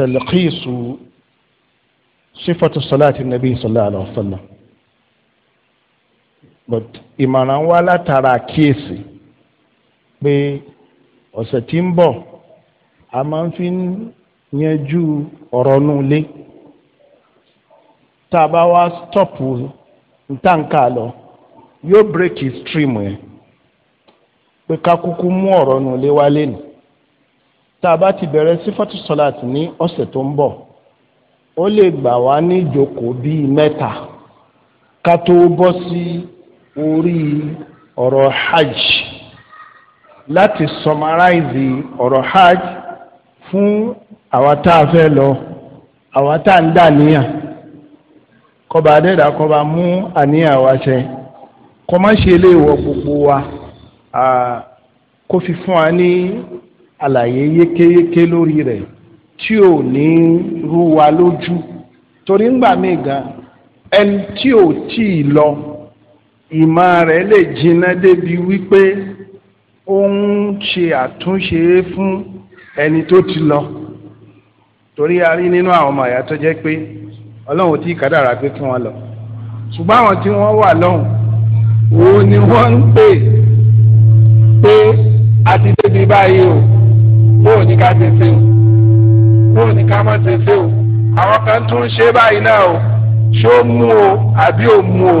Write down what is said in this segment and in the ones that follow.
تلخيص صفة صلاة النبي صلى الله عليه وسلم but ìmọ̀ràn wa látara kíyèsí pé ọ̀sẹ̀ tí ń bọ̀ a máa ń fi yanjú ọ̀rọ̀ nulẹ̀ tá a bá wá stọ́pù ntànkà lọ yóò break stream yẹn pé ká kúkú mú ọ̀rọ̀ nulẹ̀ wá lẹ́nu tá a bá ti bẹ̀rẹ̀ sífọ́tù sọ́láàtì ní ọ̀sẹ̀ tó ń bọ̀ ó lè gbà wá ní ìjókòó bíi mẹ́ta ká tó bọ́ sí orí ọ̀rọ̀ hajj láti summarize ọ̀rọ̀ hajj fún àwa tá a fẹ́ lọ àwa tá a ń dà níyà kọba adẹ́dà kọba mú àníyàn wa ṣe kọ má ṣe lè gbogbo wa kó fi fún wa ní àlàyé yékéyéké lórí rẹ̀ tí ò ní rú wa lójú torí ńgbà míì gan ẹni tí ò tí ì lọ ìmọ̀ rẹ̀ lè jinná débi wípé ó ń ṣe àtúnṣe fún ẹni tó ti lọ torí a rí nínú àwọn ọmọ àyà tó jẹ́ pé ọlọ́run tí kádàrá pé kí wọ́n lọ ṣùgbọ́n àwọn tí wọ́n wà lọ́hùn òun ni wọ́n ń pè pé a ti débi báyìí o bóò ní ká ṣe ṣe o bóò ní ká má ṣe ṣe o àwọn kan tún ṣe báyìí náà o ṣé ó mú o àbí ò mú o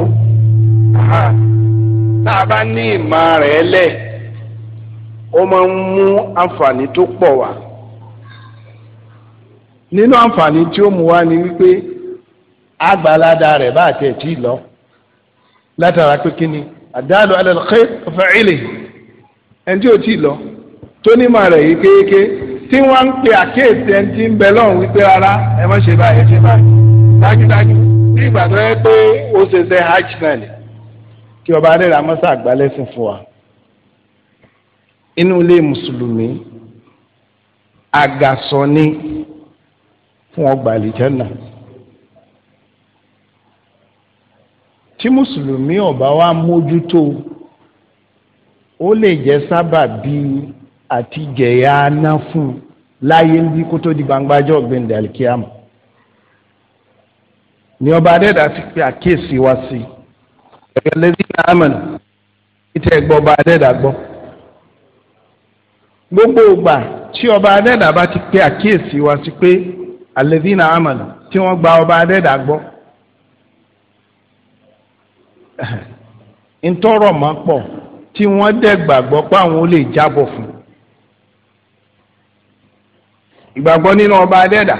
tá a bá ní ìmọ̀ rẹ̀ lẹ̀ ó máa ń mú àǹfààní tó pọ̀ wá nínú àǹfààní tí ó mú wá ni wípé àgbàládà rẹ̀ bá àti ẹ̀ tí ì lọ látara pé kí ni àdáàlú alẹ́ lọ́kẹ́ fẹ́ ilé ẹni tí ò tí ì lọ tó nímọ̀ rẹ̀ yìí kéèké tí wọ́n ń pe àkéèsí ẹni tí ń bẹ lọ́hùn wípé rárá ẹ má ṣe báyìí ẹ ṣe báyìí dájúdájú ní ìgbà tó yẹ pé ó ṣe ṣe hajj náà ni kí ọba adé ramọ́sá àgbálẹ́sìn fún wa inú ilé mùsùlùmí àgàsọ fún ọgbà àlìjẹ́nà tí mùsùlùmí ọba wa mójútó ó lè jẹ́ sábà bíi àti jẹ̀yà aná fún un láyé ń bí kó tó di gbangbájọ́ gbẹ̀ndẹ̀ alikiyama ni ọba adẹ́dà fi pe àkíyèsí wa sí i ẹ̀yọ́ lẹ́sìn náà mọ̀nà ìtẹ̀ gbọ́ ọba adẹ́dà gbọ́ gbogbo ìgbà tí ọba adẹ́dà bá ti pe àkíyèsí wa sí pé alẹ́dínà àmàlà tí wọ́n gba ọba adẹ́dà gbọ́ ntọ́rọ̀ mọ́ pọ̀ tí wọ́n dẹ̀ gbàgbọ́ pé àwọn ó lè jábọ̀ fún un ìgbàgbọ́ nínú ọba adẹ́dà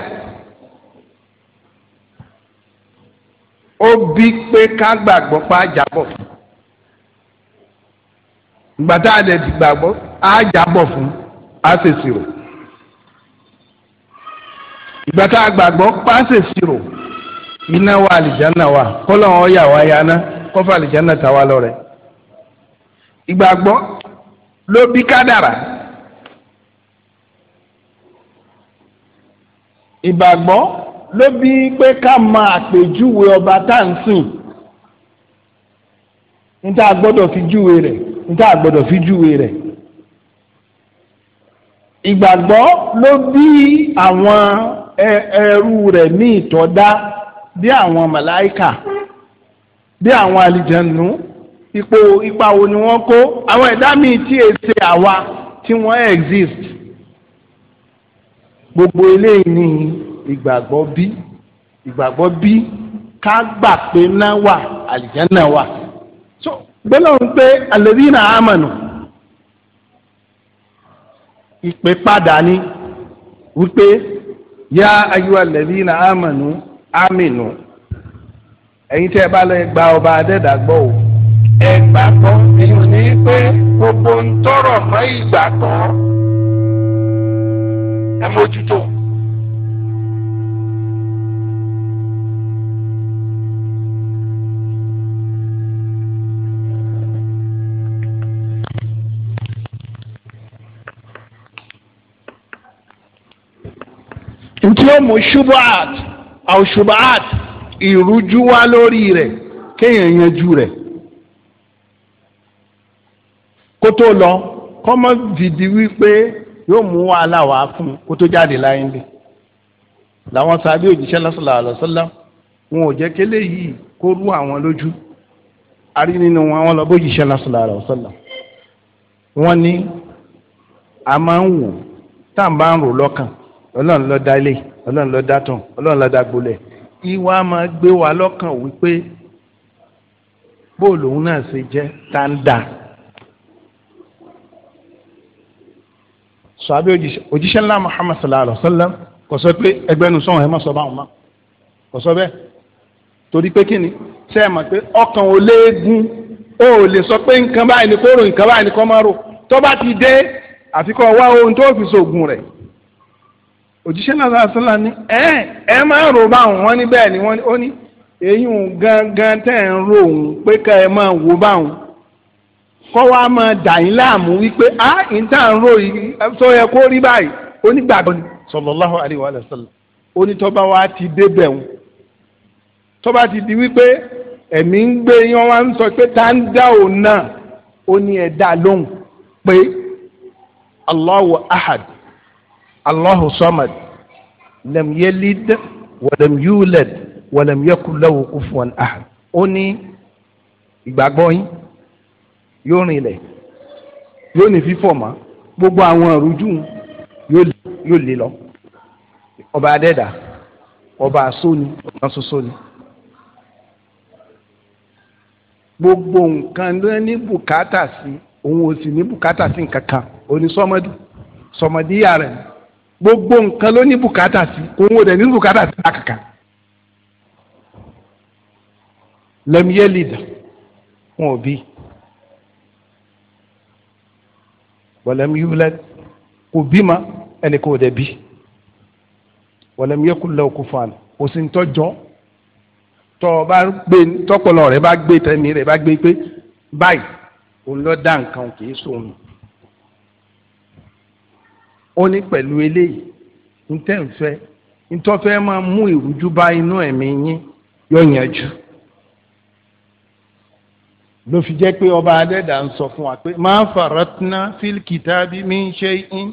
ó bí pé ká gbàgbọ́ pa àjàbọ̀ ìgbà tá a lè gbàgbọ́ àjàbọ̀ fún àṣèṣirò ìgbà tá a gbàgbọ́ pa àṣèṣirò iná wa àlìjáná wa kọ́lọ́ wọn yà wá yaná kọ́fà àlìjáná ta wá lọ́rẹ ìgbàgbọ́ ló bí kádàrà. ìgbàgbọ́ ló bí pé ká máa àpèjúwe ọba tá à ń sìn níta gbọ́dọ̀ fi júwe rẹ̀ níta gbọ́dọ̀ fi júwe rẹ̀ ìgbàgbọ́ ló bí àwọn ẹrú rẹ̀ ní ìtọ́dá bí àwọn màláìkà bí àwọn àlìjẹ̀nù ipò ipa wo ni wọ́n kó àwọn ẹ̀dá míì tí èsè àwa tí wọ́n exist gbogbo eléyìí ni ìgbàgbọ́ bí ìgbàgbọ́ bí ká gbà pé náà wà àlìjáná wà so gbọ́dọ̀ ń pé alladhina amanu ìpè padà ni wípé yá ayyuha alladhina amanu aminu ẹ̀yin tẹ́ ẹ bá lọ gba ọba adẹ́dà gbọ́ o. ẹ̀gbàgbọ́ mi ò ní pé gbogbo ń tọrọ mọ́ ìgbàgbọ́ ẹ mójútó. ntí ó mú ṣubuat àwọn ṣubuat ìrújú wá lórí rẹ̀ kéèyàn yanjú rẹ̀ kó lọ kọ́mọ́ dìdí wípé yóò mú wàhálà wá fún kó tó jáde láyé ńlẹ̀ làwọn sábẹ òjíṣẹ́ lọsọlá àlọsọlá wọn ò jẹ kélé yìí kó rú àwọn lójú arí nínú wọn wọn lọ bójíṣẹ́ lọsọlá àlọsọlá wọn ní a máa ń wò tá à ń bá ń rò lọ́kàn Ọlọ́run ló dá ilé Ọlọ́run ló dá tán Ọlọ́run ló dá gbolẹ̀ ìwà máa gbé wa lọ́kàn wípé bóòlù òun náà ṣe jẹ́ tá ń dáa sọ́bí òjíṣẹ́ ńlá muhammad sallallahu alayhi wa sallam kò sọ pé ẹgbẹ́ nu sọ́wọ́n ẹ má sọ báwọn má kò sọ bẹ́ẹ̀ torí pé kí ni ṣe é mọ̀ pé ọkàn ò léegun ó lè sọ pé nǹkan báyìí ni kó rò nǹkan báyìí ni kó má rò tó bá ti dé àfikọ́ wá ohun tó fi sògùn rẹ̀ òjíṣẹ́ náà sallallahu alayhi wa sallam ni ẹ ẹ má rò báwọn wọn ní bẹ́ẹ̀ ni wọ́n ó ní eyín gangan tẹ́ ń rò òun pé ká ẹ máa wò báwọn kọ́ wa máa dà yín láàmú wípé a ń tà ń rò yìí sọ yẹ kó rí báyìí onígbàgbọ́ ni sallallahu alaihi wa sallam onítọ́ba wa ti débẹ̀ wọn tọ́ba ti di wípé ẹ̀mí ń gbé yín wá sọ pé tá ń dá òun náà ó ní ẹ̀dá lóhùn pé Allahu ahad Allahu samad lam yalid wa ahad ó ní ìgbàgbọ́ yín yóò rinlẹ̀ yóò ní fífọ̀ mọ́ gbogbo àwọn ìrújú yóò lé lọ ọba adẹ́dà ọba asóni ọba soso ni gbogbo nǹkan ló ní bùkátà sí òun ò sì ní bùkátà sí nǹkan kan òní sọmọdún sọmọdíyà rẹ gbogbo nǹkan ló ní bùkátà sí òun ò dẹ̀ ní bùkátà sí àkàkà lẹ́mìíyẹ́lì dà wọn bíi. walam yulad kò bímọ ẹnìkan ò dẹ̀ bí walam yakul lahu kufuwan kò sí ntọ́jọ́ tọ́ ọ bá gbé tọ́pọ̀lọ́ rẹ̀ bá gbé tẹ̀mí rẹ̀ bá gbé pé báyìí òun lọ dá nǹkan kì í sóhun ó ní pẹ̀lú eléyìí ntẹ́ nfẹ́ ntọ́fẹ́ máa mú ló fi jẹ́ pé ọba adẹ́dà ń sọ fún wa pé máa faratna fil kitabi min shay'in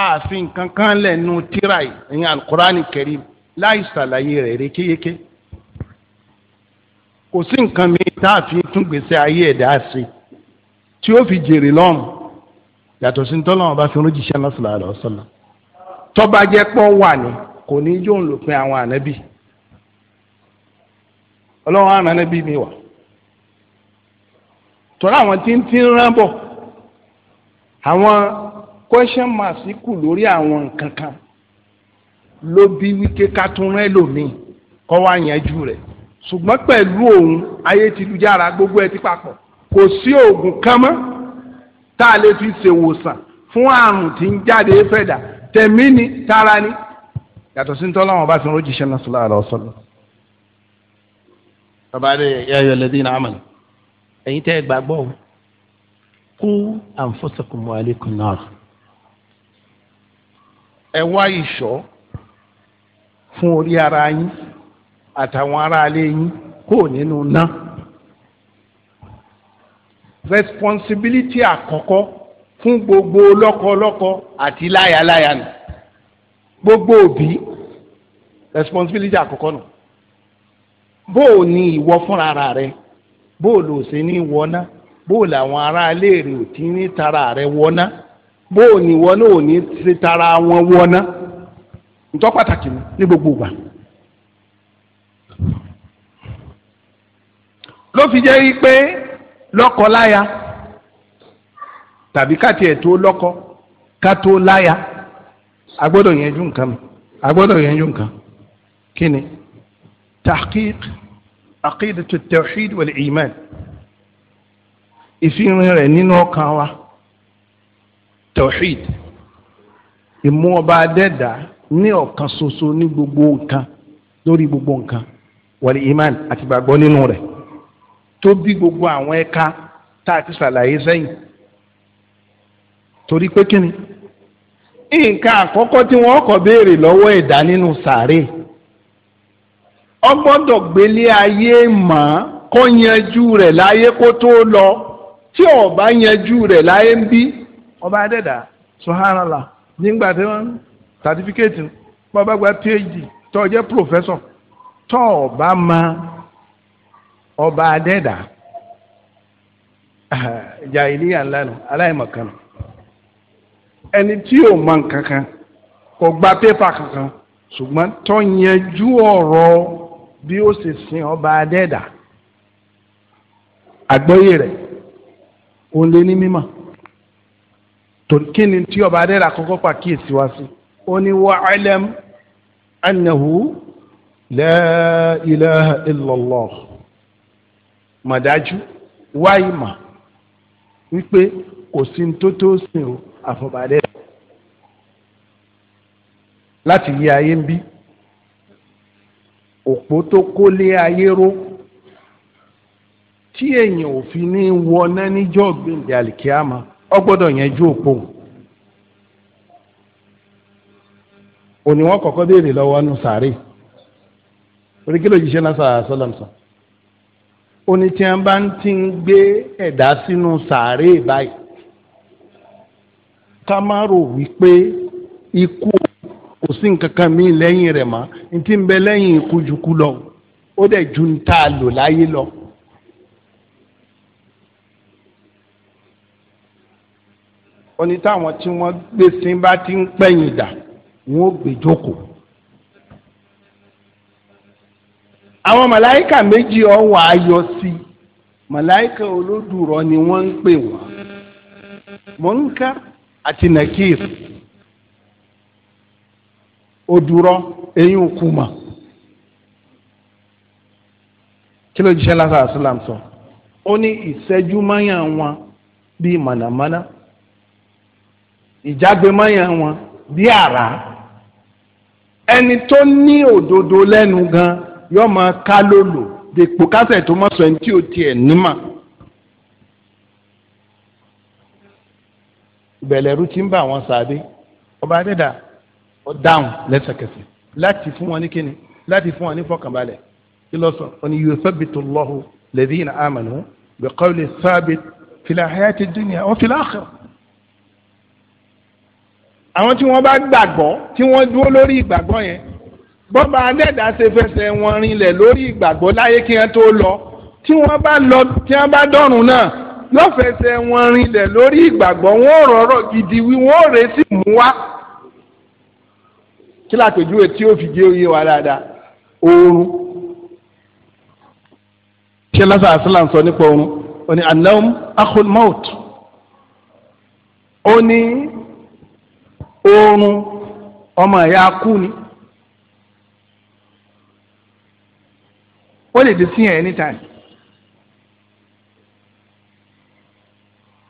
ààfin kankan lẹ́nu tíra ìyẹn láì ṣàlàyé rẹ̀ rékéyéké kò sí nǹkan mi a fi tún gbèsè ayé ẹ̀dá sí tí ó fi jèrè lọ́rùn yàtọ̀ sí tọ́lọ́run bá fi rújìṣẹ́ lọ́sọ̀lá àlọ́sọ̀lá tọ́ba jẹ́ pọ́ wà ní kò ní yóò lòpin àwọn ànábì ọlọ́run ànábì mi wà. tọ́ra àwọn tí ń tí ń rán bọ̀ àwọn question marks kù lórí àwọn nǹkan kan ló bí wíkẹ́ ká tún rán ẹlòmíì kọ́ wá yanjú rẹ̀ ṣùgbọ́n pẹ̀lú òun ayélujára gbogbo ẹ̀ ti papọ̀ kò sí oògùn kan mọ́ tá a lè fi ṣèwòsàn fún àrùn tí ń jáde fẹ̀dà tẹ̀mí ni tara ni yàtọ̀ sí nítorí àwọn ọba fi ń rojíṣẹ́ náà sallallahu alaihi wasallam. bàbá rẹ̀ yẹ́ ayọ̀ lẹ́dí náà mọ̀ ní ẹ̀yin tẹ́ ẹ gbàgbọ́ kú àǹfọ̀sọ̀kùn wa alaykum náà. ẹ wá ìṣọ́ fún orí ara yín àtàwọn ará ilé yín kò nínú ná. responsibility àkọ́kọ́ fún gbogbo lọ́kọ àti láyaláya nù gbogbo òbí responsibility àkọ́kọ́ nù bó o ní ìwọ fúnra rẹ. bóòlù osi ní wọná bóòlù àwọn aráalé rè ò ní tara rẹ wọná bóòlù ìwọ ò ní ti wọná pàtàkì ní gbogbo gbà ló fi jẹ́ lọ́kọ-láya tàbí ká tiẹ̀ tó lọ́kọ ká tó láya àkídàtú tawhid wal iman ìfihàn rẹ̀ nínú ọkàn wa tawhid ìmú ọba adẹ́dà ní ọ̀kan ṣoṣo ní gbogbo nǹkan lórí gbogbo nǹkan wal iman àti gbàgbọ́ nínú rẹ̀ tó bí gbogbo àwọn ẹ̀ka tá a ti ṣàlàyé sẹ́yìn torí pé kíni nǹkan àkọ́kọ́ tí wọ́n kọ́ béèrè lọ́wọ́ ẹ̀dá nínú sàárè. ó gbọ́dọ̀ gbélé ayé mọ́ kó yanjú rẹ̀ láyé kó tó lọ tí ọ bá yanjú rẹ̀ láyé ń bí. ọba adẹ́dà sọ̀hánàlà nígbà tí wọ́n sàtífíkẹ́tì bàbá gba phd tó jẹ́ pòfẹ́sọ̀ tó bá ma ọba adẹ́dà ẹni tí ò mọ nǹkan kan kò gba pépà kankan ṣùgbọ́n tó yanjú ọ̀rọ̀ bí ó ṣe sin ọba adẹ́ẹ̀dá àgbọ́yé rẹ̀ ó lé ní mímọ̀ kí ni tí ọba adẹ́ẹ̀dá kọ́kọ́ pàkíyèsí wá sí ó ní wa'lam annahu la ilaha illallah mọ̀dájú wáyé mọ̀ wípé kò sí tó tó sìn o àfọ̀bàdẹ́ẹ̀dá láti yí ayé ń bí. òpó tó kólé ayé ró tí èèyàn ò fi ní wọná níjọ́ gbèǹdé ọ gbọ́dọ̀ yẹn ju òpó òní wọn kọ́kọ́ béèrè lọ́wọ́ nù sàárè orí kí ló jíṣẹ́ náà sàrà tí wọn bá ń ti gbé ẹ̀dá sínú sàárè báyìí ká má rò wípé kò sí nǹkan kan mí lẹ́yìn rẹ̀ mọ́ n ti ń bẹ lẹ́yìn ikújukú lọ ó dẹ̀ ju ń tá a lò láyé lọ. oní táwọn tí wọ́n gbé sí bá ti ń pẹ̀yìn dà wọ́n ó gbé jókòó. àwọn màláìkà méjì ọ̀wọ́ ayọ̀ sí màláìkà olódùrọ̀ ni wọ́n ń pè wọ́n mọ̀nká àti nàkírì odurọ eyín òkú mà kí ló jíṣẹ́ lásán àṣìlám sọ ó ní ìṣẹ́jú máyà wọn bíi mànàmáná ìjágbe máyà wọn bíi àrá ẹni tó ní òdodo lẹ́nu gan yóò máa ká lòlò dèpò kásẹ̀ tó mọ̀ sọ ẹni tí ò tiẹ̀ nímà. ìbẹ̀lẹ̀rú ti ń bá wọn sáadé ọba adẹ́dàá ó dáhùn lẹ́sẹ̀kẹsẹ̀ láti fún wọn ní kíni láti fún wọn ní fọkànbalẹ̀ kí ló sọ ọ ni yuthabbitu Allahu alladhina amanu biqawli thabit fil hayati dunya wa fil akhirah àwọn tí wọ́n bá gbàgbọ́ tí wọ́n dúró lórí ìgbàgbọ́ yẹn bọ́ba adẹ́dá ṣe fẹsẹ̀ wọn rinlẹ̀ lórí ìgbàgbọ́ láyé kí wọ́n tó lọ tí wọ́n bá lọ tí wọ́n bá dọ̀rùn náà yóò fẹsẹ̀ wọn rinlẹ̀ lórí ìgbàgbọ́ wọn ò rọ̀rọ̀ gidi wí wọn ò retí mú wá kí lápèjúwe tí ó fi gé oyè wa dáadáa oorun kí lásán àṣìlá ń sọ nípa oorun ó ní anam akhul maut ó ní oorun ọmọ ẹ̀yà kú ni ó lè dé sí yẹn anytime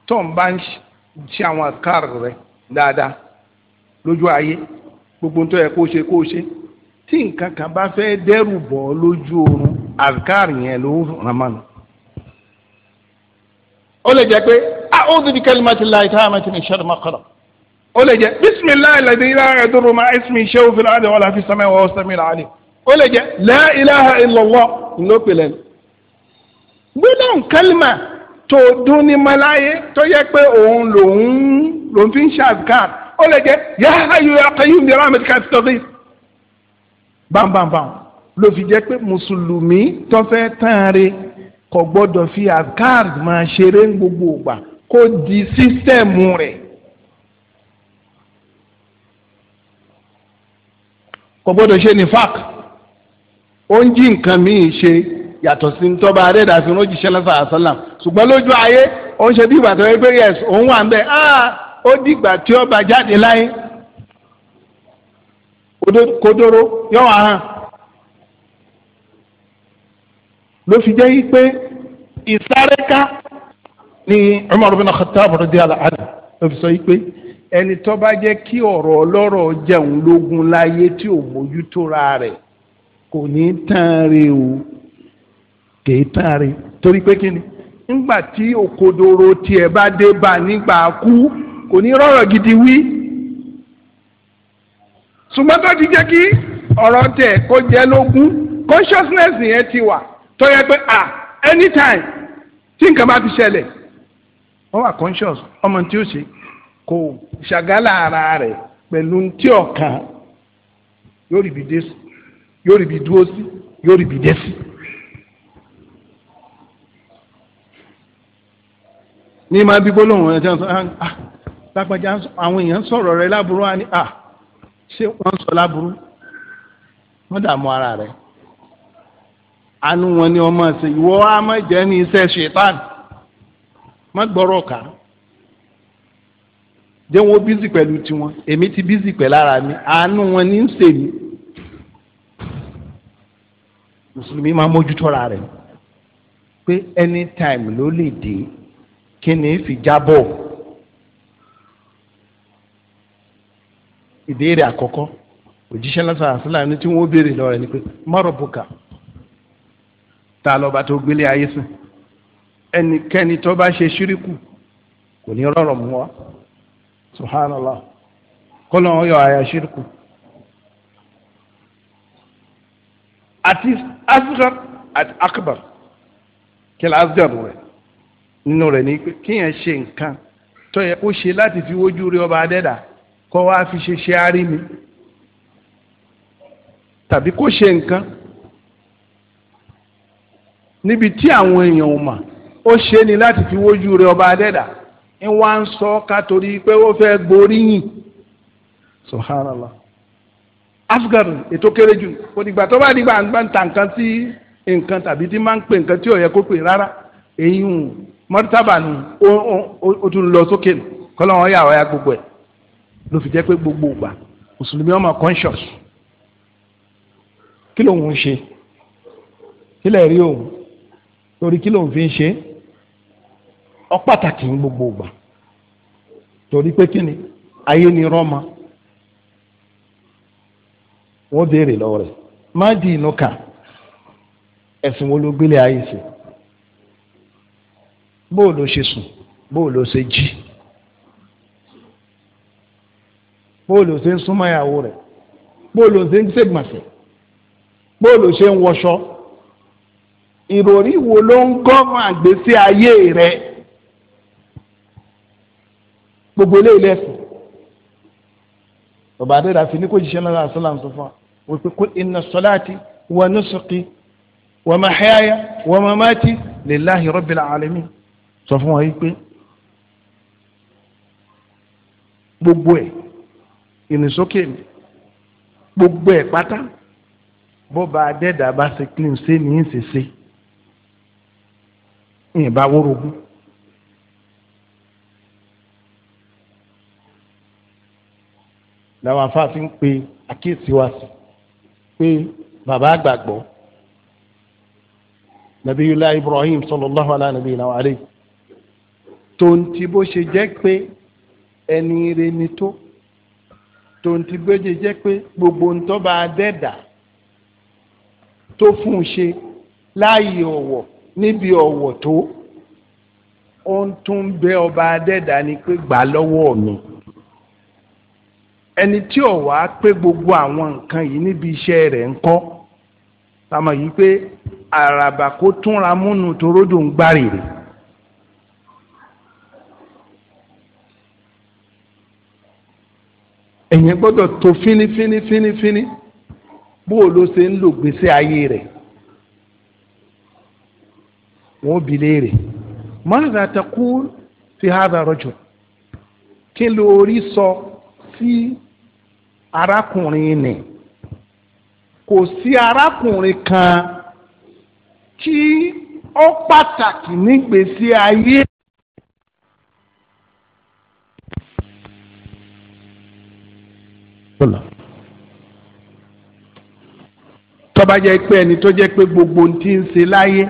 tó ń bá ń ṣe àwọn àkàrà rẹ dáadáa lójú ayé gbogbo tó yẹ kó ṣe kó ṣe tí nǹkan kan bá fẹ́ dẹ́rù bọ̀ lójú oorun àdìkárì yẹn ló ń ràn mọ́ nù. ó lè jẹ́ pé a'udhu bi kalimatillahi tammati min sharri ma khalaq ó lè jẹ́ bismillahi alladhi la yadurru ma'a ismihi shay'un fil ardi wala fis sama'i wa huwa as-sami'ul ó lè jẹ́ la ilaha illallah ló pè lẹ́nu. gbólóhùn tó dún ní maláyé tó yẹ pé òun lòun lòun fi ń ṣe àdìkárì ó lè jẹ́ yá ayò akẹ́yìn mi ráàmì ká ti tọ́sí. bámbámbám ló fi jẹ́ pé mùsùlùmí tó fẹ́ tán re kò gbọ́dọ̀ fi azkar máa ṣeré gbogbo ìgbà kó di sísẹ́ẹ̀mù rẹ̀. kò gbọ́dọ̀ ṣe ní fák ó ń jí nǹkan míì ṣe yàtọ̀ sí tọ́ba arẹ́dàfin ó jíṣẹ́ lọ́sàá àṣálà ṣùgbọ́n lójú ayé ó ń ṣe bí ìbàdàn ẹgbẹ́ yẹn òun wà ń bẹ́ẹ̀ áà. Ah! ó dìgbà tí ó bá jáde láyé kódóró yọ wà hàn ló fi jẹ́ yí pé ìsáréká ni Umar bin Khattab radiyallahu anhu ló fi sọ yí pé ẹni tó bá jẹ́ kí ọ̀rọ̀ ọlọ́rọ̀ jẹun lógún láyé tí ò mójútó ra rẹ̀ kò ní tán re o kèé tán re torí pé kí ni nígbà tí òkodoro tiẹ̀ bá dé bá nígbà kú kò ní rọ̀rọ̀ gidi wí ṣùgbọ́n tó ti jẹ́ kí ọ̀rọ̀ tẹ̀ kó jẹ́ lógún consciousness yẹn ti wà tó yẹ pé à anytime tí nǹkan bá ti ṣẹlẹ̀ wọ́n wà conscious ọmọ tí ó ṣe kò ṣàgálà ara rẹ̀ pẹ̀lú tí ọ̀kan yóò rí bi dé sí yóò rí bi dúró sí yóò rí bi dé sí. ní ma bí gbólóhùn ẹ̀ jẹun sọ ah, ah lágbájá àwọn èèyàn sọ̀rọ̀ rẹ láburú wa ni à ṣé wọ́n sọ láburú wọ́n dààmú ara rẹ̀ anu wọn ni ọmọ ṣe ìwọ wa má jẹ́ ní iṣẹ́ ṣetán má gbọ́rọ̀ ká jẹ́ wọ́n bízì pẹ̀lú tiwọn èmi ti bízì pẹ̀lú ara mi anu wọn ni ń ṣe mí mùsùlùmí máa mójútó ara rẹ̀ pé anytime ló lè dé kí ni fi jábọ̀. ìbéèrè àkọ́kọ́ òjíṣẹ́ lásán àṣìlá ni tí wọ́n béèrè lọ́wọ́ rẹ̀ pé mọ́rọ̀ bùkà ta lọ́ba tó gbélé ayé sìn ẹnikẹ́ni tó bá ṣe ṣíríkù kò ní rọrọ̀ mú wa subhanallah kọ́lọ́ àyà ṣíríkù. akbar ni asghar nínú rẹ̀ ni pé kíyàn ṣe nǹkan tó yẹ kó ṣe láti fi wójú kó wá fi ṣe ṣe arí mi tàbí kó ṣe nǹkan níbi tí àwọn èèyàn mà ó ṣe ni láti fi wójú rẹ ọba adẹ́dà ń wá ń sọ ká torí pé ó fẹ́ gboríyìn subhanallah asgar ètò kéré jù kò dìgbà tó bá dìgbà àgbà ń ta nǹkan tí nǹkan tàbí tí máa ń pè nǹkan tí ò yẹ kó pè rárá èyí ń mọ́tàbà nù ó tún lọ sókè kọ́lọ́wọ́n yà wáyà gbogbo ẹ̀. ló fi jẹ́ pé gbogbo ìgbà mùsùlùmí ọmọ conscious kí lòun ń ṣe kí lè rí òun torí kí lòun fi ń ṣe pàtàkì gbogbo ìgbà torí pé kí ni ayé ni rọ́mà wọ́n béèrè lọ́wọ́ rẹ̀ má di inú kà ẹ̀sìn wo ló bóòlù ṣe ń súnmọ́ ìyàwó rẹ̀ bóòlù ṣe ń ṣègbọ̀nsẹ̀ bóòlù ṣe ń wọṣọ ìròrí wo ló ń gọ́mọ̀ àgbésí ayé rẹ̀ gbogbo eléyìí lẹ́sìn bàbá adéra fi ní kó jíṣẹ́ náà àṣọlá ń sọ fún wa wípé kó inna salati wa nusuki wa mahayaya wa mamati lillahi rabbil alamin sọ fún wa yìí pé gbogbo ẹ̀ ìrìnsókè mi gbogbo ẹ̀ pátá bó ba adẹ́dà bá ṣe clean ṣe ní ìṣẹ̀ṣe ìyìnbá wórogún. làwọn afáàfin pe àkíyèsí wa sí pé bàbá àgbàgbọ́ nabiyullah ibrahim sallallahu alayhi wa nabiyina wa alayhi tonti bó ṣe jẹ́ pé ẹni rẹ̀ ni tó tonti gbèdé jẹ́ pé gbogbo ntọ́ba adẹ́dà tó fún un ṣe láàyè ọ̀wọ̀ níbi ọ̀wọ̀ tó ó ń tún bẹ ọba adẹ́dà ni pé gbà lọ́wọ́ mi ẹni tí ò wá pé gbogbo àwọn nǹkan yìí níbi iṣẹ́ rẹ̀ ń kọ́ sàmọ̀ yìí pé àràbà kó túnra múnú toródò ń gbárìrì. ẹ̀yìn gbọ́dọ̀ tó fínífínífínífíní bó o ló ṣe ń lò gbèsè ayé rẹ̀ wọ́n bi léèrè mọ́nàdà takú fi hàdà rọ́jò kí ló rí sọ sí arákùnrin nì kò sí arákùnrin kan tí ó pàtàkì nígbèsè ayé. sọlá. tọ́ba jẹ́ pé ẹni tó jẹ́ pé gbogbo ohun tí ń ṣe láyé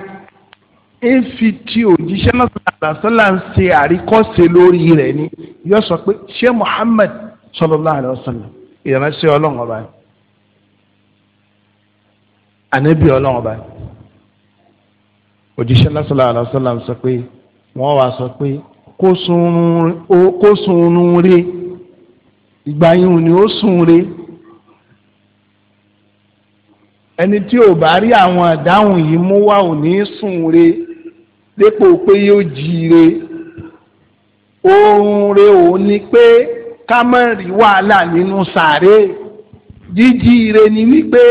ń fi ti òjíṣẹ́ náà sọ̀rọ̀ sọ́là ń ṣe àríkọ́ṣe lórí rẹ̀ ni yóò sọ pé ṣé Muhammad sallallahu alaihi wasallam ìránṣẹ́ ọlọ́run ọba yìí ànábì ọlọ́run ọba òjíṣẹ́ náà sallallahu alaihi wasallam sọ pé wọ́n wá sọ pé kó sunrun rí ìgbà yìí ni ó sùn re ẹni tí ò bá rí àwọn àdáhùn yìí mú wá ò ní sùn re dépò pé yóò jíire oorun re ò ní pé ká má rí wàhálà nínú sàárè jíjíire ni wípé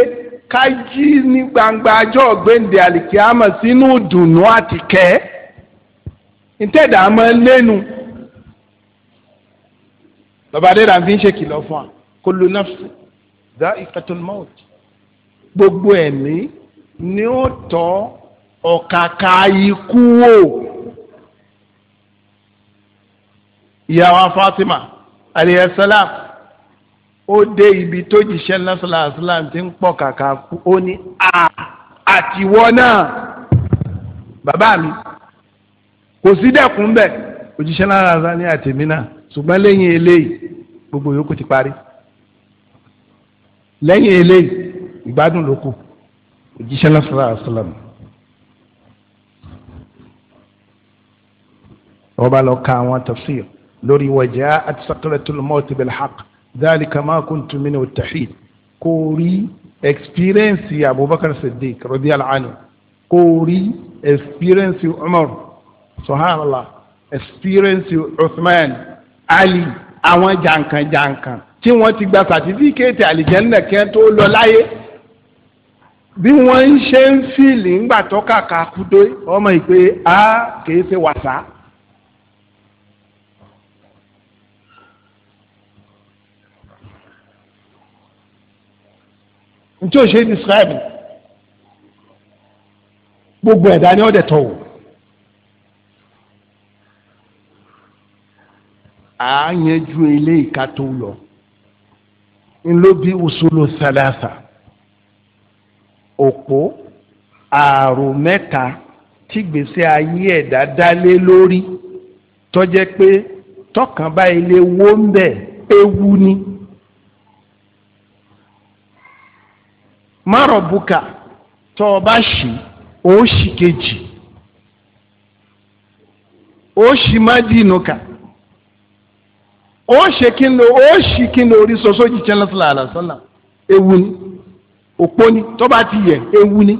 ká jí ní gbangba ajọ́ gbẹ̀ǹdẹ̀ àlìkíyàmọ̀ sínú dùnú àtìkẹ́ ntẹ̀dá máa ń lẹ́nu bàbá adé ràn fi ń ṣèkìlọ̀ fún wa kullu nafsi dha'iqatul maut gbogbo ẹ̀mí ni ó tọ́ ọ̀kàkà ikú wò ìyàwó Fatima alayhi salam ó dé ibi tó jíṣẹ́ lásìláàsìláà ti ń pọ̀ kàkà kú ó ní à àtiwọ́ náà bàbá mi kò sí dẹ̀kun bẹ́ẹ̀ òjíṣẹ́ lásìláà ní àtẹ̀mí náà ṣùgbọ́n lẹ́yìn eléyìí gbogbo yòókù ti parí lẹ́yìn eléyìí ìgbádùn ló kù òjíṣẹ́ lọ́sọ̀rọ̀ àṣàlámù wọ́n bá lọ ka àwọn tafsir lórí wàjá àti sakaratul mọ́ọ̀tì bil haqq dhalika ma kuntu minhu tahid kò rí experience abubakar siddiq radiyallahu anhu kò rí experience umar subhanallah experience uthman ali àwọn jàǹkànjàǹkàn tí wọ́n ti gba sàtífíkẹ́ẹ̀tì àlìjẹ́ńdà kí wọ́n tó lọ láyé bí wọ́n ń ṣe ń fìlì ńgbà tó kàkà kúdó ọmọ ìpè á kìí ṣe wàsá. ntí o ṣe describe gbogbo ẹ̀dá ni ọ̀dẹ̀ tọ̀ wò. à á yanjú eléyìí ká tó lọ ńlọbí usulu salasa òpó ààrùn mẹ́ta tí gbèsè ayé ẹ̀dá dálé lórí tọ́jẹ́ pé tọkàn ilé wó ń bẹ̀ ewu ni. márọ̀ bùkà tọ́ ọ bá ṣì ó ṣì kejì ó ṣì má dìnnú kà. o ṣe kí ori orí soso jíjẹ ewu ni òpó ni tọba ti yẹ ewu ni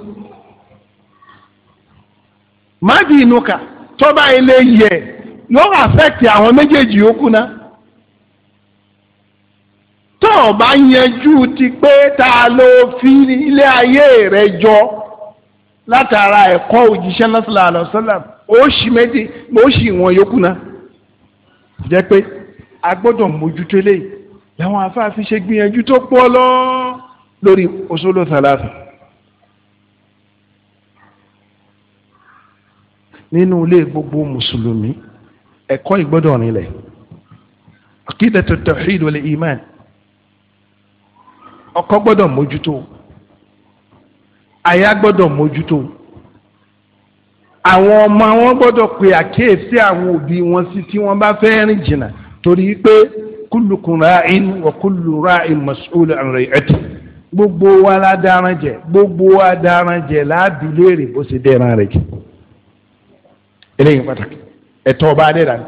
má di tọba ilé yẹ yóò àfẹ́kì àwọn méjèèjì yòókù náà tó bá yanjú ti pé ta ló fi ilé ayé rẹ jọ látara ẹ̀kọ́ òjíṣẹ́ lọ́sọ̀lá àlàsọ́là o ṣì méjì ó ṣì wọn náà jẹ́ a gbọ́dọ̀ mójútó eléyìí làwọn afáàfin ṣe gbìyànjú tó pọ̀ lọ lórí usulu thalatha. nínú ilé gbogbo mùsùlùmí ẹ̀kọ́ ìgbọ́dọ̀ nílẹ̀ akidatu tawhid wal iman ọkọ gbọ́dọ̀ mójútó aya gbọ́dọ̀ mójútó àwọn ọmọ wọn gbọ́dọ̀ pe àkíyèsí àwọn òbí wọn sí tí wọ́n bá fẹ́ rìn jìnnà torí pé kullukum ra'in wa kullu ra'in mas'ul an ra'ati gbogbo wa la dáran jẹ gbogbo wa dáran jẹ láàbí léèrè bó ṣe dẹ́ran rẹ̀ jẹ eléyìí pàtàkì ẹ̀tọ́ ọba adẹ́dà ni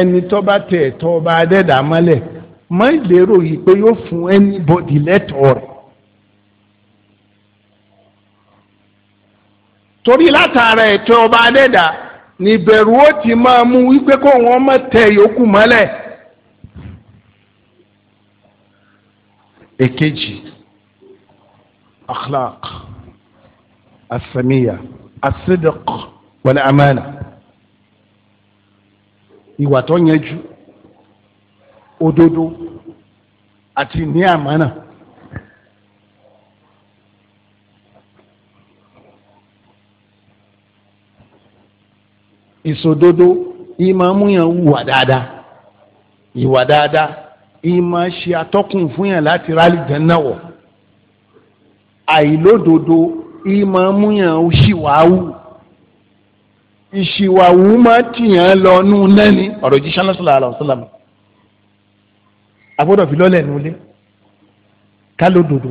ẹni tó bá tẹ ẹ̀tọ́ ọba adẹ́dà mọ́lẹ̀ má lérò yìí pé yóò fún anybody lẹ́tọ̀ọ́ rẹ̀ torí látara ẹ̀tọ́ ọba adẹ́dà níbẹ̀rù ó ti máa mú wípé kó wọn má tẹ yòókù mọ́lẹ̀. èkejì akhlaq asamiya asidik wal amana ìwà tó yẹjú òdodo àti ní àmánà. ìṣòdodo ìmọ̀ amúyàn wùwà dáadáa ìwà dáadáa ìmọ̀ ṣe atọ́kùn fún yàn láti rálì jẹ́nà wọ̀ àìlódodo ìmọ̀ amúyàn ṣìwàwù ìṣìwàwù máa tìyàn lọ nù nẹ́ni ọ̀rọ̀ jíṣẹ́ náà sallallahu alaihi wasallam agbọ́dọ̀ fi lọ́lẹ̀ nulẹ̀ kálódodo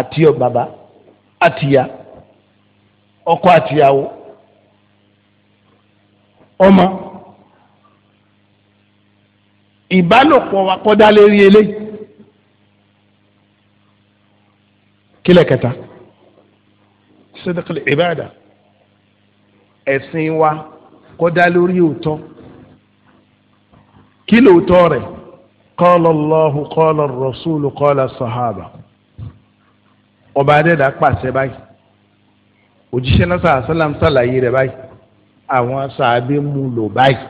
àti bàbá àtìyá ọkọ àtìyàwó ọmọ ìbálòpọ̀ wa kọ́dá lérí eléyìí kílẹ̀ kẹta sẹ́dọ̀kẹ́lẹ̀ ìbáàdà ẹ̀sìn wa kọ́dá lórí òótọ́ kí lóòótọ́ rẹ̀ qala Allahu qala Rasulu ọba adẹ́dàá pàṣẹ báyìí òjíṣẹ́ náà sàlàyé rẹ̀ àwọn sàábé mú lò báyìí.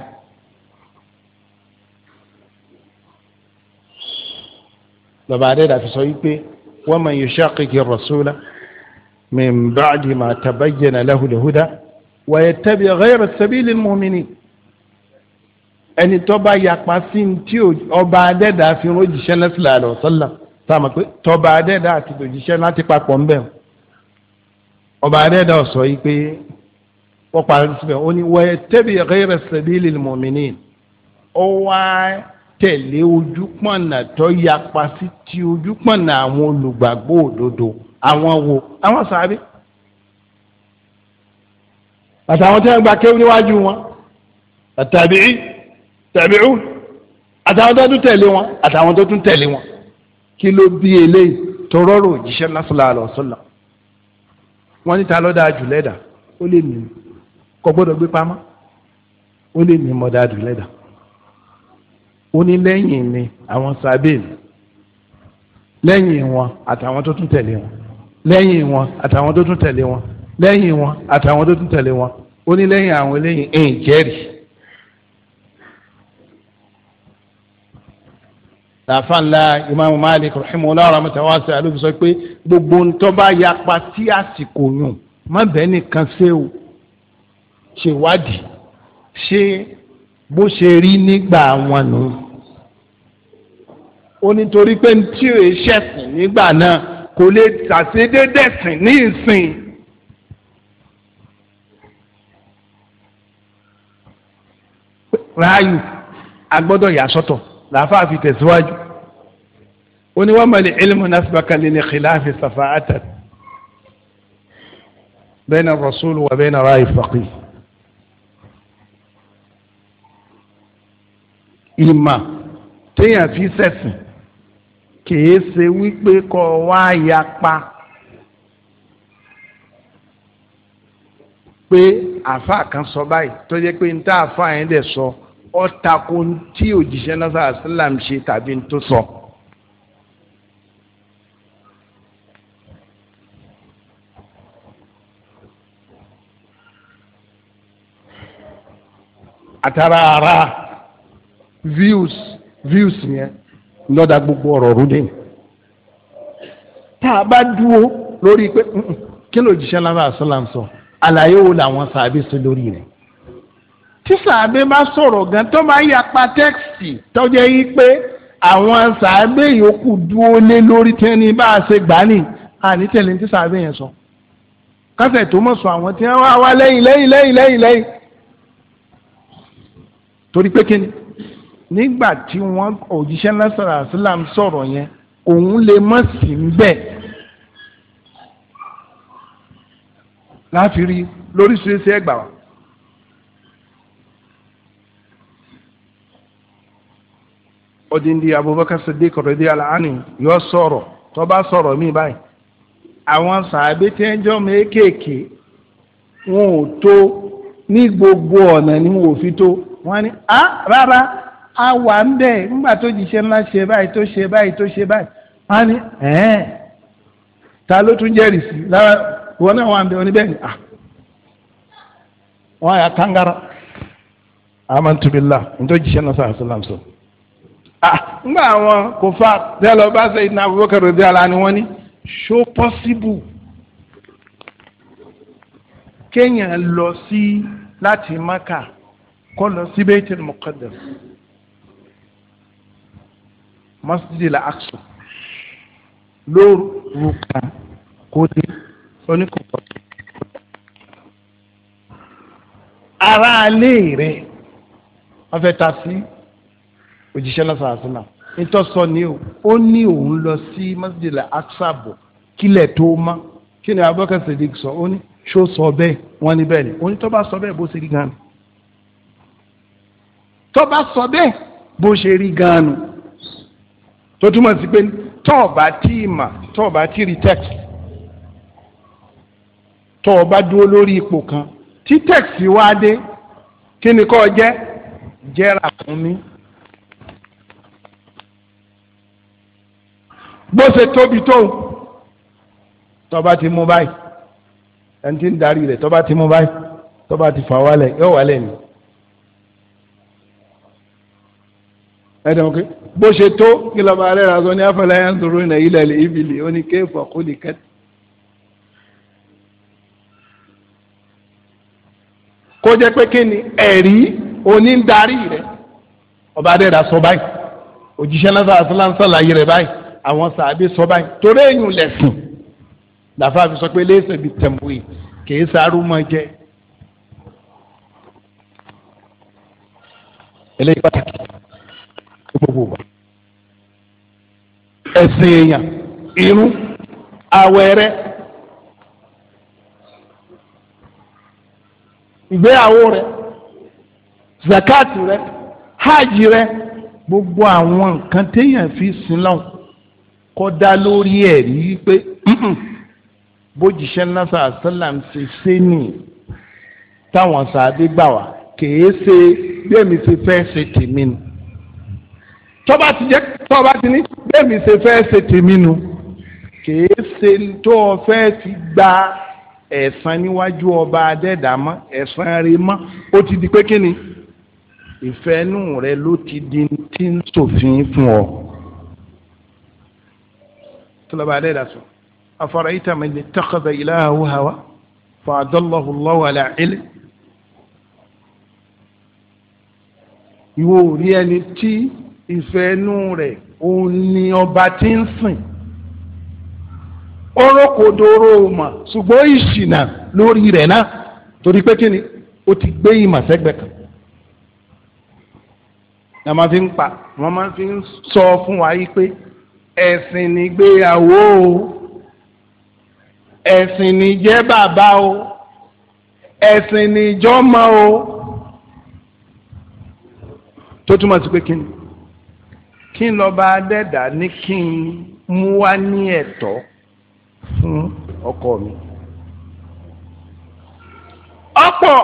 lọ́ba adéda fi sọ wípé wa man yushaqiqi rasula min ba'di ma tabayyana lahu al-huda wa yattabi ghayra sabili al-mu'minin ẹni tó bá yapa sí ní tí ọba adéda fi rojíṣẹ́ lẹ́sìlẹ̀ àlọ́ sọ́lá táàmù pé tọba adéda àti òjíṣẹ́ láti papọ̀ ń bẹ̀ ọba adéda ó sọ yìí wọ́n parí síbẹ̀ ó ní wọ́n tẹ́bi rẹ́rẹ́ sẹ́bílì mọ̀mìnì ó wá tẹ̀lé ojúpọ̀nà tó yapa sí ti ojúpọ̀nà àwọn olùgbàgbọ́ òdodo àwọn wo àwọn sàbí àti àwọn tí wọ́n gba kéwù níwájú wọn àtàbíì tàbíù àtàwọn tó tún tẹ̀lé wọn àtàwọn tó tún tẹ̀lé wọn kí ló bí eléyìí tó rọrùn òjíṣẹ́ lásìlá àlọ́ sọ́là wọ́n ní ta ló jù lẹ́dà ó lè nìyí kò gbọ́dọ̀ gbé pamọ́ ó lè ní mọdàdù lẹdà ó ní lẹ́yìn ni àwọn sábẹẹlì lẹ́yìn wọn àtàwọn tó tún tẹ̀lé wọn lẹ́yìn wọn àtàwọn tó tún tẹ̀lé wọn lẹ́yìn wọn àtàwọn tó tún tẹ̀lé wọn ó ní lẹ́yìn àwọn eléyìn ẹ̀yìn jẹ́rìí. làfàǹlà imaamu malik rahimahullah rahmatan wasi alubi sọ pé gbogbo ntọ́ bá yapa tí àsìkò yùn má bẹ́ẹ̀ nìkan ṣe o ṣèwádìí ṣé bó ṣe rí nígbà wọn nù. ó nítorí pé tí ò ṣẹ̀sìn nígbà náà kò lè ṣàṣedédé sìn ní ìsìn. ráàyù agbọ́dọ̀ yà sọ́tọ̀ làáfàá fi tẹ̀síwájú ó ní wọ́n mọ̀lẹ́ ilmu nasibaka lili khilafi safa atan bẹ́ẹ̀ na rasul wa bẹ́ẹ̀ na ráàyù faqih. ìmọ̀ téèyàn fi ṣẹ̀sìn kìí ṣe wípé kọ́ wá yapa pé àáfàá kan sọ báyìí tó jẹ́ pé níta àáfàá yẹn dẹ̀ sọ ó tako tí òjíṣẹ́ náà sàlám ṣe tàbí tó sọ. àtàrà ara views views yẹn lọ́dà gbogbo ọ̀rọ̀ rúdẹ̀ tá a bá dúró lórí pé kí ló jíṣẹ́ lábẹ́ àṣọlám sọ àlàyé wo làwọn sàbẹ̀ sí lórí rẹ̀ tí sàbẹ̀ bá sọ̀rọ̀ gan tó máa yapa tẹ́kìtì tọ́jú yí pé àwọn sàbẹ̀ yòókù dúró lé lórí tẹ́ni bá a ṣe gbà ní àní tẹ̀lé tí sàbẹ̀ yẹn sọ kásẹ̀ tó mọ̀ sọ àwọn tí wọ́n wá wá lẹ́yìn lẹ́yìn lẹ́yìn lẹ́yìn torí pé kíni nígbà tí wọ́n òjíṣẹ́ lásán àṣìlám sọ̀rọ̀ yẹn òun lè mọ̀ sí ń bẹ̀. láfi rí lóríṣiríṣi ẹgbà wa. odindi Abubakar Siddiq radiyallahu anhu yóò sọ̀rọ̀ tó bá sọ̀rọ̀ mí báyìí àwọn sàábé tẹ́jọ́ mékèèké wọn ò tó ní gbogbo ọ̀nà ni wọn ò fi tó wọn ni á ah, rárá a wà ń bẹ̀ ńgbà tó jíṣẹ́ ńlá ṣe báyìí tó ṣe báyìí tó ṣe báyìí a ní ẹ̀ẹ́n ta ló tún jẹ́rìí sí lára ìwọ náà wà ń bẹ̀ ọ ní bẹ́ẹ̀ ni à ah, wọ́n àyà kangara amantubila ní tó jíṣẹ́ ńlá sàrà sàlám sọ. Ah, ńgbà àwọn kò fa tẹ́lọ̀ bá ṣe ìdìnnà Abubakar rẹ̀ bí ala ni wọ́n ní ṣó possible kéèyàn lọ sí láti Maka kó lọ sí Baitul Muqaddas masjid al-aqsa lóru kan kó dé oníkókó. ara alẹ́ rẹ̀ wọ́n fẹ́ ta sí òjíṣẹ́ lọ́sàn àṣìlá nítorí sọ ni o ó ní òun lọ sí masjid al-aqsa bọ̀ kílẹ̀ tó mọ́ kí ni abubakar sadiq sọ ó ní ṣó sọ bẹ́ẹ̀ wọ́n ní bẹ́ẹ̀ ni ó ní tó bá sọ bẹ́ẹ̀ bó ṣe rí gan tó bá sọ bẹ́ẹ̀ bó ṣe rí gan-an tó túmọ̀ sí pé tọ́ọ̀bá tí mà tọ́ọ̀bá tí rí text tọ́ọ̀bá dúró lórí ipò kan tí text wá dé kí ni kò jẹ́ jẹ́ra fún mi. bó ṣe tóbi tó tọ́ba ti mú báyìí ẹni tí ń darí rẹ̀ tọ́ba ti mú báyìí tọ́ba ti fà wálẹ̀ yóò wálẹ̀ ni. ẹ dẹ́wọ́n kí bó ṣe tó kí lọ́ba rẹ̀ rà sọ ní afẹ́lẹ́ yẹn ń sọ̀rọ̀ ìnà ilẹ̀ ìbìlì ó ní kéèfọ̀ kó lè kẹ́tì. kó jẹ́ pé kí ni ẹ̀rí onídarí rẹ̀ ọba rẹ̀ rà sọ báyìí òjíṣẹ́ náà sọ̀rọ̀ sọ̀lá yìí rẹ̀ báyìí àwọn sàbí sọ báyìí torí èyàn lẹ̀sìn làfà fi sọ pé léèsè bíi tẹ̀mùwé kìí sáré mọ́ jẹ́ eléyìí pàtàkì gbogbo wa ẹ̀sìn èèyàn irun àwẹ̀ rẹ ìgbéyàwó rẹ zakati rẹ hajj rẹ gbogbo àwọn nǹkan téèyàn fi sin lọ́hùn kọ́ dá lórí ẹ̀rí pé bójìṣẹ́ nasa asalam ṣe ṣe nìyí táwọn sàbí gbà wá kèé ṣe bí èmi ti fẹ́ ṣe tèmi nù tọ́ba ti jẹ́ tọ́ba ti ní bẹ́ẹ̀mi ṣe fẹ́ ṣe tèmi nu kìí ṣe tó o fẹ́ ti gba ẹ̀san níwájú ọba adẹ́dàmọ́ ẹ̀san rẹ mọ́ ó ti di pé kí ni ìfẹ́nú rẹ ló ti di tí ń ṣòfin fún ọ. tọ́lọ́ba adẹ́dà sọ afárá yìí tàmí ni taqada ilahahu hawa fa'adallahu Allahu ala ilm. ìwọ ò rí ẹni tí. ìfẹ́ inú rẹ̀ òun ni ọba tí ń sìn orokodoro mà ṣùgbọ́n ìṣìnà lórí rẹ̀ náà torí pé kíni ó ti gbé ìmọ̀ sẹ́gbẹ̀ kan la máa fi ń pa wọ́n máa fi ń sọ fún wa yìí pé ẹ̀sìn nígbéyàwó o ẹ̀sìn ni níjẹ́ bàbá o ẹ̀sìn ni níjọ́mọ o tó túmọ̀ sí pé kíni kí n lọ́ba adẹ́dà ní kí n mú wá ní ẹ̀tọ́ fún ọkọ mi. ọ̀pọ̀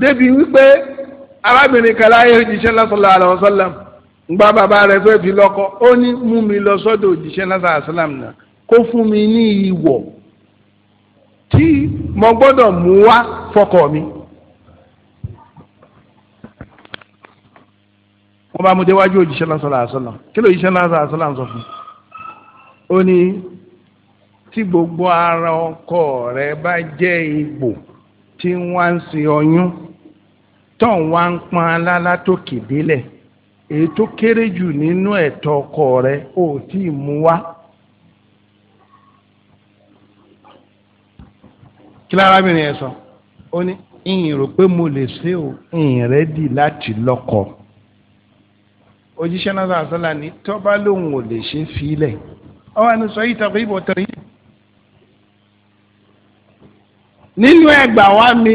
débi wípé arábìnrin kan láyé òjíṣẹ́ sallallahu alaihi wasallam gba bàbá rẹ̀ fẹ́ fi lọ́kọ ó ní mú mi lọ sọ́dọ̀ òjíṣẹ́ sallallahu alaihi náà kó fún mi ní ìwọ̀ tí mo gbọ́dọ̀ mú wá fọkọ mi. wọ́n bá mú déwájú òjíṣẹ́ náà sọ̀rọ̀ àṣọlá kí lóòjíṣẹ́ náà sọ̀rọ̀ àṣọlá ń sọ fún un ó ní tí gbogbo ara ọkọ rẹ bá jẹ́ ipò tí wọ́n ń sin ọyún tọ́n wá ń pọn alálá tó kìdílẹ̀ èyí tó kéré jù nínú ẹ̀tọ́ ọkọ rẹ ò tí ì mú wá. kí lárábìnrin yẹn sọ ó ní ìyìn rò pé mo lè ṣe ìyìn rẹ dì láti lọ́kọ̀ọ́ òjíṣẹ́ náà sàṣàlà ní tọ́ba lòun ò lè ṣe fílẹ̀ ọwọ́ ni sọ yìí tàbí ìbò tẹ̀lé. nínú ẹgbà wa mi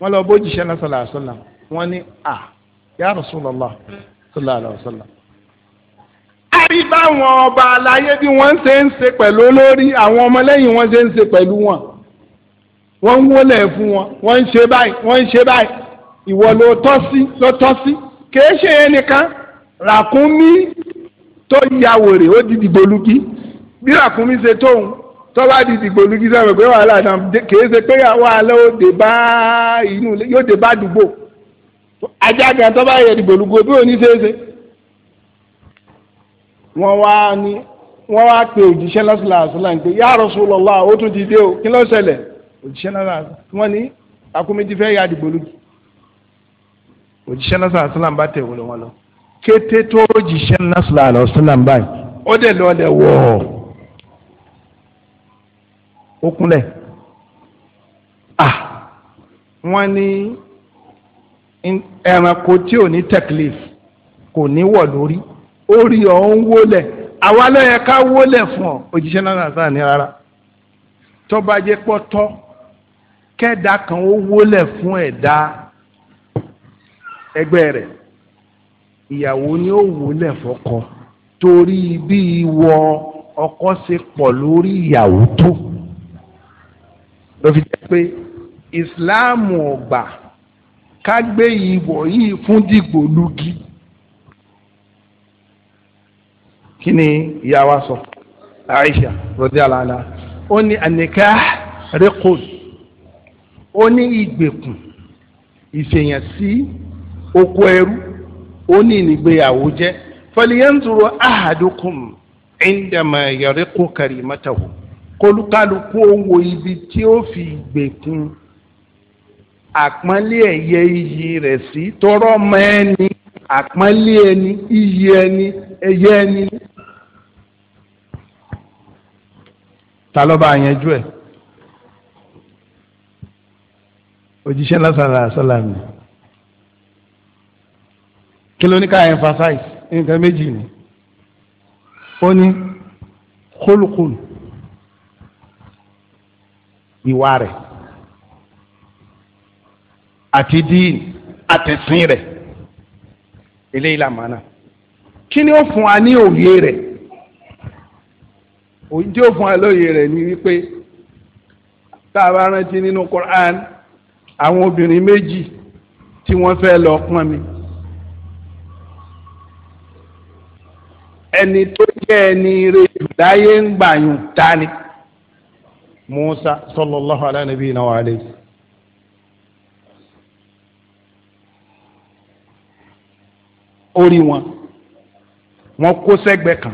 wọ́n lọ bójíṣẹ́ náà sàlà sàlà wọ́n ní à ya Rasulullah sallallahu alaihi wasallam. àbí báwọn ọba aláyé bí wọ́n ṣe ń ṣe pẹ̀lú olórí àwọn ọmọlẹ́yìn wọ́n ṣe ń ṣe pẹ̀lú wọn wọ́n ń wọlé fún wọn wọ́n ń ṣe báyìí wọ́n ń ṣe báyìí ìwọ ló tọ́ sí ló tọ́ sí kìí ṣe ẹnìkan ràkúnmí tó ya wèrè ó di dìgbòlugi bí ràkúnmí ṣe tóun tó bá di dìgbòlugi sọ̀rọ̀ pé wàhálà náà kìí ṣe pé wàhálà ó dé bá inú yóò dé bá àdúgbò ajá gan tó bá yẹ dìgbòlugi bí òní ṣe é ṣe. wọ́n wá ní wọ́n wá pe òjíṣẹ́ lọ́sọ̀lá àṣọlá ń pè ya Rasulullah ó tún ti dé o kí ló ṣẹlẹ̀ òjíṣẹ́ lọ́sọ̀lá wọ́n ní ràkúnmí ti fẹ́ ya dìgbòlugi òjíṣẹ́ náà sọ̀rọ̀ sọ́lá ń bá tẹ̀ wọlé wọn lọ kété tó jíṣẹ́ náà sọ̀rọ̀ àlọ́ sọ́lá ń báyìí ó dẹ̀ lọ́ọ́lẹ̀ wọ̀ ó kúnlẹ̀ à wọ́n ní ẹranko tí ò ní tẹ̀klif kò ní wọ̀ lórí ó rí ọ̀ ń wólẹ̀ àwa ló ká wólẹ̀ fún ọ òjíṣẹ́ náà sọ̀rọ̀ ní rárá tó pọ́tọ́ kẹ́ẹ̀dá kan ó wólẹ̀ fún ẹ̀dá ẹgbẹ́ rẹ̀ ìyàwó ni ó wọlé fọkọ torí bí ìwọ ọkọ ṣe pọ̀ lórí ìyàwó tó ló fi jẹ́ pé ìsìláàmù ọ̀gbà ká gbé ìwọ̀ yìí fún dìgbòlugi kí ni ìyá wa sọ Aisha rọdí alala, ó ní àníká rékòd ó ní ìgbèkùn ìfèyàn sí. Si, oko ẹrú oní ìnìgbéyàwó jẹ́ ahadukum indama yariqu karimatahu kólúkálukú owó ibi tí ó fi gbèkun àpọ́nlé ẹ̀yẹ iyì rẹ̀ sí tọrọ mọ́ ẹni ẹni iyì ẹni ẹni. yẹn òjíṣẹ́ kí ló ní ká emphasize nǹkan méjì ni ó ní kólukùn ìwà rẹ̀ àti díì àtẹ̀sìn rẹ̀ eléyìí là máa nà kí ni ó fún wa ní òye rẹ̀ òye tí ó fún wa lóye rẹ̀ ni wípé tá a bá rántí nínú Quran àwọn obìnrin méjì tí wọ́n fẹ́ lọ pọ́n mi. ẹni tó jẹ́ ẹni rẹ láyé ń gbàyàn dání. Musa sallallahu alayhi nabi na wa alayhi. orí wọn wọn kó sẹ́gbẹ̀ẹ́ kan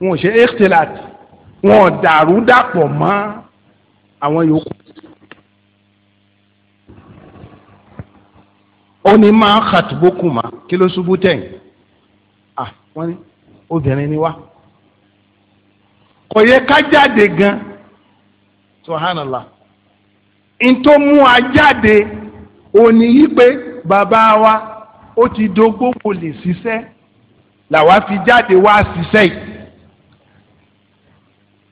wọn ò ṣe ikhtilat wọn ò dàrú dàpọ̀ mọ́ àwọn yòókù. ó ní máa ń kàtúbókùn mà kí ló ṣubú tẹ̀yìn wọ́n ní obìnrin ni wá kò yẹ ká jáde gan subhanallah n tó mú a jáde òní yí pé bàbá wa ó ti dógbó kò lè ṣiṣẹ́ làwa fi jáde wá ṣiṣẹ́ yìí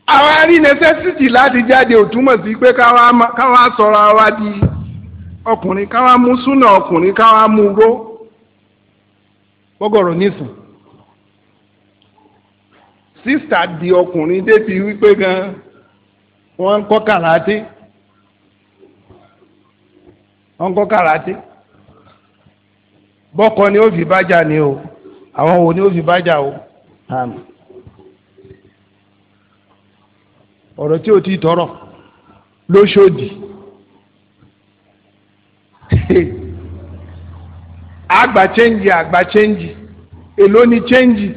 àwa rí necessity láti jáde ò sí pé káwa sọ̀rọ̀ àwa di ọkùnrin káwa mú súnà ọkùnrin káwa mú ró gbọ́gọ̀rọ̀ nísìn sísà di ọkùnrin débi wípé gan wọ́n ń kọ́ kàràté wọ́n ń kọ́ ni ó fi bájà ni o àwọn wo ni ó fi bájà o ọ̀rọ̀ tí o ti tọrọ lóṣòdì àgbà chẹ́ǹjì àgbà chẹ́ǹjì èló ni chẹ́ǹjì.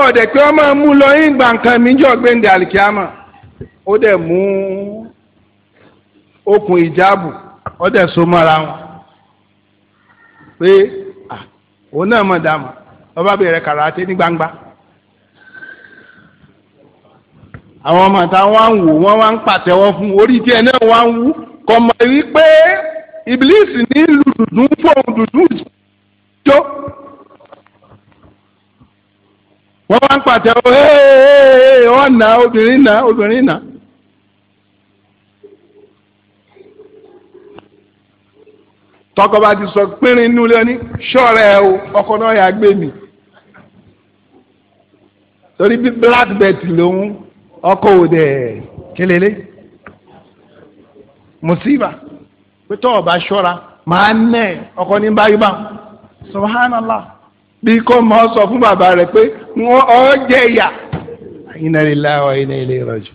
ọ̀dẹ̀ pé wọ́n máa mú lọ yín gbà nǹkan mi jọ gbẹ̀ǹdẹ̀ àlìkíámà ó dẹ̀ mú okùn ìjáàbù ó dẹ̀ so mọ́ra wọn pé òun náà mọ dàmọ̀ lọ́ba bẹ̀rẹ̀ kàràté ní gbangba àwọn ọmọ àtàwọn wá ń wò wọ́n wá ń pàtẹ́wọ́ fún orí tí ẹ náà wá ń wú kò mọ̀ wípé ìbílíìsì ní lùdùdùn fóun dùdùn jó. wọ́n wá ń pàtẹ ọ oh, wọ́n obìnrin nà obìnrin nà. tọkọ bá ti sọ pínrín inú ilé ní ṣọ́ọ̀rẹ́ o ọkọ náà yà gbé mi torí bí black belt lòun ọkọ òde kélélé musiba pé tọ́ ọba ṣọ́ra màá nẹ̀ ọkọ ní báyìí bá subhanallah. bí kò mọ ọ sọ fún bàbá rẹ pé ọ jẹ yà inna lillahi wa inna ilayhi raji.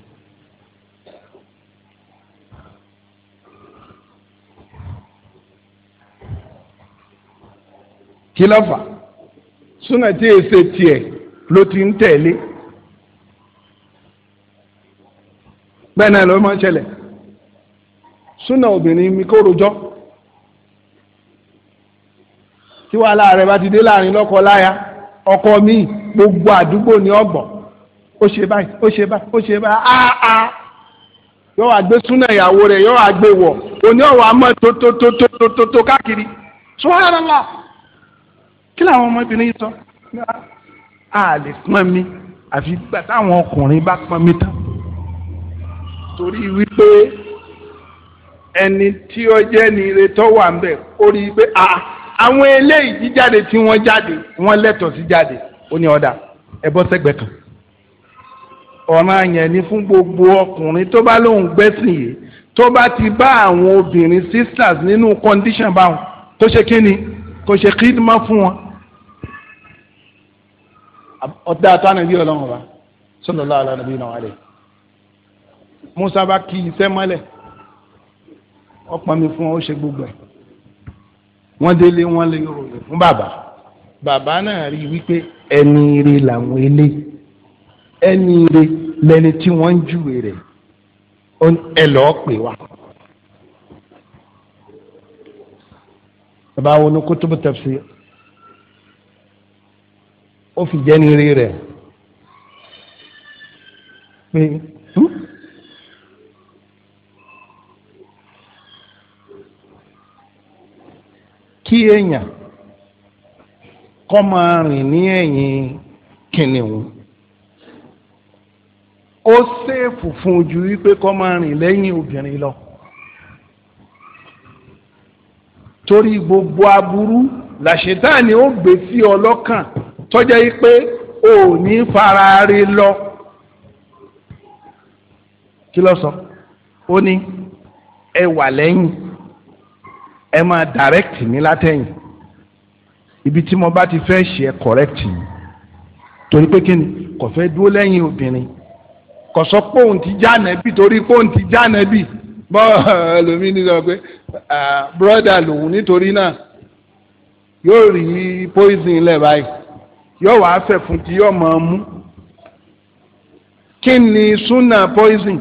kí ló fà súnà tí èsè ti ń tẹ̀lé bẹ́ẹ̀ náà ló mi tí wàhálà rẹ bá ti dé láàrin lọ́kọ láya ọkọ mi gbogbo àdúgbò ní ọgbọ̀n ó ṣe báyìí ó ṣe báyìí ó ṣe báyìí áá yóò wá gbé súnà ìyàwó rẹ̀ yóò wá gbé wọ̀ òní ọ̀wọ́ amọ̀ tótótótótótó káàkiri subhanallah kí làwọn ọmọbìnrin yìí sọ a lè pọn mi àfi gbà táwọn ọkùnrin bá pọn mi tán torí wípé ẹni tí ó jẹ́ ni ire tó wà ń bẹ̀ ó rí i pé a. Ah, àwọn eléyìí jíjáde tí wọ́n jáde wọ́n lẹ́tọ̀ọ́ sí jáde ó ní ọ̀dà ẹ bọ́ sẹ́gbẹ̀ẹ́ kan ọ̀ràn yẹn ni fún gbogbo ọkùnrin tó bá lóun gbẹ́sìn yìí tó bá ti bá àwọn obìnrin sisters nínú condition báwọn kó ṣe kíni kó ṣe kídìmá fún wọn. ọ̀dà àtàwọn ẹbí ọlọ́run ọba sallallahu alaihi nàbí náà wàlẹ̀. Musa bá kí iṣẹ́ mọ́lẹ̀ ọ wọ́n délé wọ́n lè ròyìn fún bàbá bàbá náà rí wípé ẹni ire làwọn ilé ẹni ire lẹni tí wọ́n ń júwe rẹ̀ ẹ lọ́ọ́ pè wá. bàbá wo ni kutubu tafsir ó fi jẹ́ ni ire rẹ̀ pé. kí èèyàn kọ́ máa rìn ní ẹ̀yìn kìnìún ó ṣèèfù fún ojú wípé kọ́ máa rìn lẹ́yìn obìnrin lọ torí gbogbo aburú làṣetáàní ó gbé sí ọ lọ́kàn tọ́jà yìí pé ò ní fara rí lọ kí ló sọ ó ní ẹ wà lẹ́yìn ẹ máa direct mi látẹ̀yìn ibi tí mo bá ti fẹ́ ṣe ẹ correct mi torí pé kí ni kò fẹ́ dúró lẹ́yìn obìnrin kò sọ pé òun ti já nẹ́bì torí pé òun ti já nẹ́bì bọ́ ẹlòmíín ní sọ pé broda lòun nítorí náà yóò rí poison ilẹ̀ báyìí yóò wá fẹ̀ fún ti yóò máa mú kí ni sunna poison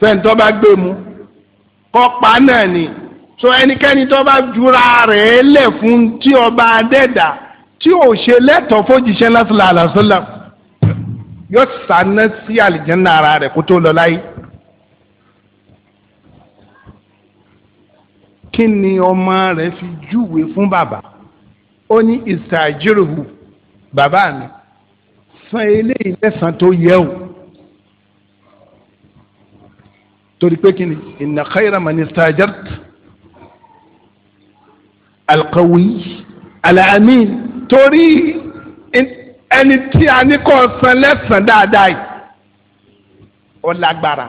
fẹ́ntọ́ bá gbé mu kọ́ pa náà ni so ẹnikẹ́ni tó bá jura rẹ̀ lẹ̀ fún tí ọba adẹ́dà tí ò ṣe lẹ́tọ̀ọ́ fòjìṣẹ́ lásìlá àlàsílà yóò sànà sí àlìjẹ́nà ara rẹ̀ kó tó lọ láyé. kí ni ọmọ rẹ̀ fi júwe fún bàbá ó ní ìsàjíròhù bàbá mi san eléyìí lẹ́sàn-án tó yẹ o torí pé kí ni inna khayra man istajarta alqawi alamin torí ẹni tí a ní kọ́ san lẹ́sàn dáadáa yìí ó lágbára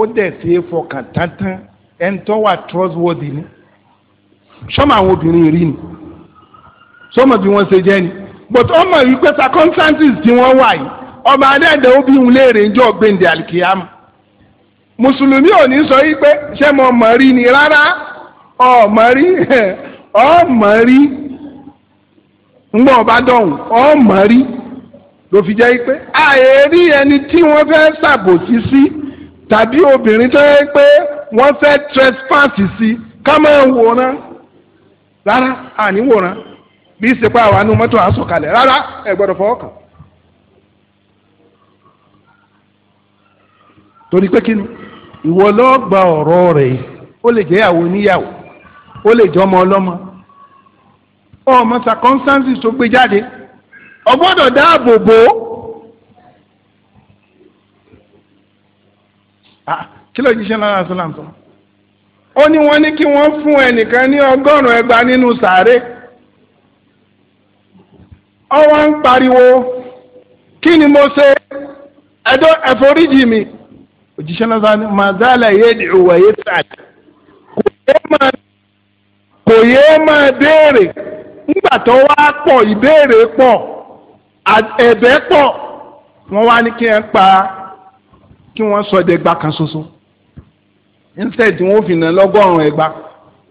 ó dẹ̀ ṣe é fọkàn tántán ẹni tó wà trustworthy ni sọ́mọ àwọn obìnrin rí ni sọ́mọ bí wọ́n ṣe jẹ́ ni but ọmọ yìí pé circumstances tí wọ́n wà yìí ọmọ adẹ́dẹ́ obìnrin léèrè ń jọ gbẹ̀ǹdẹ̀ àlìkìyàmù mùsùlùmí ò ní sọ yìí pé ṣé mo mọ̀ rí ni rárá. ọmarị ọmarị ọmọ rí ọmarị ọba ló fi jẹ́ pé àìrí ẹni tí wọ́n fẹ́ ṣàbòsí sí tàbí obìnrin tó yẹ pé wọ́n fẹ́ trespass sí ká máa wòran rárá àníwòran bí ìsèpá àwọn anú mọ́tò àsọ̀kalẹ̀ rárá ẹ gbọ́dọ̀ fọwọ́ kàn. torí pé kí ó lè jẹ́ ọmọ ọlọ́mọ ọmọ circumstances tó gbé jáde ó dáàbò bò ó ah, kí ló jíṣẹ́ lára sọ́lá sọ ó ní wọ́n ní kí wọ́n fún ẹnìkan ní ọgọ́rùn-ún ẹgbàá nínú sàárè ó ń pariwo kí ni mo ṣe mi òjíṣẹ́ náà sọ ma yé ìwà yé kò kò yéé máa béèrè nígbà tó wá pọ̀ ìbéèrè pọ̀ ẹ̀bẹ̀ pọ̀ wọ́n wá ní kí ẹ pa kí wọ́n sọ ẹ̀dẹ̀gba kan ṣoṣo instead wọ́n fi nà lọ́gọ́rùn-ún ẹ̀gba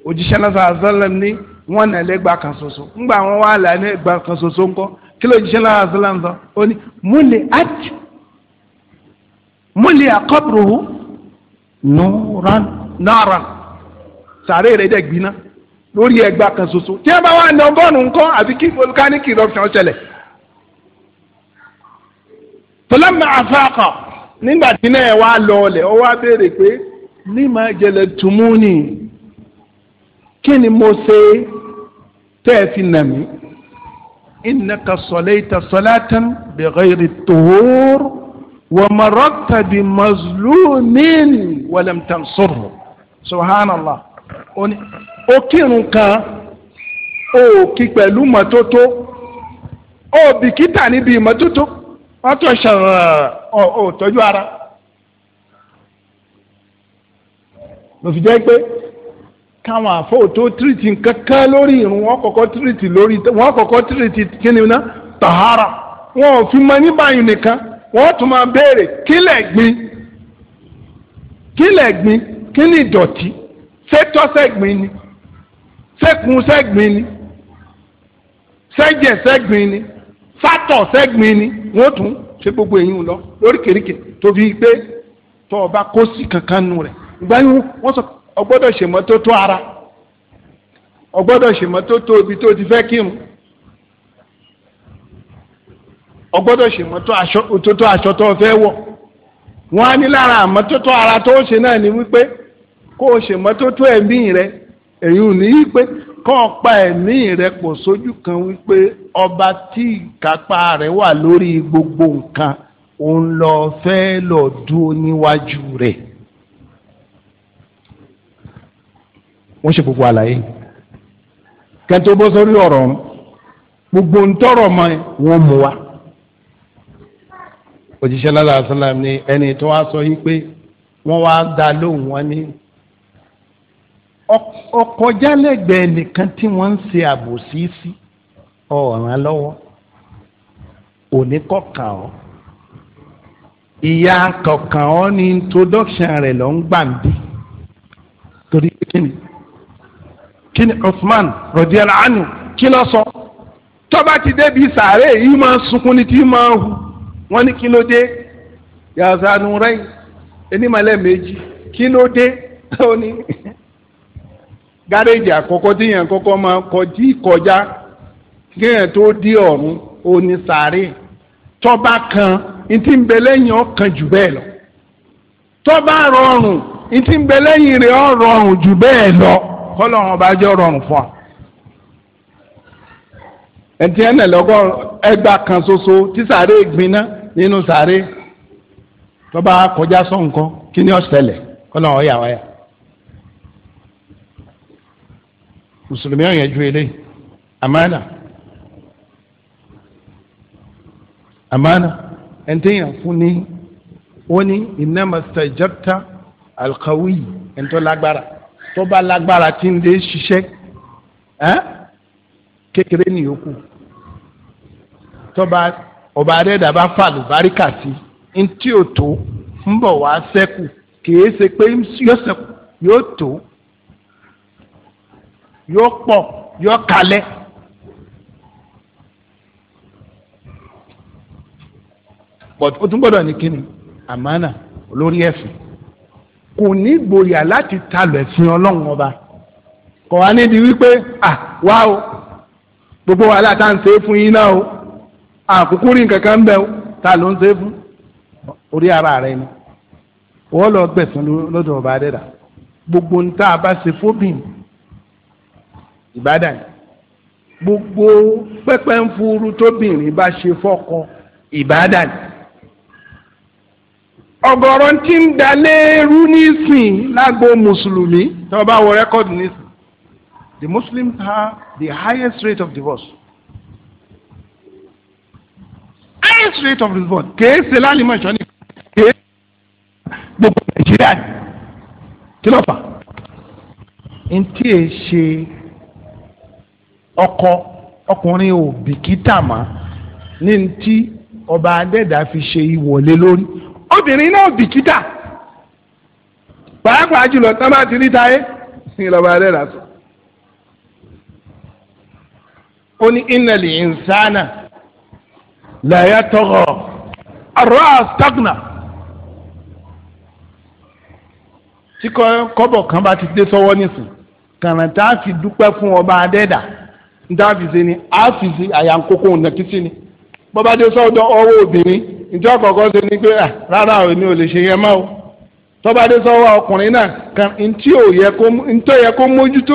òjíṣẹ́ náà sọ̀rọ̀ sọ́lẹ̀m ní wọ́n nà lẹ́gba kan ṣoṣo ńgbà wọ́n wá là ní ẹ̀gba kan ṣoṣo ńkọ́ kí ló òjíṣẹ́ náà sọ́lẹ̀m sọ ó ní múlẹ̀ àt múlẹ̀ àkọ́bùrù nùrán náírà sàárè rẹ̀ dẹ̀ gbiná lórí ẹgbà kan ṣoṣo tí wọ́n bá wà ní ọgọ́rùn-ún nǹkan àbí kí volcanic eruption ṣẹlẹ̀. tọ́lámà àfàkàn nígbà tí náà wà lọ́ọ̀lẹ̀ ó wá béèrè pé lima jẹlẹ tùmú ni kí ni mo ṣe tẹ́ ẹ fi nà mí. إنك صليت صلاة بغير الطهور ومررت بمظلوم ولم تنصره سبحان الله ó kan ó pẹ̀lú mọ́tótó ó níbi mọ́tótó wọ́n tó ṣàrán ó ara. ló fi jẹ́ pé káwọn àfọwò tírìtì kankan lórí irun wọn kọ́kọ́ tírìtì lórí wọn kọ́kọ́ tírìtì kíni ná tàhárà wọn ò fi mọ níbàyìí nìkan wọn tún máa béèrè kílẹ̀ gbin kílẹ̀ gbin kíni ìdọ̀tí ṣé gbin ni sẹ́kùn sẹ́gbìn ni sẹ́jẹ̀ sẹ́gbìn ni sátọ̀ sẹ́gbìn ni wọ́n tún ṣe gbogbo èyí ń lọ lóríkèéríkèé tó fi pé tó o kó sí kankan nu rẹ̀ ìgbà wọ́n sọ ọgbọ́dọ̀ ṣèmọ́tótó ara ọgbọ́dọ̀ ṣèmọ́tótó ibi tó ti fẹ́ kírun ọgbọ́dọ̀ ṣèmọ́tótó aṣọ tó fẹ́ wọ̀ wọ́n á ní lára àmọ́tótó ara tó ṣe náà ni wípé kó o ṣèmọ́tótó ẹ̀mí rẹ̀ èyí ò ní í pé kọ́ ọ̀pá ẹ̀mí rẹ pọ̀ sójú kan wípé ọba tí ìkápá rẹ̀ wà lórí gbogbo nǹkan òun lọ fẹ́ lọ dúró níwájú rẹ̀. wọ́n ṣe gbogbo àlàyé kẹ́ńtó bó sórí ọ̀rọ̀ gbogbo ń tọrọ mọ́ wọn mú wa òjíṣẹ́ lára àṣàlám ni ẹni tó wá sọ yí pé wọ́n wá dá lóhùn wọn ní ọkọjá lẹ́gbẹ̀ẹ́ nìkan tí wọ́n ń ṣe àbòsí sí ọ̀ràn lọ́wọ́ òní kọkàn ọ ìyá kọkàn ọ ní introduction rẹ̀ lọ ń gbà ń bí torí kíni kíni Usman rọdíẹlá anu kí ló sọ tọ́ba ti débi sàárè yìí máa sunkún ní tí máa hù wọ́n ní kí ló dé yàtọ̀ ànú rẹ̀ ẹni màlẹ́ méjì kí ló dé ó ní gáréèjì àkọ́kọ́ téèyàn kọ́kọ́ máa kọjí kọjá kéèyàn tó dé ọ̀run òní sàárè tọ́ba kan ntí ń bẹ lẹ́yìn ọ̀kan jù bẹ́ẹ̀ lọ tọ́ba rọrùn ntí ń bẹ lẹ́yìn rẹ̀ ọ̀ rọrùn jù bẹ́ẹ̀ lọ kọ́lọ́run ọba jẹ́ rọrùn fún wa. ẹ̀ntì ẹ̀nà lọ́gọ́ ẹgbàá kan ṣoṣo tí sàárè gbiná nínú sàárè tọ́ba kọjá sọ̀nkọ́ kí ni ó ṣẹlẹ̀ kọ́lọ́run ọ̀yà wáyà. mùsùlùmí ọ̀yàn ju eléyìí àmánà àmánà ẹni téèyàn fún ní wọ́n ní ìnámasàjọ́ta alkawi ẹni tó lágbára tó bá lágbára tí ń lè ṣiṣẹ́ kékeré nìyókù tọ́ba ọba adẹ́dà bá fàlù báríkà sí ntí ò tó ń bọ̀ wá sẹ́kù kì í ṣe pé yóò sẹ́kù yóò tó yóò pọ̀ yóò kalẹ̀. but o tún gbọ́dọ̀ ní kíni àmánà olórí ẹ̀sìn kò ní gbòòyà láti talọ̀ ẹ̀sìn ọlọ́run ọba kò wá níbi wípé à wá o gbogbo wàhálà tá à ń ṣe é fún yín náà o àkókò rí nǹkan kan o ta ló ń ṣe é fún orí ara rẹ ni wọ́n lọ gbẹ̀sán lọ́dọ̀ ọba adẹ́dà gbogbo ń tá a bá ṣe fóbìn ìbádàn gbogbo pẹpẹ ń furu tóbìnrin bá ṣe fọkọ ìbádàn ọ̀gọ̀rọ̀ tí ń da léèrú nísìn lágbo mùsùlùmí tí wọn bá wọ rẹkọọdù nísìn the muslims have the highest rate of divorce highest rate of divorce kèé ṣe lálìmọ̀ ìṣọ́ ní kèé gbogbo nàìjíríà kí ló fà á ntí ẹ ọkọ ọkùnrin ò bìkítà mọ́ ní ti ọba adẹ́dà fi ṣe ìwọlé lórí obìnrin náà bìkítà pàápàá jùlọ tán bá ti rí táyé ní ọba adẹ́dà sọ. ó ní innal insana la yatgha ar-ra'a tí kọ́bọ̀ kan bá ti dé sọ́wọ́ nísìn kàrántà ti dúpẹ́ fún ọba adẹ́dà. ntẹ́ ni àfìsí àyànkókò nàkísí ni bọ́bá sọ́dọ̀ ọwọ́ obìnrin ǹjẹ́ ọ̀kọ̀ọ̀kan ṣe ni pé ah, rárá o ní o lè ṣe yẹn mọ́ o tọ́ba sọ́wọ́ ọkùnrin náà kan ntí ò yẹ kó ntí ò yẹ kó mójútó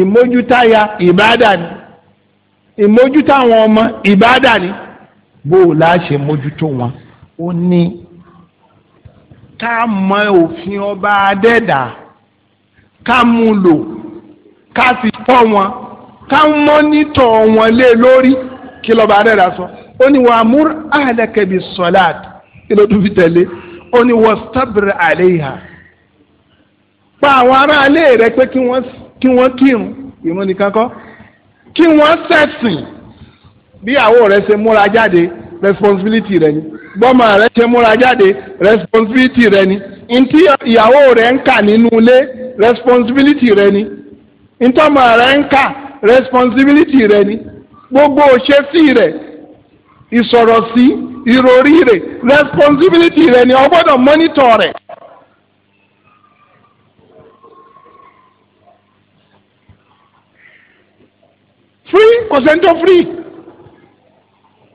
ìmójútáya ìbáàdà ni ìmójútó àwọn ọmọ ìbáàdà ni bó o láà ṣe mójútó wọn ó ní ká mọ òfin ọba adẹ́dà ká mú lò ká fi tọ́ wọn ká mọ́nítọ̀ wọn lé lórí kí lọ́ba adẹ́dà sọ ó ní wa amúr ahlaka bis salat kí ló tún fi tẹ̀lé ó ní wastabir alayha pa àwọn aráalé rẹ pé kí wọ́n sì kí wọ́n kírun ìrun nìkan kọ́ kí wọ́n ṣẹ̀sìn bí àwọ̀ rẹ ṣe múra jáde responsibility rẹ ni gbọ́mọ rẹ ṣe múra jáde responsibility rẹ ni ntí ìyàwó rẹ ń kà nínú ilé responsibility rẹ ni ntọ́mọ rẹ ń kà responsibility rẹ ni gbogbo òṣèṣì rẹ ìsọ̀rọ̀sí ìròrí rẹ responsibility rẹ ni o gbọ́dọ̀ mọ́nítọ̀ rẹ free kò sẹ́ni tó free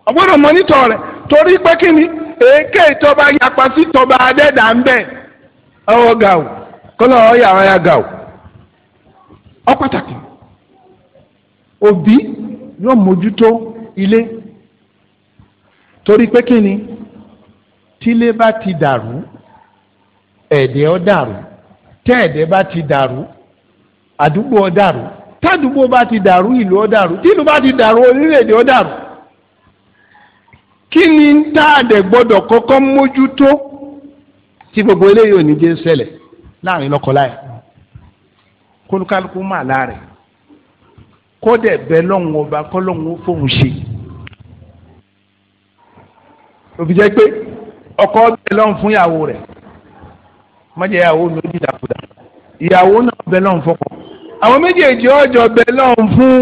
ọgbọ́dọ̀ mọ́nítọ̀ rẹ̀ torí pé kí ni èké ìtọ́ba yapa sí tọba adẹ́dà ń bẹ̀ ọwọ́ ga o kọ́lọ́ ọ̀yà ọ̀yà ga o ọ pàtàkì òbí yóò mójútó ilé torí pé kí ni tílé bá ti dàrú ẹ̀dẹ̀ ọ dàrú tẹ́ẹ̀dẹ̀ bá ti dàrú àdúgbò ọ dàrú tádùúgbò bá ti dàrú ìlú ó dàrú tí ìlú bá ti dàrú orílẹ̀-èdè ó dàrú kí ni tá a dẹ̀ gbọ́dọ̀ kọ́kọ́ mójútó tí gbogbo eléyìí ò ní jẹ́ ṣẹlẹ̀ láàrin lọ́kọláya kólúkálukú mà láàrẹ̀ kódẹ̀ bẹ́ lọ́hùn ọba kọ́lọ́hùn ó fóun ṣe òbí jẹ́ pé ọkọ bẹ́ lọ́hùn fún ìyàwó rẹ̀ mọ́jẹ́ ìyàwó mi ó dìdàkudà ìyàwó náà bẹ́ lọ́hùn fọkọ àwọn méjèèjì ọjọ́ bẹ lọ́hùn fún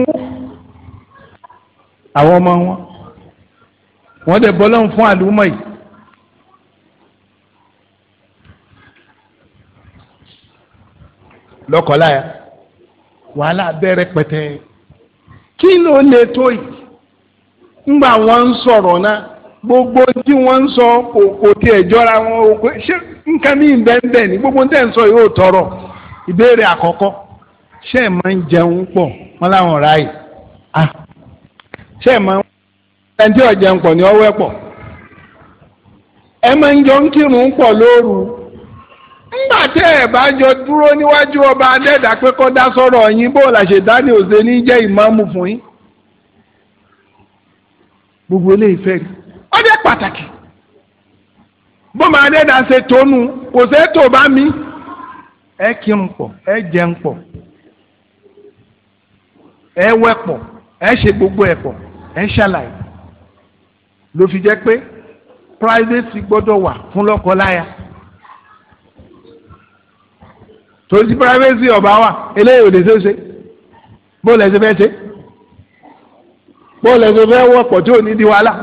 àwọn ọmọ wọn wọ́n dẹ̀ bọ́ lọ́hùn fún àlùmọ̀ yìí. lọ́kọ̀láyà wàhálà abẹ́rẹ́ pẹ̀tẹ́ kí ló lè tó yìí ńgbà wọn ń sọ̀rọ̀ náà gbogbo tí wọ́n ń sọ kò tí tiẹ̀ jọra wọn o ṣé nǹkan mi bẹ́ẹ̀ bẹ́ẹ̀ ni gbogbo tẹ̀ ń sọ yóò tọrọ ìbéèrè àkọ́kọ́ ṣé ẹ máa ń jẹun pọ̀ wọ́n láwọn ọ̀rá yìí ah ṣé ẹ máa ń ẹni tí ò jẹun pọ̀ ni ọwọ́ ẹ pọ̀ ẹ máa ń jọ ń kírun pọ̀ lóru ńgbà tẹ́ ẹ bá jọ dúró níwájú ọba adẹ́dà pé kó dá sọ̀rọ̀ yín bó la ṣe dání òṣè ní jẹ́ ìmáàmù fún yín gbogbo eléyìí fẹ́ rí ó jẹ́ pàtàkì bọ́mọ adẹ́dà ṣe tónú kò ṣeé tó bá mi ẹ kírun pọ̀ ẹ jẹun pọ̀ ẹ wẹ̀pọ̀ ẹ ṣe gbogbo ẹ̀pọ̀ ẹ ṣàlàyé ló fi jẹ́ pé privacy gbọ́dọ̀ wà fún lọ́kọ-láya torí tí privacy ọba wà eléyìí ò lè ṣe é ṣe bó lè ṣe fẹ́ ṣe bó lè ṣe fẹ́ wọ̀pọ̀ tí ò ní di wàhálà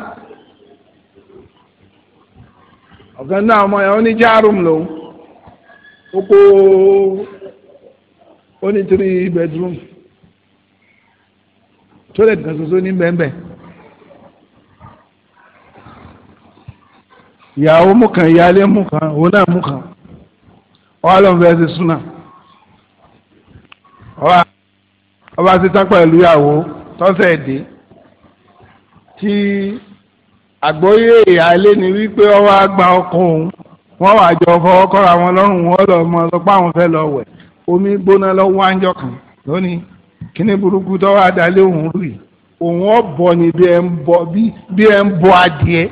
ọ̀gá náà ọmọ yẹn ó ní jáàrùm lòun ó kó ó ní three bedroom toilet kan ṣoṣo ní bẹ́ẹ̀nbẹ́ẹ̀. ìyàwó mú kan ìyáálé mú kan òun náà mú kan ọba ló ń fẹ́ ṣe súnà ọba ọba ṣe tán tí àgbóyè ìyáálé ni wípé ọba gba ọkọ òun wọ́n wàá jọ fọwọ́ kọ́ra wọn lọ́rùn wọn lọ́ọ́ mọ́ ọ sọ pé àwọn fẹ́ lọ wẹ̀ omi gbóná lọ́wọ́ àńjọ kan lónìí kíní burúkú tó wá dalé òun rì òun ọ̀bọ ni bí ẹ ń bọ bí ẹ ń bọ adìẹ.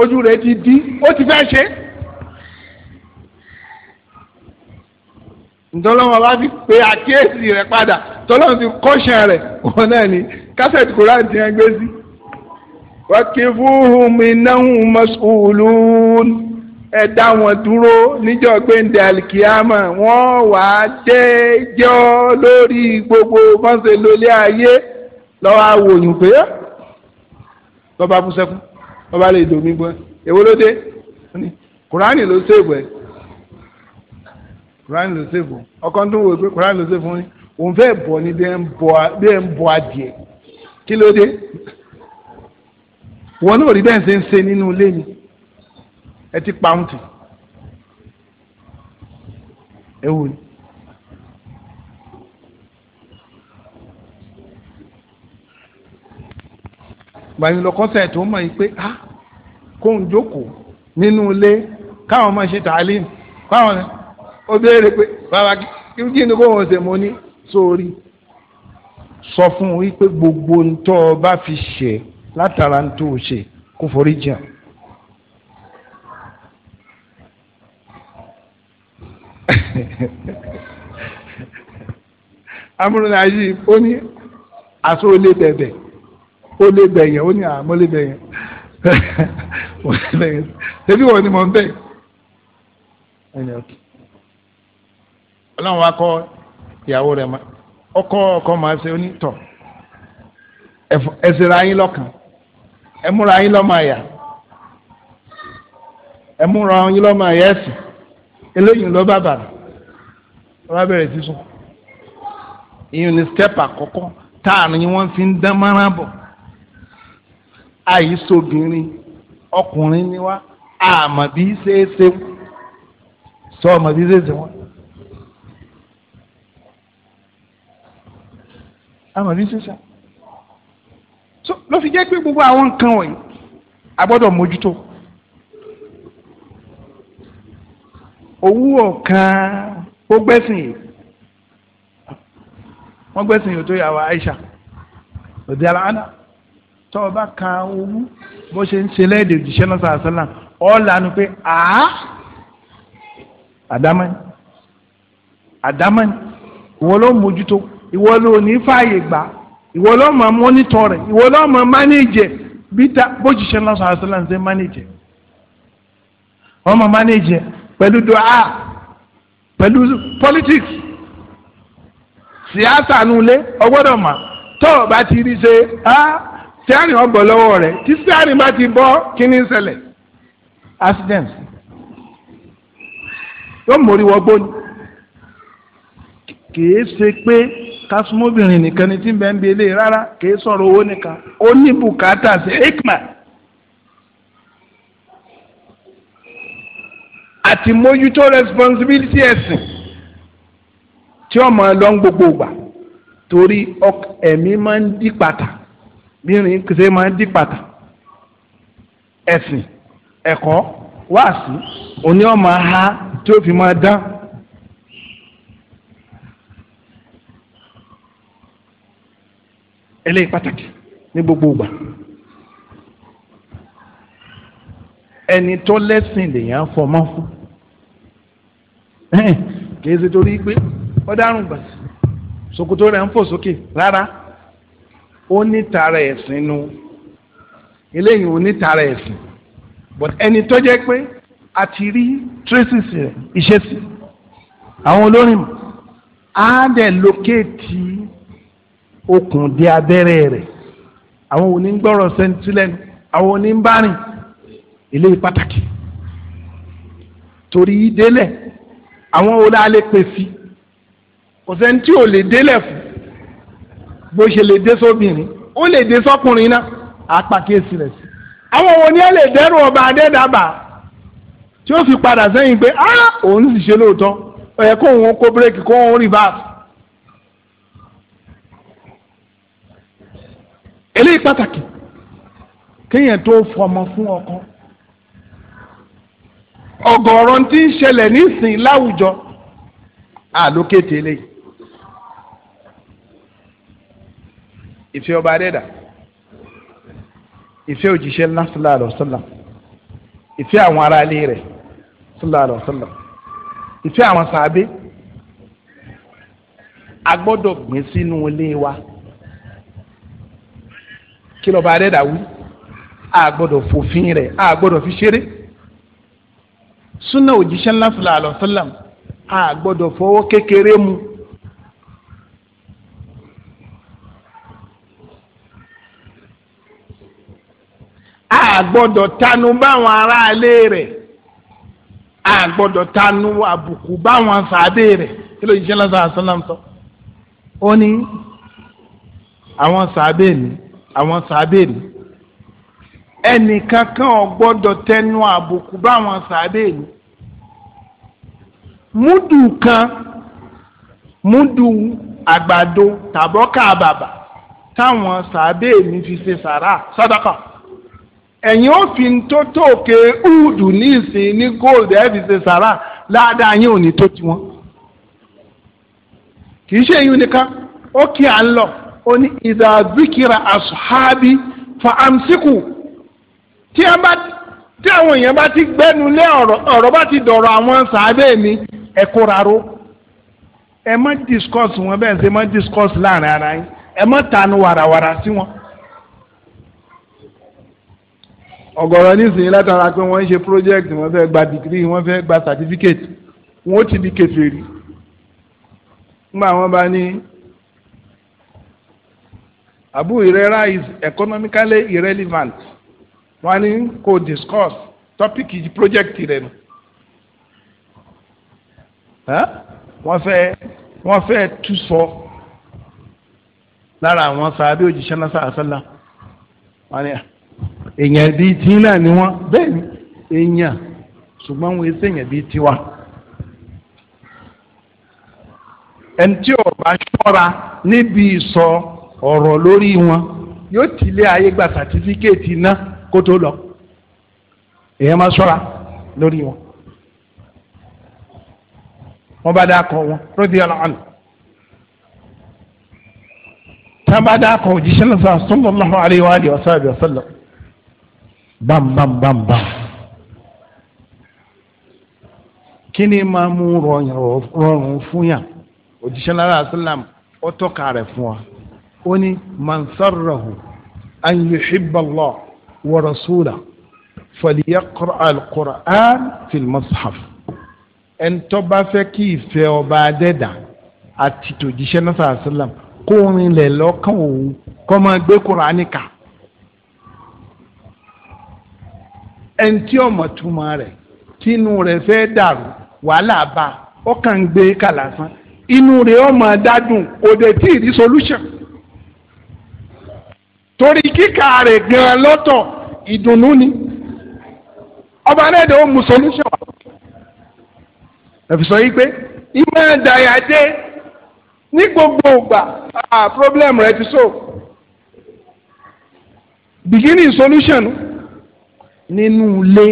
ojú rẹ̀ ti di ó ti fẹ́ ṣe. ntọ́lọ́wọ́n bá fi pe àkíyèsí rẹ̀ padà tọ́lọ́wọ́n ti kọ́ṣẹ́ rẹ̀ òun náà ni kásẹ̀tì kò rántí ẹ gbé sí. wàkìfúhùn mi náà mọ̀ sùúlùún ẹ dá wọn dúró níjọ́ gbẹ̀ǹdẹ̀ alikiyama wọ́n wà á jẹ́jọ́ lórí gbogbo fọ́nṣẹ́ lólé ayé lọ́wọ́ àwòyìn pé bọ́ba ah! kú sẹ́kù bọ́ba lè dòmí gbọ́ èwo ló dé kùránì ló ṣèbù ẹ̀ kùránì ló ṣèbù ọkàn tó ń wò pé kùránì ló ṣèbù ẹ̀ òun fẹ́ bọ̀ ni bí ẹ̀ ń bọ adìẹ kí ló dé wọn náà rí bẹ́ẹ̀ ṣe ń ṣe nínú ilé mi ẹ ti pàǹtì ewu ni. gbàyìn lọkọsẹ tó mọ yìí pé ah kóun jókòó nínú ilé káwọn máa ṣe tààlín káwọn ó béèrè pé bàbá kí ni kóun ṣe mo ní sórí sọ fún wípé gbogbo ntọ́ bá fi ṣe látara ntọ́ ṣe kó forí jìn. amúnáyí ó ní aṣọ olè bẹ̀bẹ̀ olè bẹ̀yẹ̀ ó ní àmọ́lé bẹ̀yẹ̀ wọ́n ni mò ń bẹ̀ ọlọ́run wa kọ́ ìyàwó rẹ̀ ma ọkọ ọkọ ṣe yín lọ́kàn yín lọ́mọ àyà yín lọ́mọ àyà ẹ̀sìn. eléyìí ló bá bàrà wọ́n á bẹ̀rẹ̀ sísun ìyẹn step àkọ́kọ́ táàrin ni wọ́n fi ń dán mọ́rán bọ̀ àìsòbìnrin ọkùnrin ni wá àmọ̀ bí ṣeéṣe sọ ọmọ bí ṣeéṣe wọn. àmọ̀ bí ṣeéṣe ló fi jẹ́ pé gbogbo àwọn nǹkan wọ̀nyí a gbọ́dọ̀ mójútó. Owu ọ̀kan ó gbẹ́sìn yìí wọ́n gbẹ́sìn yìí Aisha òdi aláàánà tó o bá ka owó bó ṣe ń ṣe lẹ́ẹ̀dẹ̀ òjíṣẹ́ náà sàásánà Adamani lànà pé àá àdámẹ́ni àdámẹ́ni ìwọ ló ń mójútó ìwọ ló ní fààyè gbà ìwọ ló mọ́nítọ̀ rẹ̀ pẹ̀lú dùá pẹ̀lú politics síyáàsà nulẹ̀ ọgbọ́dọ̀ mà tó bá ti rí ṣe á síárìn ọgbọ̀ lọ́wọ́ rẹ̀ tí bá ti bọ́ kíní ṣẹlẹ̀ accident yóò mórí wọgbó ni kìí ṣe pé kásùmọ́bìnrin nìkan ni tí ń ń bi eléyìí rárá kìí sọ̀rọ̀ owó nìkan ó ní bùkátà sí àti mójútó responsibility ẹ̀sìn tí ọmọ lọ ń gbogbo gbà torí ẹ̀mí máa ń dí pàtà bírin kìsẹ́ máa ń dí pàtà ẹ̀sìn ẹ̀kọ́ wáàsí òní ọmọ ha tí ó fi máa dán. eléyìí pàtàkì ní gbogbo ìgbà ẹni tó lẹ́sìn lèèyàn fọmọ́ fún kìí ṣe torí pé ọ̀daràn gbàsì ṣòkòtò rẹ̀ ń fò sókè rárá ó ní tara ẹ̀sìn nu eléyìí ó ní tara ẹ̀sìn but ẹni tó jẹ́ pé a ti rí traces rẹ̀ ìṣesí àwọn olórin á dẹ̀ lókèétì okùn dé abẹ́rẹ́ rẹ̀ àwọn onígbọ́rọ̀ sẹ́ńtílẹ́nu àwọn oníbárìn eléyìí pàtàkì torí délẹ̀ àwọn olè alẹ́ pè sí kò sẹ́ni tí ò lè délẹ̀ fún bó ṣe lè dé sóbìnrin ó lè dé sọkùnrin náà àpàkíyèsí rẹ̀ sí àwọn wo ni ẹ lè dẹ́rù ọba adẹ́dàbà tí ó fi padà sẹ́yìn pé á òun sì ṣe lóòótọ́ ó yẹ kó òun kó bírèkì kó òun rìvásì. eléyìí pàtàkì kéèyàn tó fọmọ fún ọkọ ọ̀gọ̀ọ̀rọ̀ tí ń ṣẹlẹ̀ nísìn láwùjọ àlókété lé ìfẹ́ ọba adẹ́dà ìfẹ́ òjíṣẹ́ ńlá sallallahu alaihi wasallam ìfẹ́ àwọn ará ilé rẹ̀ sallallahu alaihi wasallam ìfẹ́ àwọn sàábé a gbọ́dọ̀ gbìn sínú ilé wa kí lọ́ba adẹ́dà wí a gbọ́dọ̀ fòfin rẹ̀ a gbọ́dọ̀ fi ṣeré súnà òjíṣẹ́ ńlá fìlà àlọ́sọ́làm a gbọ́dọ̀ fọwọ́ kékeré mu. a tanu báwọn aráalé rẹ̀ a tanu àbùkù báwọn sàábé rẹ̀ kí ló yìí ṣẹlẹ sàásánlám sọ. ó ní àwọn sàábé ni àwọn sàábé ni ẹnìkankan ò gbọ́dọ̀ tẹnu àbùkù báwọn sàbẹ̀ mi múdù kan múdù àgbàdo tàbọ́kà bàbà táwọn sàbẹ̀ mi fi ṣe sàrà sàdákà ẹ̀yin ó fi tó tóòkè údù ní ìsìn ní gold ẹ̀ fi ṣe sàrà ládàá yín ò ní tó tiwọn kì í ṣe èyí nìkan ó kí à ń lọ ó ní ìdá zikira asuhabi fa amsiku tí a bá tí àwọn èèyàn bá ti gbẹ́nu lé ọ̀rọ̀ bá ti dọ̀rọ̀ àwọn sàábẹ́ mi ẹ kóra ró ẹ má discuss wọn bẹ́ẹ̀ ṣe má discuss láàrin ara yín ẹ má tanu warawara sí wọn. ọ̀gọ̀rọ̀ nísìnyí látara pé wọ́n ń ṣe project wọ́n fẹ́ gba degree wọ́n fẹ́ gba certificate wọ́n ti di kèfèrí nígbà wọn bá ní Abu Hurairah is economically irrelevant wọ́n á ní kó discuss tọ́píkì project rẹ̀ nù. wọ́n fẹ́ wọ́n fẹ́ tú sọ lára àwọn sàábé òjíṣẹ́ náà sàásálà wọ́n ní èèyàn bíi tí náà ni wọ́n bẹ́ẹ̀ ni èèyàn ṣùgbọ́n wọ́n ṣe èèyàn bíi tiwa. ẹni tí ò bá ṣọ́ra níbi ìsọ ọ̀rọ̀ lórí wọn yóò tilé ayé gba sàtífíkẹ́ẹ̀tì náà kó tó lọ èèyàn máa ṣọ́ra lórí wọn wọn bá dáa kọ wọn rọdí ọlọ́run tá a bá dáa kọ òjíṣẹ́ lọ́sà sallallahu alaihi wa alihi wa sahbihi wa sallam bámbámbámbám kí ni máa mú rọrùn fún yàn òjíṣẹ́ lára sallam ó tọ́ka fún wa ó ní man sarrahu an yuhibba wa rasulahu falyaqra al-Qur'an fil mushaf ẹni tó bá fẹ́ kí ìfẹ́ ọba adẹ́dà àti tòjíṣẹ́ náà sàlám kó rin lẹ̀ lọ́kàn òun kó máa gbé Kùránì kà ẹni tí ọmọ túmọ̀ rẹ̀ tínú rẹ̀ fẹ́ dàrú wàhálà bá ọkàn gbé kà lásán inú rẹ̀ ọmọ dádùn kò dé tí ì rí solution torí kíkà rẹ̀ gan-an lọ́tọ̀ ìdùnnú ni ọba ẹlẹ́dẹ̀ ó mú solution ẹ̀fìsọ yìí pé ìmọ̀ ẹ̀dàyàdé ní gbogbo ìgbà ah problem rẹ ti so beginning solution nínú ilé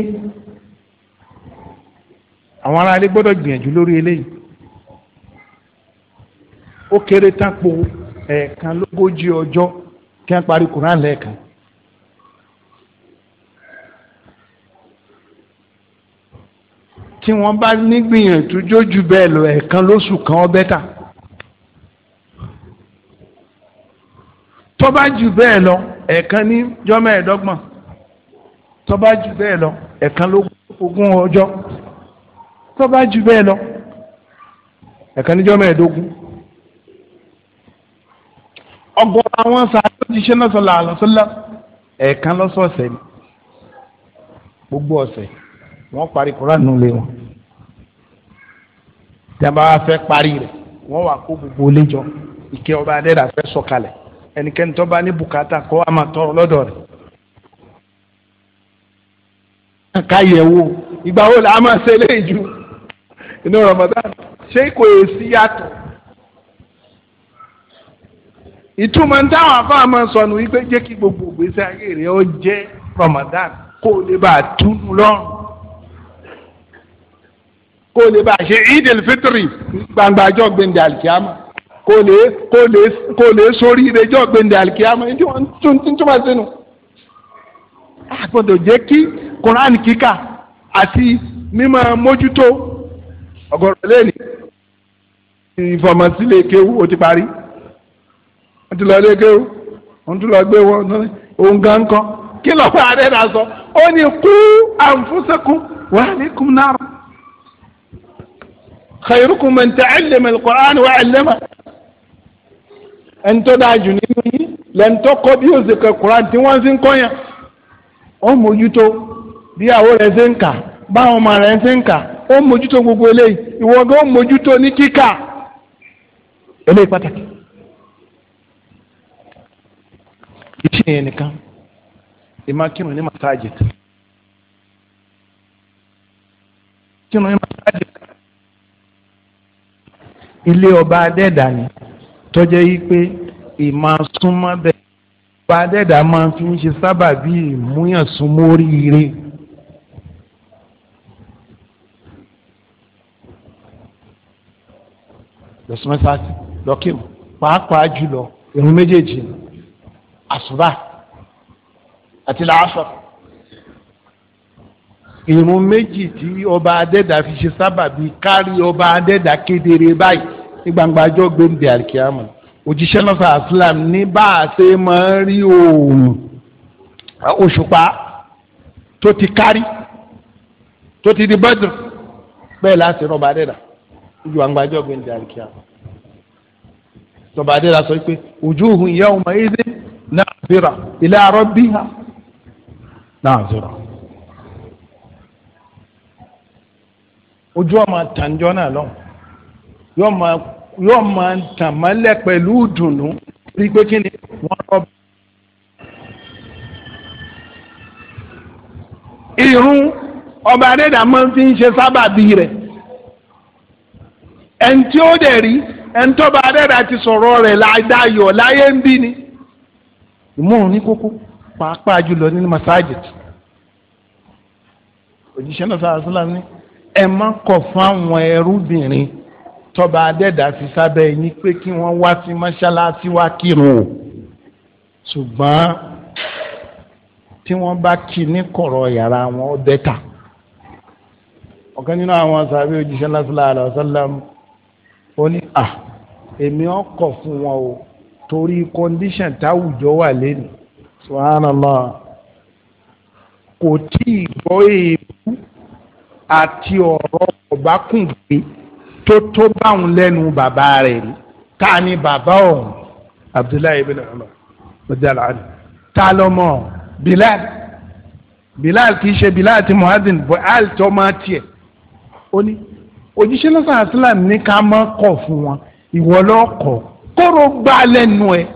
àwọn ará ilé gbọ́dọ̀ gbìyànjú lórí eléyìí ó kéré tápò ẹ̀ẹ̀kan lógójì ọjọ́ kí wọ́n parí Quran lẹ́ẹ̀kan tí wọ́n bá nígbìyànjú jójú bẹ́ẹ̀ lọ ẹ̀ẹ̀kan lóṣù kan ọ bẹ́tà tó bá jù bẹ́ẹ̀ lọ ẹ̀ẹ̀kan ní jọ́mọ́ ẹ̀ẹ́dọ́gbọ̀n tó bá jù bẹ́ẹ̀ lọ ẹ̀ẹ̀kan lógún ọjọ́ tó bá jù bẹ́ẹ̀ lọ ẹ̀ẹ̀kan ní jọ́mọ́ ẹ̀ẹ́dógún ọgọ́rọ̀ àwọn sàájú ti ṣe náà sọ̀lá àlọ́sọ́lá ẹ̀ẹ̀kan lọ́sọ̀ọ̀sẹ̀ ni gbogbo ọ̀sẹ̀ wọ́n parí Kùránì nù lé wọn tí a bá fẹ́ parí rẹ̀ wọ́n wà kó gbogbo lé jọ ìkẹ́ ọba adẹ́dà fẹ́ sọ̀kalẹ̀ ẹnikẹ́ni tó bá ní bùkátà kó a máa tọrọ lọ́dọ̀ rẹ̀. ká yẹ̀ wò ìgbà wo la a máa ṣe ju inú Ramadan ṣé kò yẹ sí yàtọ̀ ìtumọ̀ ń táwọn afáà máa sọnù wípé jẹ́ kí gbogbo ìgbésí ayé rẹ̀ ó jẹ́ Ramadan kó o lè bá a túnú lọ́rùn kó lè bá ṣe idil fitri gbangba jọ gbẹndẹ alikiyama kó lè kó lè kó lè sórí ire jọ gbẹndẹ alikiyama ní tí wọn tún tún túmọ̀ sínú. a gbọ́dọ̀ jẹ́ kí koran kíkà àti mímọ̀ mójútó ọ̀gọ̀rọ̀ lẹ́nu ìfọ̀mọ̀sílẹ̀ kéwú o ti parí wọ́n ti lọ lé kéwú wọ́n ti lọ gbé wọn òun gan kan kí lọ́pàá rẹ̀ náà sọ ó ní kú anfusakum wa alaikum nara khairukum man ta'allama al-Qur'an wa 'allama ẹni tó dáa jù nínú yín lẹ́ni tó kọ́ bí òsè kẹ́ Qur'an tí wọ́n fi ń kọ́yàn ó mójútó bí àwọ̀ rẹ̀ ṣe ń kà báwọn ọmọ rẹ̀ ṣe ń kà ó mójútó gbogbo eléyìí ìwọ gan ó mójútó ní kíkà eléyìí pàtàkì. iṣẹ́ yẹn nìkan ìmá kírun ní masajid kírun ní ilé ọba adẹ́dà ni tọ́jẹ́ yí pé ìmọ̀ súnmọ́ bẹ́ẹ̀ ọba adẹ́dà máa fi ń ṣe sábàbí ìmúyànsúnmọ́ oríire. lọ́sọ̀mẹ́sàtì lọ́kìm pàápàá jùlọ ìrun méjèèjì àsùbà àti làásọ̀ ìrun méjì tí ọba adẹ́dà fi ṣe sábàbí kárí ọba adẹ́dà kedere báyìí ní gbangba ajọ́ gbẹ̀ǹdẹ̀ àríkíámù òjíṣẹ́ náà sọ àsìlám ní bá a ṣe máa ń rí oòrùn òṣùpá tó ti kárí tó ti di bẹ́dùn bẹ́ẹ̀ láti rọba adẹ́dà ní gbangba ajọ́ gbẹ̀ǹdẹ̀ àríkíámù rọba adẹ́dà sọ pé wujuhun yawma idhin na'zira ila rabbiha na'zira. ojú ọmọ tàǹjọ́ náà lọ yóò máa tàn mọ́lẹ̀ pẹ̀lú ìdùnnú rí pé kí ni wọ́n rọ́ bí. irun ọba adéda máa fi ń ṣe sábàbí rẹ̀ ẹni tí ó dẹ̀ rí ẹni tọ́ba adéda ti sọ̀rọ̀ rẹ̀ láyọ̀ láyé ń bí ni ìmọ̀ràn ní kókó pàápàá jùlọ nínú masajid òjíṣẹ́ náà sáà sílámù ní ẹ má kọ̀ fáwọn ẹrúbìnrin tọba adẹ́dà fi sábẹ́ yín pé kí wọ́n wá sí mọ́ṣáláṣí wá kírun o ṣùgbọ́n tí wọ́n bá kí ní kọ̀rọ̀ yàrá wọn ó bẹ́tà ọ̀kan nínú àwọn sàbẹ̀ òjíṣẹ́ sallallahu alaihi ó ní à èmi ò kọ̀ fún wọn o torí kọ́ndíṣàn táwùjọ wà lẹ́nu subhanallah kò tí ì gbọ́ èèyàn àti ọ̀rọ̀ ọ̀bákùngbé tó tó báwọn lẹ́nu bàbá rẹ̀ rí ta ni bàbá ọ̀hún abdullahi ibn umar radiyallahu anhu ta lọ́mọ bilal bilal kì í ṣe bilal ti muhazin bilal tó máa tiẹ̀ ó ní òjíṣẹ́ lọ́sàn-án islam ní ká má kọ̀ fún wọn ìwọ kóró gbá lẹ́nu ẹ̀.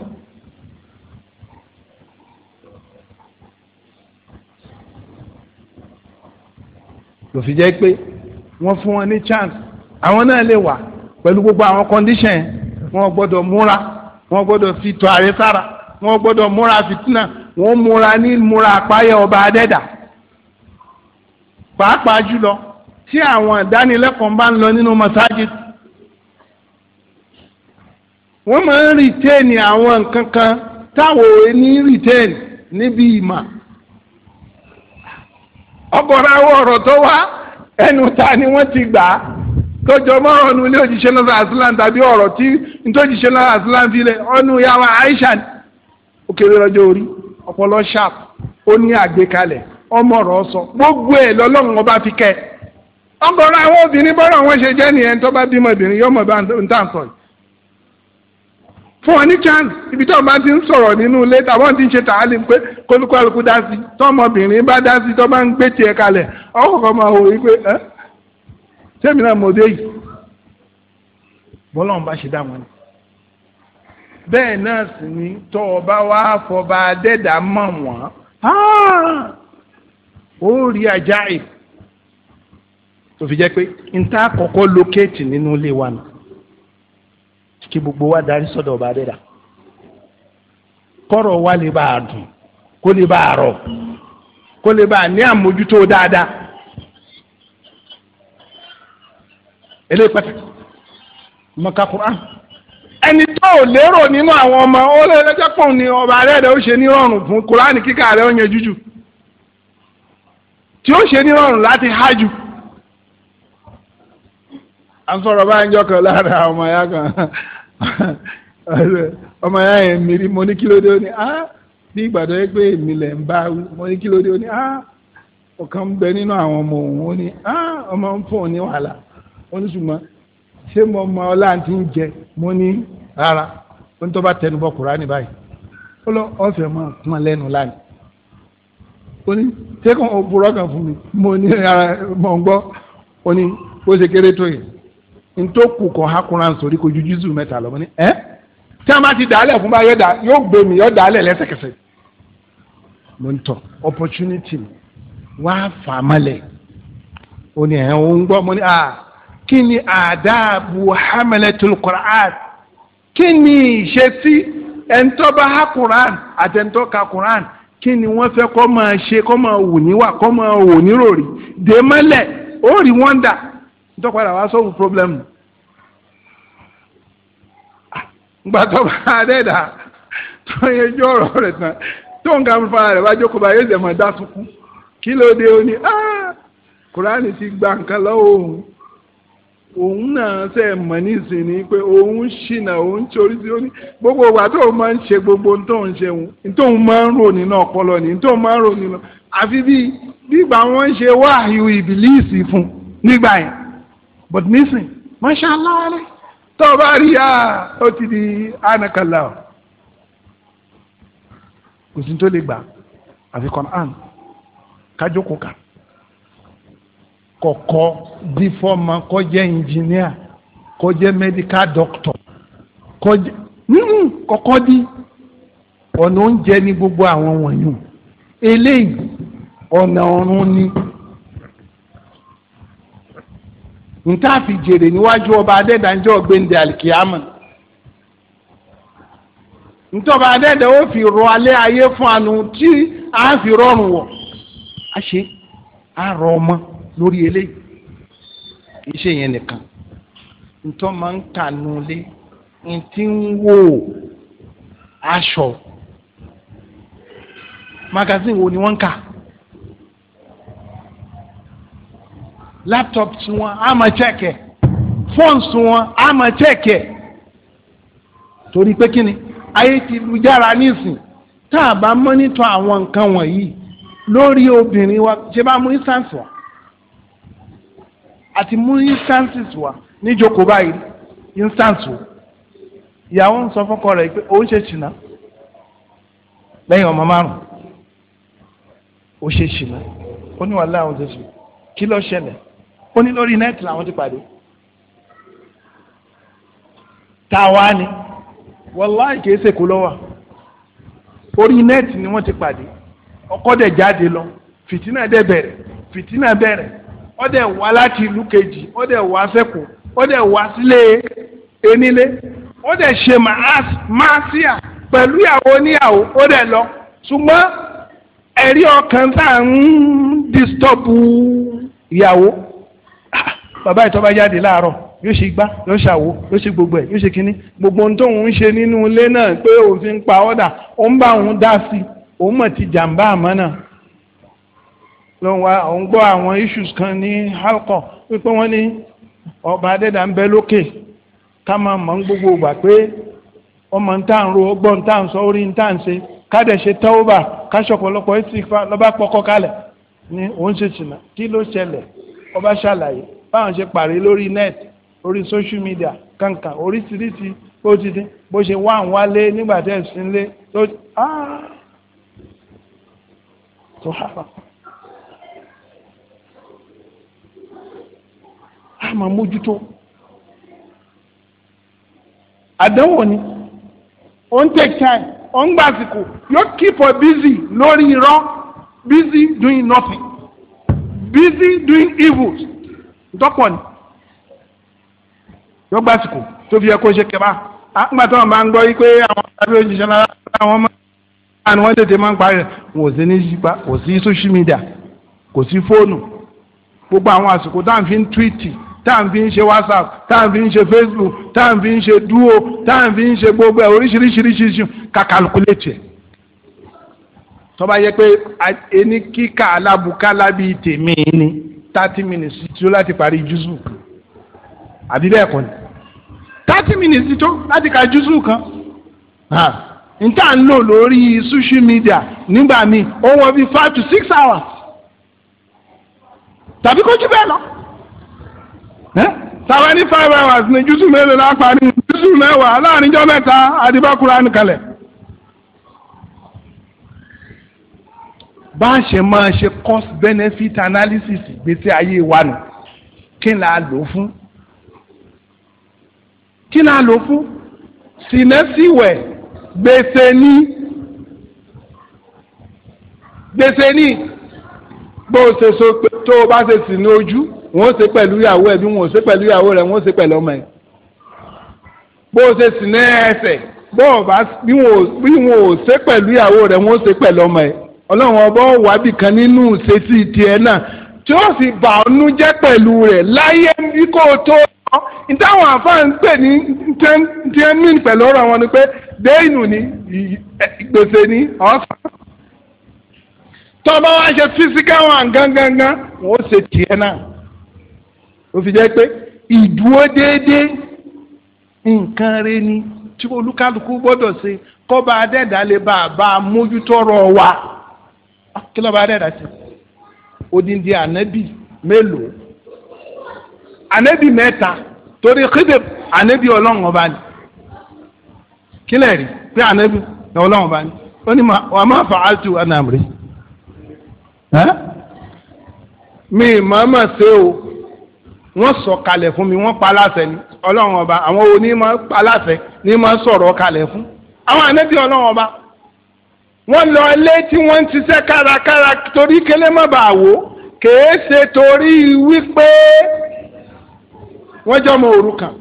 ló fi jẹ́ pé wọ́n fún wọn ní chance àwọn náà lè wà pẹ̀lú gbogbo àwọn condition yẹn wọ́n gbọ́dọ̀ múra wọ́n gbọ́dọ̀ fi tọ́ àrẹ sára wọ́n gbọ́dọ̀ múra fìtínà wọ́n múra ní múra àpáyẹ ọba adẹ́dà pàápàá jùlọ tí àwọn ìdánilẹ́kọ̀ọ́ bá ń lọ nínú masajid wọ́n máa ń rìtẹ́ẹ̀nì àwọn nǹkan kan táwọn ò ní rìtẹ́ẹ̀nì níbi ìmọ̀ ọgọ́rọ̀ awọ ọ̀rọ̀ tó wá ẹnu ta ni wọ́n ti gbà á tó jọ mọ́ ilé òjíṣẹ́ náà aslan tàbí ọ̀rọ̀ tí nítòjíṣẹ́ náà aslan fi lẹ̀ ọ̀nù ìyàwó Aisha ó kéré lọ́jọ́ orí ọpọlọ sharp ó ní àgbékalẹ̀ ọmọ ọrọ sọ gbogbo ẹ̀ lọ́lọ́run ọba fi kẹ́ ọgọ́rọ̀ àwọn obìnrin bọrọ wọn ṣe jẹ́ nìyẹn tó bá bímọ obìnrin yọmọ bá ń tàn fún ọ ní chance ibi tí ọba ti ń sọrọ nínú ilé tàbí ti ń ṣe tààlì pé kólúkálukú dá sí tọmọbìnrin bá dá sí tọ́ba ń gbé tiẹ̀ kalẹ̀ ọkọ̀ọ̀kan máa wò wípé ẹ́ sẹ́mi náà mo yìí bá ṣe dá wọn. bẹ́ẹ̀ náà ni tọ́ ọba wá fọba dẹ́dà mọ̀ wọ́n ó rí ajá ẹ̀ tó fi jẹ́ pé n ta kọ́kọ́ nínú ilé kí gbogbo wa darí sọ́dọ̀ ọba adẹ́dà kọ́rọ̀ wa lè bá a dùn kó lè bá a rọ̀ kó lè bá a ní àmójútó dáadáa eléyìí pàtàkì maka Qur'an ẹni tó o lérò nínú àwọn ọmọ ó lè lọ́jọ́ ní ọba adẹ́dà ó ṣe ní rọrùn fún Qur'an kíkà rẹ̀ ó jújù tí ó ṣe ní rọrùn ọmọ ya kan. ọmọ ya yẹn mi rí mo ní kí ló dé ó ní ah bí ìgbàdàn yẹn pé èmi lẹ̀ ń bá mo ní kí ó ní ah ọ̀kan ń bẹ nínú àwọn ọmọ òun ó ní ah ọmọ ń fún òun ní wàhálà ó ní ṣùgbọ́n ṣé mo mọ ọlá tí ń jẹ mo ní rárá ó ní tó bá tẹnu bọ Kùránì báyìí ó lọ ọ̀fẹ́ máa kún lẹ́nu lánàá ó ní tẹ́kàn ó burọ́ kan fún mi mo ní rárá mo ń ó ní ó ṣe kéré tó yìí ntókù kọ hakunra nsọrí kojú jésù mẹ́ta lọ ní ẹ tí a máa ti dàálẹ̀ fún bá yóò gbé mi yóò dàálẹ̀ lẹ́sẹ̀kẹsẹ̀ mo ń tọ opportunity wá fàmálẹ ó ní ẹ ń gbọ́ mo ní à kí ni àdáàbò hamalatul Qur'an kí ni ìṣesí ẹ̀ńtọ́ba hakunran àtẹ̀ńtọ́ka Qur'an kí ni wọ́n fẹ́ kọ́ máa ṣe kọ́ máa wù níwà kọ́ máa wù nírọ̀rí dèmọ́lẹ̀ ó rí wọ́n dà nítorí padà wá sọ́wọ́ pírọ́blẹ́mù gbàtọ́ bá adẹ́dà tó yẹ jọ ọ̀rọ̀ rẹ̀ tán tó ń kàn fara rẹ̀ bá jókòó bá yóò dẹ̀ mọ̀ dá sunkún kí ló dé o ní ah! kùránì ti gba nǹkan lọ́wọ́ òun òun náà ṣe mọ̀ nísìnyí pé òun ṣìnà òun torí tí ó gbogbo ìwà tó o máa ń ṣe gbogbo ní tó ń ṣe òun tó ń máa ń rò nínú ọpọlọ ní tó ń máa ń rò nínú àfi bí bí ìgbà wọn ṣe wáàyù ìbílíìsì fún nígbà yẹn but nísìn masha allah rẹ tó bá rí a ó ti di anakala o kò sí tó lè gbà àfi Quran kájókòó kan kọ̀kọ́ di fọ́ọ̀mà kó jẹ́ engineer kó jẹ́ medical doctor kó jẹ́ kọ̀kọ́ di ọ̀nà oúnjẹ ní gbogbo àwọn wọ̀nyí eléyìí ọ̀nà ọ̀run ni. nta fi jèrè níwájú ọba adẹ́dàjọ́ ọ̀gbẹ́ndẹ́ alikiyama ntọ́ba adẹ́dàá ó fi rọ alẹ́ ayé fún anu tí a fi rọrùn wọ̀ a ṣe a rọ ọmọ lórí eléyìí iṣẹ́ yẹn nìkan ntọ́ máa ń kànú lé ntí ń wò aṣọ magazin wo ni wọ́n ń kà. laptop tí wọn á máa chẹ́kẹ̀ phones tí wọn á máa chẹ́kẹ̀ torí pé kí ni ayé ti lu jára nísìn tá a bá mọ́nítọ̀ àwọn nǹkan wọ̀nyí lórí obìnrin wa ṣe bá mú instance wa àti mú instances wa níjókòó báyìí instance o ìyàwó ń sọ fọ́kọ rẹ̀ pé òun ṣe ṣìnà lẹ́yìn ọmọ márùn ó ṣe ṣìnà ó ní wàhálà òun ṣe kí ló ṣẹlẹ̀ ó ní lórí nẹ́ẹ̀tì làwọn ti pàdé tá a wá ni wàláì kìí ṣèkú lọ́wọ́ orí nẹ́ẹ̀tì ni wọ́n ti pàdé ọkọ dẹ̀ jáde lọ fìtínà dẹ̀ bẹ̀rẹ̀ fìtínà bẹ̀rẹ̀ ó dẹ̀ wá láti ìlú kejì ó dẹ̀ wá sẹ́kù ó dẹ̀ wá sílé enílé ó dẹ̀ ṣe màásíà pẹ̀lú ìyàwó oníyàwó ó lọ ṣùgbọ́n ẹ̀rí ọkàn tá à ń disturb ìyàwó bàbá ìtọ́ bá jáde láàárọ̀ yóò ṣe gbá yóò ṣàwo yóò ṣe gbogbo ẹ̀ yóò ṣe kínní gbogbo ohun tóun ń ṣe nínú ilé náà pé òun fi ń pa ọ́dà òun bá òun dá sí òun mọ̀ ti jàǹbá àmọ́ náà lóun wá òun gbọ́ àwọn issues kan ní halkọ̀ wípé wọ́n ní ọba adẹ́dà ń bẹ lókè ká máa mọ̀ ń gbogbo gbà pé ọmọ ń tà ń ro ọgbọ́n ń tà ń sọ orí ń tà ń ṣe ká dẹ̀ ṣe tọ́wọ́bà ká ṣọ̀pọ̀lọpọ̀ ẹ̀ sì fa lọ́ba pọkọ kalẹ̀ ni òun ṣe ṣìnà kí ló ṣẹlẹ̀ ọba ṣàlàyé báwọn ṣe pàrí lórí net orí social media kankan oríṣiríṣi bó ti dín bó ṣe wá àwọn alé nígbà tẹ́ ẹ̀ sí nílé tó tó hàrà. Ah! a máa mójútó àdánwò ni ó ń take time ó ń gbàsìkò yóò keep her busy lórí irọ́ busy doing nothing busy doing evils ntọ́pọ̀ ni yóò gbàsìkò tó fi yẹ kó ṣe kẹfà àgbà tó wọn bá ń gbọ́ yí pé àwọn tàbí òjijì náà àwọn máa àni wọ́n tètè máa ń parí rẹ̀ wọ́n sì ní sípa kò sí social media kò sí fóònù gbogbo àwọn àsìkò tá fi ń túwìtì tá fi ń ṣe whatsapp tá fi ń ṣe facebook tá à ń fi ń ṣe duo tá à ń fi ń ṣe gbogbo ẹ̀ oríṣiríṣiríṣi kàkàlùkùlẹ̀tì ẹ̀ tó bá yẹ pé ẹni kíkà alábùkálà bíi tèmi ni thirty minutes tí ó láti pari jùsù àbí bẹ́ẹ̀ kọ́ ni thirty minutes tó láti ka jùsù kan n tá à lò lórí social media nígbà míì ó wọ́n bí five to six hours tàbí kó jù bẹ́ẹ̀ lọ tàbá ní five hours ní jùsù mélòó la ní jùsù mẹ́wàá láàrin jọ́ mẹ́ta àdìbákùrá nìkanlẹ̀. bá a ṣe máa ṣe cost benefit analysis gbèsè ayé wa nù kí la lò fún kí la lò fún sinẹ́síwẹ̀ gbèsè ní gbèsè ní bó o ṣe so tó o bá ṣe sì ní ojú wọn ó ṣe pẹ̀lú ìyàwó ẹ̀ bí wọn ò ṣe pẹ̀lú ìyàwó rẹ̀ wọn ó ṣe pẹ̀lú ọmọ ẹ̀ bó o ṣe sì ní ẹsẹ̀ bó o bá bí wọn ò ṣe pẹ̀lú ìyàwó rẹ̀ wọn ṣe pẹ̀lú ọmọ ẹ̀ ọlọ́run ọba wàbí kan nínú ìṣesí tiẹ̀ náà tí ó sì bà ọ́nú jẹ́ pẹ̀lú rẹ̀ láyé bí kò tó lọ ìtàwọn àfáà ń pè ní tẹ́ńtẹ́ńmìn pẹ̀lú ọ̀rọ̀ wọn ni pé déènù ni gbèsè ni ọ̀sán tọ́ba wa ṣe fisika wọn gangangan wọ́n ṣe tiẹ̀ náà ó fi jẹ́ pé ìdúró déédéé nǹkan rẹ ni tí olúkálùkù gbọ́dọ̀ ṣe kọ́ba adẹ́dàá lè bá a bá a mójútó ọ̀rọ̀ wa. Ah, kí ló bá dà sí odindi anabi mélòó anabi mẹ́ta torí Khidir anabi ọlọ́run ọba ni kí lè rí pé anabi ọlọ́run ọba ni ó ní wàá má fa'altu an amri mi màmá ṣe o wọ́n sọ kalẹ̀ fún mi wọ́n pa láṣẹ ni ọlọ́run ọba àwọn onímọ̀ pa láṣẹ ni wọ́n sọ̀rọ̀ kalẹ̀ fún àwọn anabi ọlọ́run ọba wọ́n lọ ilé tí wọ́n ń ṣiṣẹ́ kárakára torí kélé má bàa wò kèé ṣe torí wípé wọ́n jọ mọ òrukàn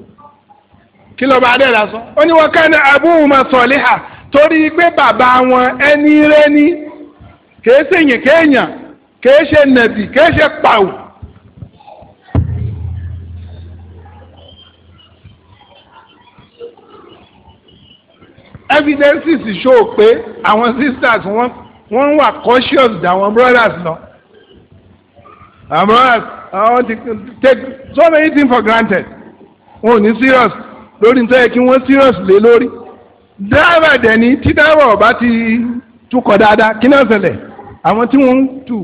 kí ló bá dẹ̀ lásán ó ní wọn kánú abúhùmọ̀ sọ̀líhà torí pé bàbá wọn ẹni rẹ ni kèé ṣèyàn kéèyàn kèé ṣe nàbì kèé ṣe pàwọ́. evidences show pé àwọn sisters wọ́n wọ́n wà cautious dà àwọn brothers lọ àwọn brothers àwọn ti take so many things for granted wọn ò ní serious lórí nítorí yẹ kí wọ́n serious lé lórí dáàbà dẹ̀ni tí dáàbà ọba ti tukọ̀ dáadáa kí náà ṣẹlẹ̀ àwọn tí wọ́n ń tù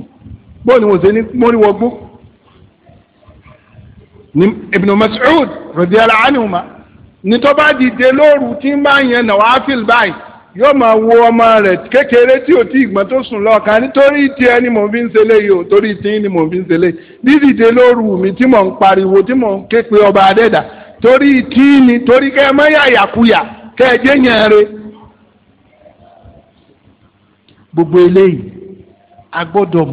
bó ni wọ́n ṣe ní móríwọ́gbó ni Ibn Mas'ud radiyallahu ní dìde lóru tí ń bá yẹn nàwáfíìl báyìí yóò máa wo ọmọ rẹ kékeré tí ò tí ìgbọ́n tó sùn lọ́ọ̀kan nítorí tí ẹni mò ń fi ń ṣẹlẹ̀ yìí ò torí tí mò mi tí mò ń pariwo tí mò ń ké pe ọba adẹ́dà torí tí ni torí kẹ́ ẹ mọ́ gbogbo eléyìí a gbọ́dọ̀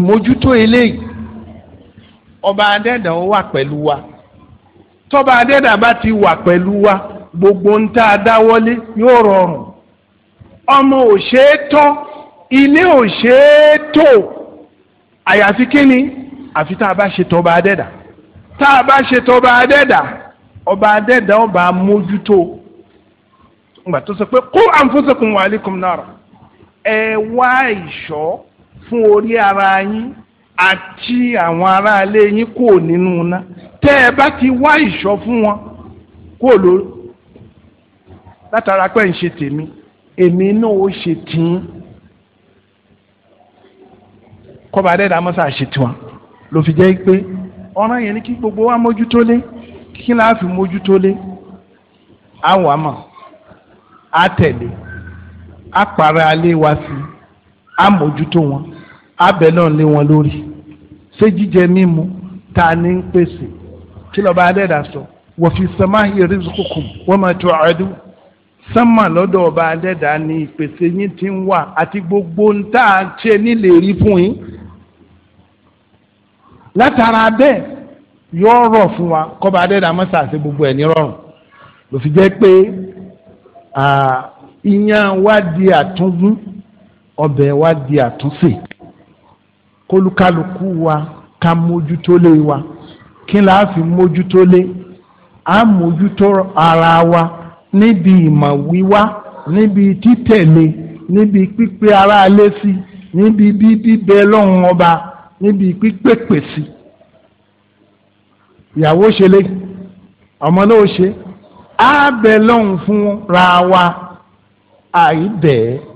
mójútó ọba adẹ́dà ó wà pẹ̀lú wa tọ́ba adẹ́dà bá ti wà pẹ̀lú wa gbogbo ń tá a dáwọ́lé yóò rọrùn ọmọ ò ṣe é tọ́ ilé ò ṣe é tò àyàfi kíni àfi tá a bá ṣe tọ́ba adẹ́dà tá a bá ṣe tọ́ba adẹ́dà ọba adẹ́dà ọba mójútó ngbà tó sọ pé kó anfusakum wa alaykum nara wá ìṣọ́ fún orí ara yín àti àwọn aráalé yín kò nínú iná tẹ́ ẹ bá ti wá ìṣọ́ fún wọn kò lórí látara pé ń ṣe tèmi èmi náà ó ṣe tìín kọba adẹ́dàá mọ́sá ṣe tiwọn ló fi jẹ́ pé ọ̀ràn yẹn ni kí gbogbo wa mójútó lé kí n láà mójútó lé àwọn àmọ́ á tẹ̀lé á para alé wa sí á mójútó wọn abẹ náà lé wọn lórí ṣé jíjẹ mímu ta ni ń pèsè kí lọ́ba adẹ́dà sọ wa fi samahi rizqukum wa ma tu'adu sánmà lọ́dọ̀ ọba adẹ́dà ni ìpèsè yín ti ń wà àti gbogbo ń tà ṣe nílè rí fún yín látara bẹ́ẹ̀ yóò rọ̀ fún wa kọ́ba adẹ́dà mọ́sá àti gbogbo ẹ̀ ní rọrùn ló fi jẹ́ pé iyán wa di àtúngún ọbẹ̀ wa di àtúnṣe kólúkálukú wa ká mójútó lé wa kí la fi mójútó a mójútó ara wa níbi ìmọ̀ wíwá níbi títẹ̀lé níbi pípé ara lé sí níbi bíbẹ lọ́hùn ọba níbi pípèpè sí ìyàwó ṣe lé ọmọ náà ṣe á bẹ lọ́hùn fún wa àìbẹ̀ẹ́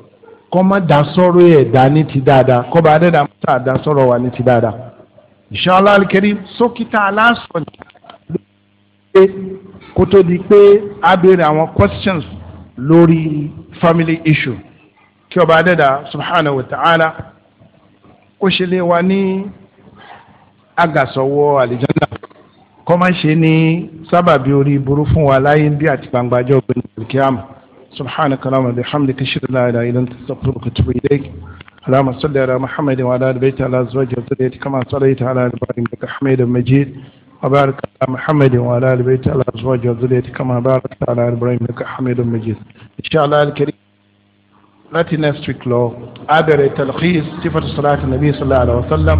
kọ́mọ́ dasọ́rọ̀ ẹ̀ dá ní ti dáadáa kọ́ba adẹ́dá mọ́tà dasọ́rọ̀ wa ní ti dáadáa. inshallah alikẹ́rí sókítà aláṣọ ni pé kó tó di pé a béèrè àwọn questions lórí family issue kí ọba adẹ́dá subhanahu wa ta'ala kó ṣe lè wa ní agasọ̀wọ́ àlìjánná kọ́mọ́ ṣe ní sábàbí orí burú fún wa láyé bí àti gbangbajọ́ gbẹ̀lú kìámù. سبحانك اللهم بحمدك اشهد ان لا اله الا انت استغفرك واتوب اليك اللهم صل على محمد وعلى ال بيت على ازواج وذريته كما صليت على ال ابراهيم انك حميد مجيد وبارك على محمد وعلى ال بيت على ازواج وذريته كما باركت على ال ابراهيم انك حميد مجيد ان شاء الله الكريم التي نستريك له عبر تلخيص صفة صلاة النبي صلى الله عليه وسلم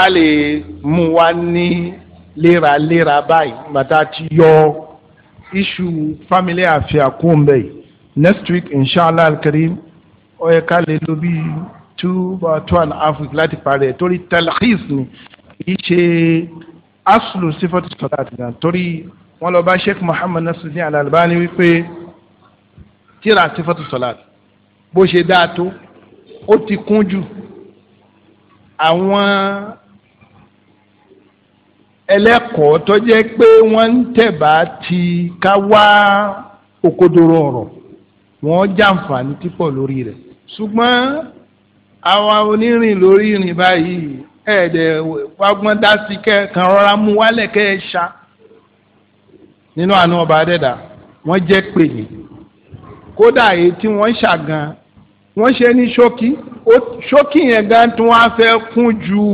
علي مواني léraléra báyìí bàtà ti yọ iṣu family affair kún bẹ́ẹ̀ next week inshallah al-karim ó yẹ ká lè lo bíi two or two and a half week láti parí ẹ̀ torí talhis ni kì í ṣe aslu sifatu salat náà torí wọn lọ bá sheikh muhammad nasiruddin al-albani wípé tíra sifatu salat bó ṣe dáa tó ó ti kún jù àwọn ẹlẹ́kọ̀ọ́ tó jẹ́ pé wọ́n ń tẹ̀bá ti ká wá òkodoro ọ̀rọ̀ wọ́n jàǹfààní pípọ̀ lórí rẹ̀ ṣùgbọ́n àwa onírìn lórí ìrìn báyìí ẹ̀ẹ́dẹ̀ wágbọ́n dá sí kẹ́ẹ̀kan rọra mú wálẹ̀ kẹ́ẹ̀ṣá nínú àánú ọba adẹ́dà wọ́n jẹ́ pèyìn kódà èyí tí wọ́n ṣàgàn wọ́n ṣe ní ṣókí ṣókí yẹn gan tí wọ́n á fẹ́ kún ju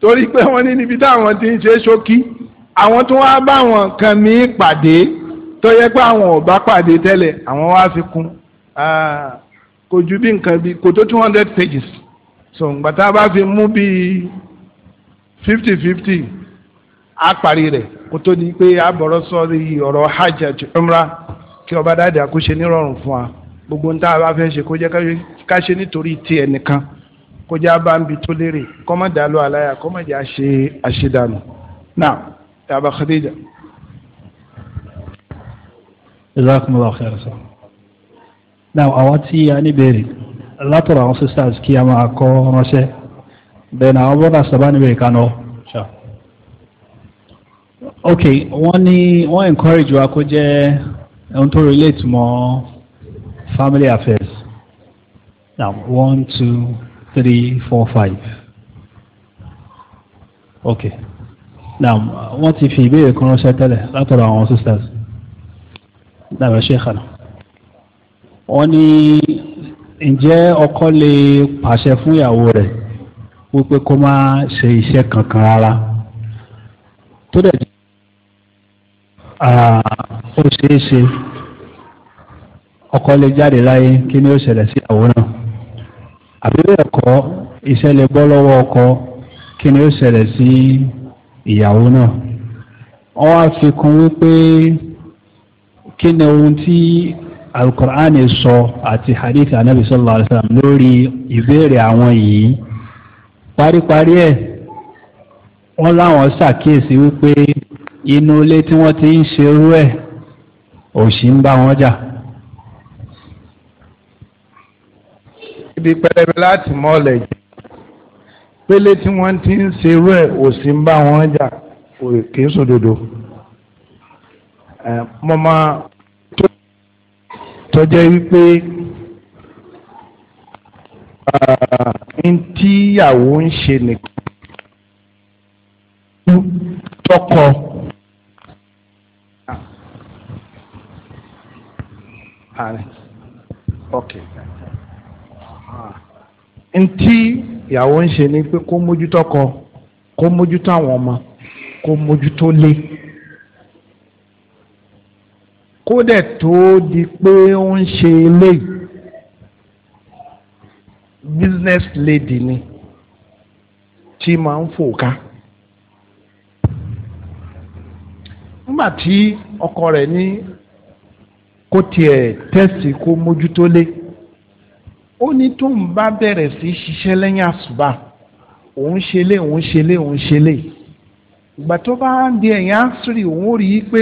torí pé wọ́n ní níbi táwọn ti ń ṣe ṣókí àwọn tó wá bá wọn kan mí pàdé tó yẹ pé àwọn ò bá pàdé tẹ́lẹ̀ àwọn wá fi kún kò ju bí nǹkan bí kò tó two hundred pages so ǹgbà tá a bá fi mú bíi fifty fifty á parí rẹ̀ kó tó di pé a bọ̀rọ̀ sọ́ọ́rí ọ̀rọ̀ hajj àti kí ọba dáadáa kó ṣe nírọ̀rùn fún wa gbogbo ń tá a bá fẹ́ ṣe kó jẹ́ ká ṣe nítorí tiẹ̀ nìkan kọjá bá ń bi tó lérè kọ́mọ dàlú aláya kọ́mọ jà ṣe àṣedànù náà yaba Khadija. jazakumullahu khairan sọ. náà àwa tí a ní béèrè látọ̀rọ̀ àwọn sisters kí a máa kọ́ ránṣẹ́ bẹ́ẹ̀ náà àwọn bọ́dà sábà níbẹ̀ ìkànnà. ok wọ́n ní wọ́n encourage wa kó jẹ́ ohun tó relate mọ́ family affairs. now one two three four five okay Now, wọ́n ti fi ìbéèrè kan ránṣẹ́ tẹ́lẹ̀ látọ̀rọ̀ àwọn sisters naam ẹ ṣe é kàná wọ́n ní ǹjẹ́ ọkọ lè pàṣẹ fún ìyàwó rẹ̀ wípé kó má ṣe iṣẹ́ kankan rárá tó dẹ̀ ó ṣeé ṣe ọkọ lè jáde láyé kí ni ó ṣẹlẹ̀ sí ìyàwó náà àbí bẹ́ẹ̀ kọ́ ìṣẹ̀lẹ̀ bọ́ lọ́wọ́ ọkọ kí ni ó ṣẹlẹ̀ sí ìyàwó náà wọ́n wá fi kún wípé kí ni ohun tí alukur'an sọ àti hadith anabi sallallahu alayhi wa sallam lórí ìbéèrè àwọn yìí paríparí ẹ̀ wọ́n láwọn ṣàkíyèsí wípé inú ilé tí wọ́n ti ń ṣerú ẹ̀ òṣì ń bá wọn jà. ibi pẹlẹbẹ láti mọ́ọ̀lẹ̀ jù pélé tí wọ́n ti ń ṣerú ẹ̀ òsì ń bá wọn jà kì í sòdodo mo máa tọ́jẹ́ wípé ntíyàwó ń ṣe nìkan tọkọ okay ntí ìyàwó ń ṣe ni pé kó mójútó kọ kó mójútó àwọn ọmọ kó mójútó lé kódẹ̀ tó di pé ó ń ṣe eléyìí business lady ni tí máa ń fòká nígbà tí ọkọ rẹ̀ ní kó tiẹ̀ tẹ̀sí kó mójútó lé ó ní tó ń bá bẹ̀rẹ̀ sí ṣiṣẹ́ lẹ́yìn àṣùbà òun ṣe lé òun ṣe lé òun ṣe lé ìgbà tó bá ń di ẹ̀yìn àṣírí òun ó rí i pé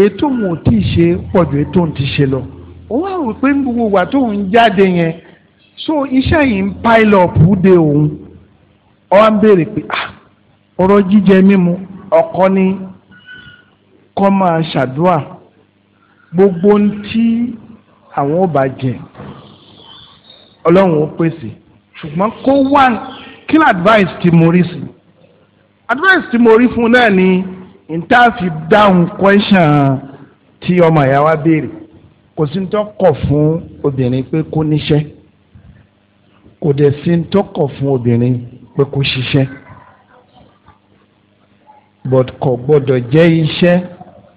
ètò òun ò tí ì ṣe pọ̀ ju ètò òun ti ṣe lọ òun á rò pé gbogbo ìgbà tó ń jáde yẹn so iṣẹ́ yìí ń pile up de òun ó wá ń béèrè pé ah ọ̀rọ̀ jíjẹ mímu ọkọ ni kọ́ máa ṣàdúrà gbogbo ohun tí àwọn ò bá jẹ ọlọ́run ó pèsè ṣùgbọ́n kó wá kí ni advice ti mo rí sí advice ti mo rí fún náà ni nta fi dáhùn question tí ọmọ ìyá wa béèrè kò sí tó kọ̀ fún obìnrin pé kó níṣẹ́ kò dẹ̀ sí tó kọ̀ fún obìnrin pé kó ṣiṣẹ́ but kò gbọ́dọ̀ jẹ́ iṣẹ́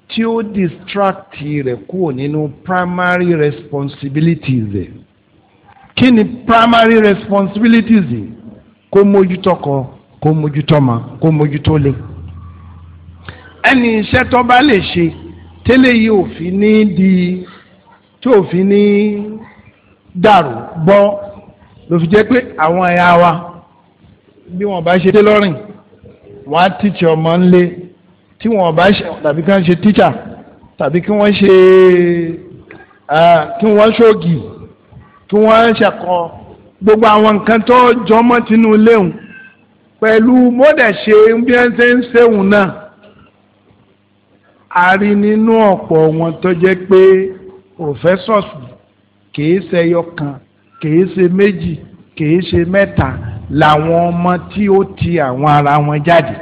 tí ó distract rẹ̀ kúrò nínú primary responsibilities rẹ̀ kí ni primary responsibilities yìí kó mójútó kọ kó mójútó ma kó mójútó lé ẹni iṣẹ́ tó bá lè ṣe tẹ́lẹ̀ yìí ò fi ní di tí ò fi ní dàrú bọ́ ló fi jẹ́ pé àwọn ẹ̀yà wa bí wọ́n bá ṣe dé lọ́rìn wọ́n á tíṣe ọmọ ńlé tí wọ́n bá ṣe tàbí kí wọ́n ṣe tíṣà tàbí kí wọ́n ṣe ah, kí wọ́n ṣògì kí wọ́n ṣẹ̀kọ́ gbogbo àwọn nǹkan tó jọmọ́ tinú léhùn pẹ̀lú mọ́dẹ̀ṣe bí wọ́n ṣe ń ṣéhùn náà a rí nínú ọ̀pọ̀ wọn tó jẹ́ pé professors kìí ṣẹyọ kan kìí ṣe méjì kìí ṣe mẹ́ta làwọn ọmọ tí ó ti àwọn ara wọn jáde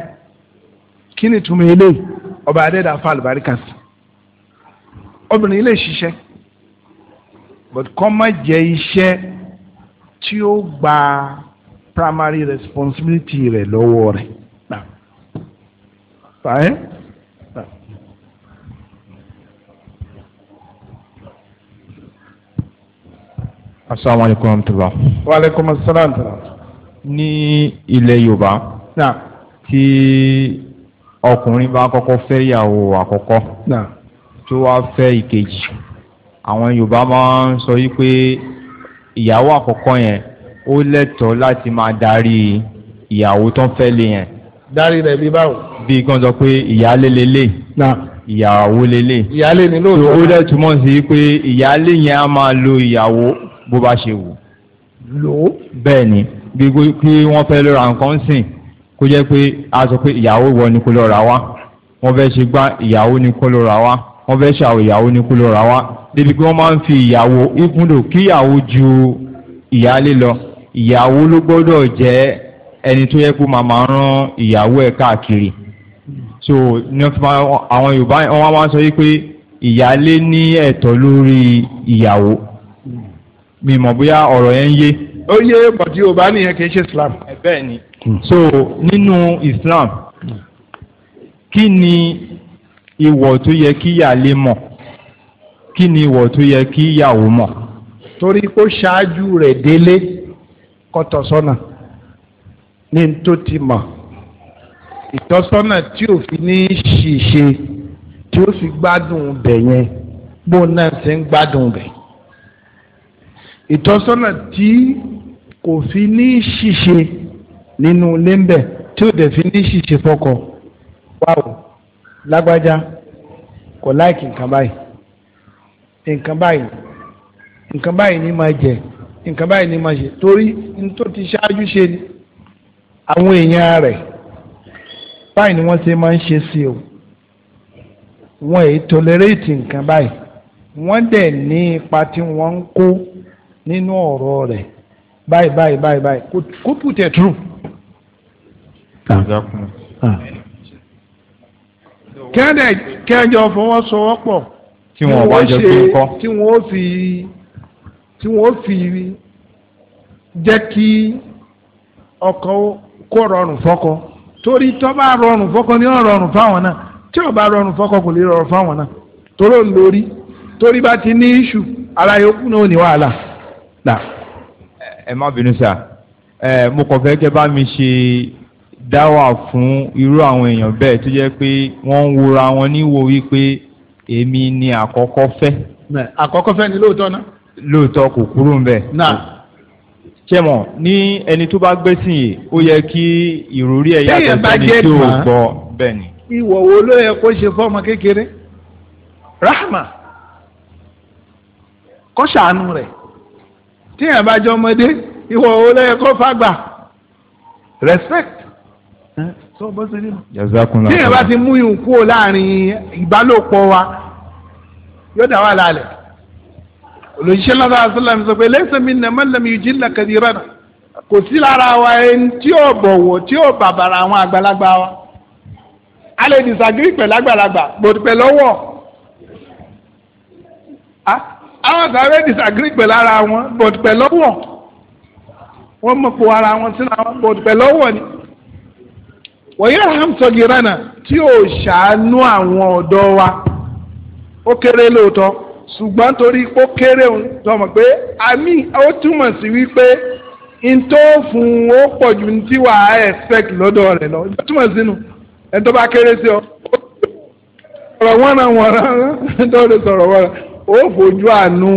kí ni túmọ̀ eléyìí ọba adẹ́dàá fa àlùbáríkà sí obìnrin ilé ṣiṣẹ́ but kọ́ má jẹ́ iṣẹ́ tí ó gba primary responsibility rẹ̀ lọ́wọ́ rẹ̀. Fine. asalaamu alaykum wa rahmatulah. wa aleykum asalaam tala. ní ilẹ̀ yorùbá. na. tí ọkùnrin bá kọ́kọ́ fẹ́ ìyàwó àkọ́kọ́. na. tó wá fẹ́ ìkejì àwọn yorùbá máa ń sọ yìí pé ìyàwó àkọ́kọ́ yẹn ó lẹ́tọ̀ọ́ láti máa darí ìyàwó tó ń fẹ́ lé yẹn. darí rẹ̀ bí báwo. bí kan sọ pé ìyáálé lélẹ̀. ìyàwó lélẹ̀. ìyáálé ni lóòótọ́. ó dẹ̀ túmọ̀ sí pé ìyáálé yẹn á máa lo ìyàwó bó bá ṣe wù. lò ó. bẹ́ẹ̀ ni bí kí wọ́n fẹ́ lọ ra nǹkan sìn kó jẹ́ pé a sọ pé ìyàwó wọ ni kó lọ rà wá wọ́n fẹ́ ṣe gbá ìyàwó ni kó lọ rà wọ́n fẹ́ ṣàwọ̀ ìyàwó ni kó lọ rà débi pé wọ́n máa ń fi ìyàwó ìkúndò kíyàwó ju ìyáálé lọ ìyàwó ló gbọ́dọ̀ jẹ́ ẹni tó yẹ kó máa máa rán ìyàwó ẹ̀ káàkiri so àwọn Yorùbá wọn máa ń sọ wípé ìyáálé ní ẹ̀tọ́ lórí ìyàwó mi mọ̀ bóyá ọ̀rọ̀ yẹn ń yé. ó yé bọ̀dí Yorùbá nìyẹn kì í ṣe Islam. bẹ́ẹ̀ ni so nínú Islam kí ni ìwọ̀ tó yẹ kí ìyáálé mọ̀ kí ni ìwọ̀ tó yẹ kí ìyàwó mọ̀. torí kó ṣáájú rẹ̀ délé kọ́tọ̀sọ́nà ní n tó ti mọ̀ ìtọ́sọ́nà tí ò fi ní ṣìṣe tí ó fi gbádùn bẹ̀ yẹn bó náà ṣe ń gbádùn bẹ̀. ìtọ́sọ́nà tí kò fi ní ṣìṣe nínú ilé ń bẹ̀ tí ò dẹ̀ fi ní ṣìṣe fọkọ wáwo lágbájá kò láìkì nǹkan báyìí. nǹkan báyìí nǹkan báyìí ni máa jẹ nǹkan báyìí ni máa ṣe torí ní tó ti ṣáájú ṣe ni àwọn èèyàn rẹ báyìí ni wọ́n ṣe máa ń ṣe sí o wọ́n èyí tolerate wọ́n dẹ̀ ní ipa tí wọ́n ń kó nínú ọ̀rọ̀ rẹ̀ báyìí báyìí báyìí báyìí kó kí kí jọ fọwọ́sowọ́pọ̀. tí wọn bá jẹ pé ń kọ́. wọn ó fi tí wọn ó fi jẹ́ kí ọkọ kó rọrùn fọkọ torí tó bá rọrùn fọkọ ni ó rọrùn fáwọn náà tí ó bá rọrùn fọkọ kò lè rọrùn fáwọn náà torí ò lórí torí bá ti ní iṣu ara yòókù náà ò ní wàhálà. ẹ má bínú sá ẹ mo kàn fẹ́ kẹ́ bá mi ṣe dáwà fún irú àwọn èèyàn bẹ́ẹ̀ tó jẹ́ pé wọ́n ń wora wọn níwò wípé èmi ni àkọ́kọ́ fẹ́. àkọ́kọ́ fẹ́ ni lóòótọ́ náà. lóòótọ́ kò kúrò ń bẹ̀. náà ṣẹ́mọ̀ ní ẹni tó bá gbẹ́sìn yìí ó yẹ kí ìròrí ẹ̀ yàtọ̀ sẹ́ni tó gbọ́ bẹ́ẹ̀ ni. ìwọ wo ló yẹ kó ṣe fọ́mọ kékeré rahma kó ṣàánú rẹ̀ tíyẹn bá jọ ọmọdé ìwọ wo ló yẹ kó fàgbà respect. Hmm? sọ bó ṣe nínú. jazakunla. tí yẹn bá ti mú yìí kúrò láàrin ìbálòpọ̀ wa yóò dá wà lálẹ́ olùṣiṣẹ́ náà sọ́lá sọ pé lẹ́sẹ̀ mi nà má lẹ́mi yìí jìnnà kàdírà nà kò sí lára wa ẹni tí yóò bọ̀wọ̀ tí yóò bàbàrà àwọn àgbàlagbà wa a lè disagree pẹ̀lú àgbàlagbà gbòdì pẹ̀lú ọwọ́ àwọn sáré disagree pẹ̀lú ara wọn gbòdì pẹ̀lú ọwọ́ wọn mọ̀ pò ara wọn sínú àwọn gbòdì pẹ̀lú ọwọ́ ni wọ̀nyí alhamsọ̀gìránà tí ó ṣàánú àwọn ọ̀dọ́ wa ó kéré lóòótọ́ ṣùgbọ́n torí ó kéré òun tọmọ pé àmì ó túmọ̀ sí wípé n tó fún ó pọ̀ ju ní tí wàá expect lọ́dọ̀ rẹ̀ lọ ó túmọ̀ sínú ẹni tó bá kéré sí ọ sọ̀rọ̀ wọ́nra tó lè sọ̀rọ̀ wọ́nra ó fojú àánú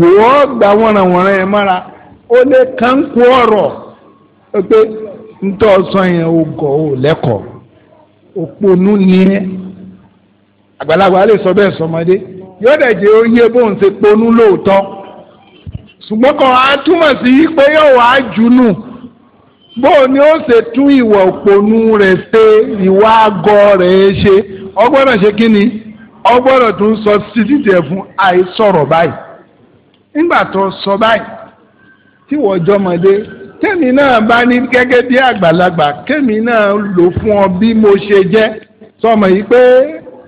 wò ó gbà yẹn mọ́ra ó lè kán ọ̀rọ̀ pé. ntọ́ ọsọ yẹn o gọ̀ o ni àgbàlagbà lè sọ bẹ́ẹ̀ sọmọdé yóò dẹ̀ jẹ́ oyé bóun ṣe ponú lóòótọ́ ṣùgbọ́n kan á túmọ̀ sí pé yóò wá ni ó ṣe tún rẹ̀ ṣe ìwà àgọ́ rẹ̀ ṣe ọgbọ́dọ̀ ṣe kí ni ọgbọ́dọ̀ tún sọ kémi náà bá ní gẹ́gẹ́ bí àgbàlagbà kémi náà lò fún ọ bí mo ṣe jẹ́ sọmọ yìí pé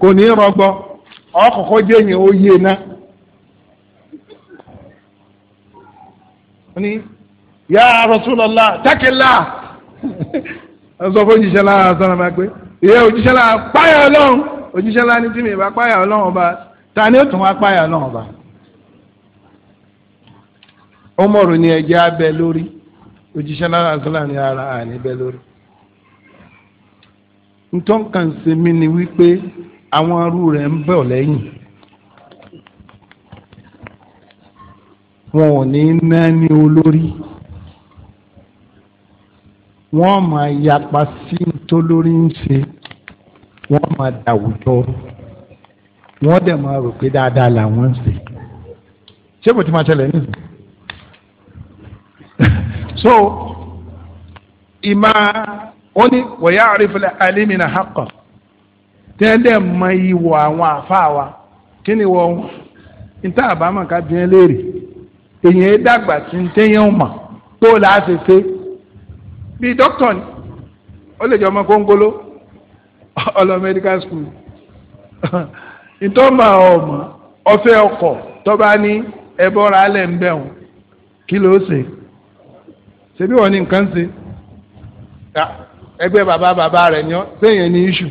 kò ní rọgbọ ọkọ̀ọ̀kọ̀ jẹ́yìn ó yé ná. ní yá Rasulullah tákìlá sọ fún òjíṣẹ́ lára sọ́nà máa pé ìyá òjíṣẹ́ lára páyà ọlọ́run òjíṣẹ́ lára ní tí mi páyà ọlọ́run ọba ta ni ó tún wá páyà ọlọ́run ọba. ó mọ̀rò ní ẹ̀jẹ̀ abẹ lórí òjíṣẹ́ náà sọ́là ní ara àníbẹ̀ lórí. ntọ́n ṣe mí ni wípé àwọn arú rẹ̀ ń bọ̀ lẹ́yìn wọn ò ní ná ní olórí wọ́n máa yapa sí ntólórí ń ṣe wọ́n máa dàwùjọ wọ́n dẹ̀ máa rò pé dáadáa làwọn ń ṣe ṣé kò tí máa ṣẹlẹ̀ nìyí. so ìmọ̀ ó ní wọ̀yá àrífẹ́lẹ́ alímìnà hakọ̀ tẹ́lẹ̀ mọ ìwọ àwọn afọ wa kí ni níta àbámọ̀ ká bí léèrè èyàn dàgbà tí ń téyàn mọ̀ tó láti bí dókítà ni ó lè jọ ọmọ kóńgóló ọlọ medical school ọmọ ṣebí wọn ni nǹkan ṣe ẹgbẹ́ bàbá bàbá rẹ̀ ni ọ́ sẹ́yìn ní iṣu.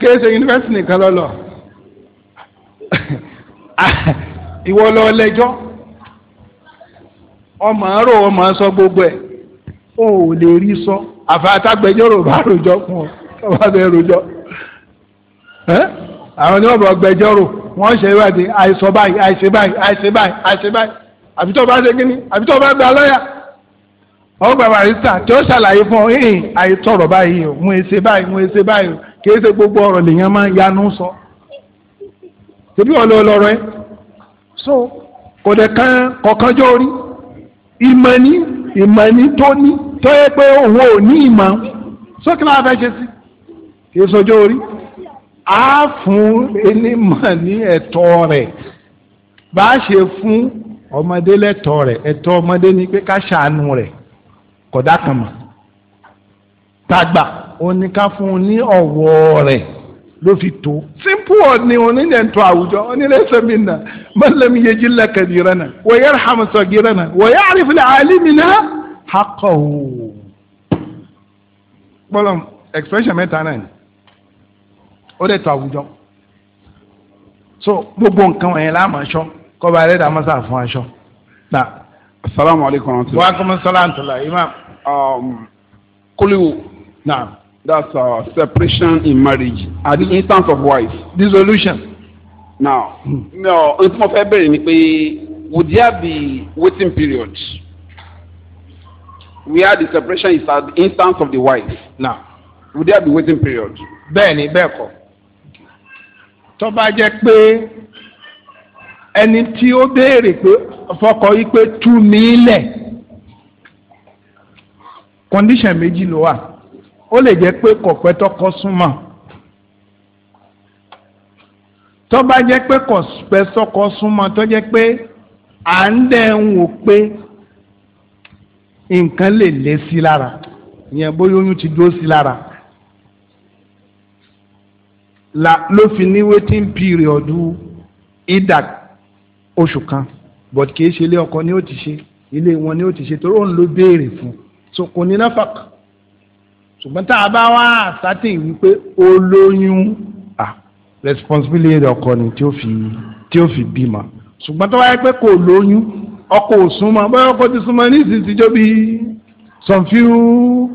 kéèsè yunifásitì nìkan lọ́lọ́ ìwọ lọ lẹ́jọ́ ọmọ àárò ọmọ sọ gbogbo ẹ̀ o ò lè rí sọ àfàtàgbẹjọ́rò bá rojọ́ fún ọ ọba bẹ rojọ́ àwọn ni wọ́n bọ̀ gbẹjọ́rò wọ́n ṣe ìwádìí àìsọ báyìí àìṣe báyìí àìṣe báyìí àìṣe báyìí àbí tó bá ṣe kíní àbí tó bá gba lọ́yà ọ̀hún bàbá rìsítà tí ó ṣàlàyé fún ọ ẹ̀hìn àìtọ̀rọ̀ báyìí o mú èsè báyìí mú èsè báyìí o kì í ṣe gbogbo ọ̀rọ̀ lèèyàn máa yanu sọ tẹbi wọn lọ lọrọ ẹ so kò dé kan kọ̀ọ̀kan jọ rí ìmọ̀ ní ìmọ̀ ní tó ní tó yẹ pé òun ò ní ìmọ̀ sókè láwọn fẹ́ ṣe sí kì í sọjọ́ orí á fún elémọ̀ ní ẹ̀tọ́ rẹ̀ bá a ṣe fún ọmọdé lẹ́tọ́ rẹ̀ ẹ̀tọ́ ọmọdé ni pé ká ṣàánú rẹ̀ kọ̀dá kan mọ̀ tàgbà oníká fún un ní ọ̀wọ́ rẹ̀ ló fi tó simple ọ̀ni onídẹ̀ntọ́ àwùjọ onílẹ̀sẹ̀mínà mọ̀lẹ́mi yejì lẹ́kẹ̀dì rẹ̀ náà wọ́n hàmùsọ̀ gì rẹ̀ náà wọ́n àrífilẹ̀ àlímì náà hakọ̀ expression mẹ́ta náà ni ó dẹ̀ tó àwùjọ so gbogbo nǹkan wọ̀nyẹn láàmú aṣọ kọba ẹ̀rẹ́ dàá mọ́sá fún aṣọ. na asalaamu aleykum wa rahmatulah. wa alaykum salaam tula imam. Um, kulu na that's uh, separation in marriage at the instance of wife. dissolution. now hmm. no n tí mo fẹ́ bẹ̀rẹ̀ ni pé would there be waiting period where the separation is at the instance of the wife. now would there be waiting period. bẹ́ẹ̀ni bẹ́ẹ̀ kọ́ tó bá jẹ́ pé ẹni tí ó béèrè pé fọkọ yìí pé tú mi lẹ̀ condition méjì ló wà ó lè jẹ́ pé kọ̀pẹ́ tọkọ súnmọ́ tó bá pé kọ̀pẹ́ tọkọ súnmọ́ tó jẹ́ pé à ń dẹ̀ ń wò pé nǹkan lè lé sí lára ìyẹn bóyá oyún ti dúró sí lára la ló fi ní waiting period idak oṣù kan but kì í ṣe ilé ọkọ ni ó ti ṣe ilé wọn ni ó ti ṣe torí òun ló béèrè fún so kò ní náfàkà ṣùgbọ́n tá a bá wá àsátì wípé olóyún à responsibility ọkọ ni tí ó fi tí ó fi bímọ ṣùgbọ́n tó wáyé pé kò lóyún ọkọ ò súnmọ́ bóyá ọkọ ti súnmọ́ ní ìsinsìnyí some few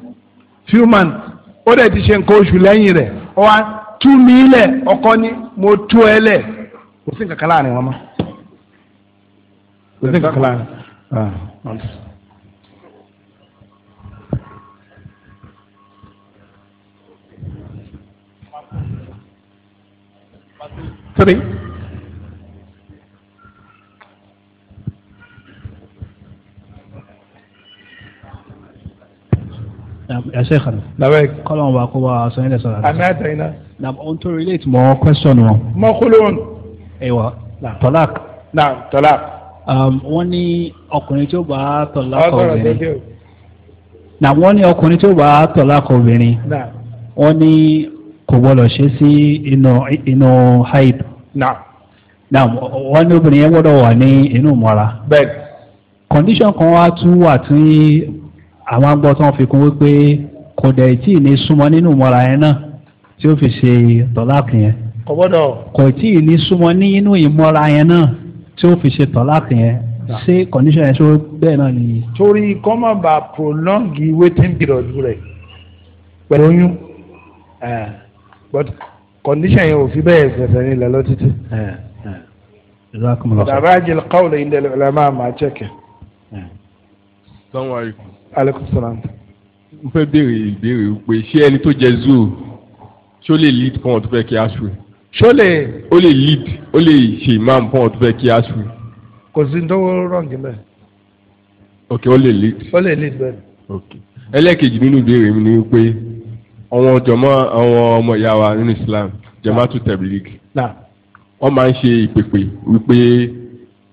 few months ó dẹ̀ ti ṣe nǹkan oṣù lẹ́yìn rẹ̀ ó wá tú mi lẹ̀ ọkọ ni mo tú ẹ lẹ̀ kò sí nǹkan kan láàrin wọn mọ́ kò sí nǹkan kan láàrin wọn. three. يا شيخنا لبيك قالوا ما قوا سنين سنة أنا أتينا na ohun to relate more question wọn. mọ́kúlóhùn. ẹ̀wọ̀ tọ́lák. na tọ́lák. Um, wọ́n ní ọkùnrin tó bá tọ́lák obìnrin. na wọ́n ní ọkùnrin tó bá tọ́lák obìnrin. wọ́n ní kò gbọ́dọ̀ ṣe sí inú inú haid. na na wọ́n ní obìnrin yẹn gbọ́dọ̀ wà ní inú mọ́ra. bẹ́ẹ̀. condition kan wá tún wà tí àwọn agbọ́tán fi kún wípé kò dẹ̀ tí ì ní súnmọ́ nínú mọ́ra yẹn náà tí ó fi ṣe tọ́láàkì yẹn. kò gbọ́dọ̀. kò tí ì ní súnmọ́ ní inú ìmọ̀ra yẹn náà tí ó fi ṣe tọ́láàkì yẹn ṣé condition yẹn ṣó bẹ́ẹ̀ náà nìyí. torí kọ́ má bàa prolong waiting period rẹ̀ pẹ̀lú oyún eh, but condition yẹn ò fi bẹ́ẹ̀ fẹ̀fẹ̀ nílẹ̀ lọ títí. dàbá jẹ kawulẹ̀ yìí dẹ̀lẹ̀ ọ̀la máa máa chẹ́kẹ̀. Eh. salamu alaykum. aleykum salaam. n fẹ́ béèrè ìbéèrè pé ṣé ẹni tó jẹ zoo ṣó lè lead fún ọtún fẹ́ kí a ṣù ṣó lè ó lè lead ó lè ṣe imam fún ọtún fẹ́ kí a ṣù. kò sí dánwó rọ́ǹgì mẹ́. ok ó lè lead. ó lè lead bẹ́ẹ̀. ok ẹlẹ́ẹ̀kejì nínú ìbéèrè mi ni pé àwọn jọmọ àwọn ọmọ ìyá wa nínú Islam Jama'atu Tabligh wọ́n máa ń ṣe ìpèpè wípé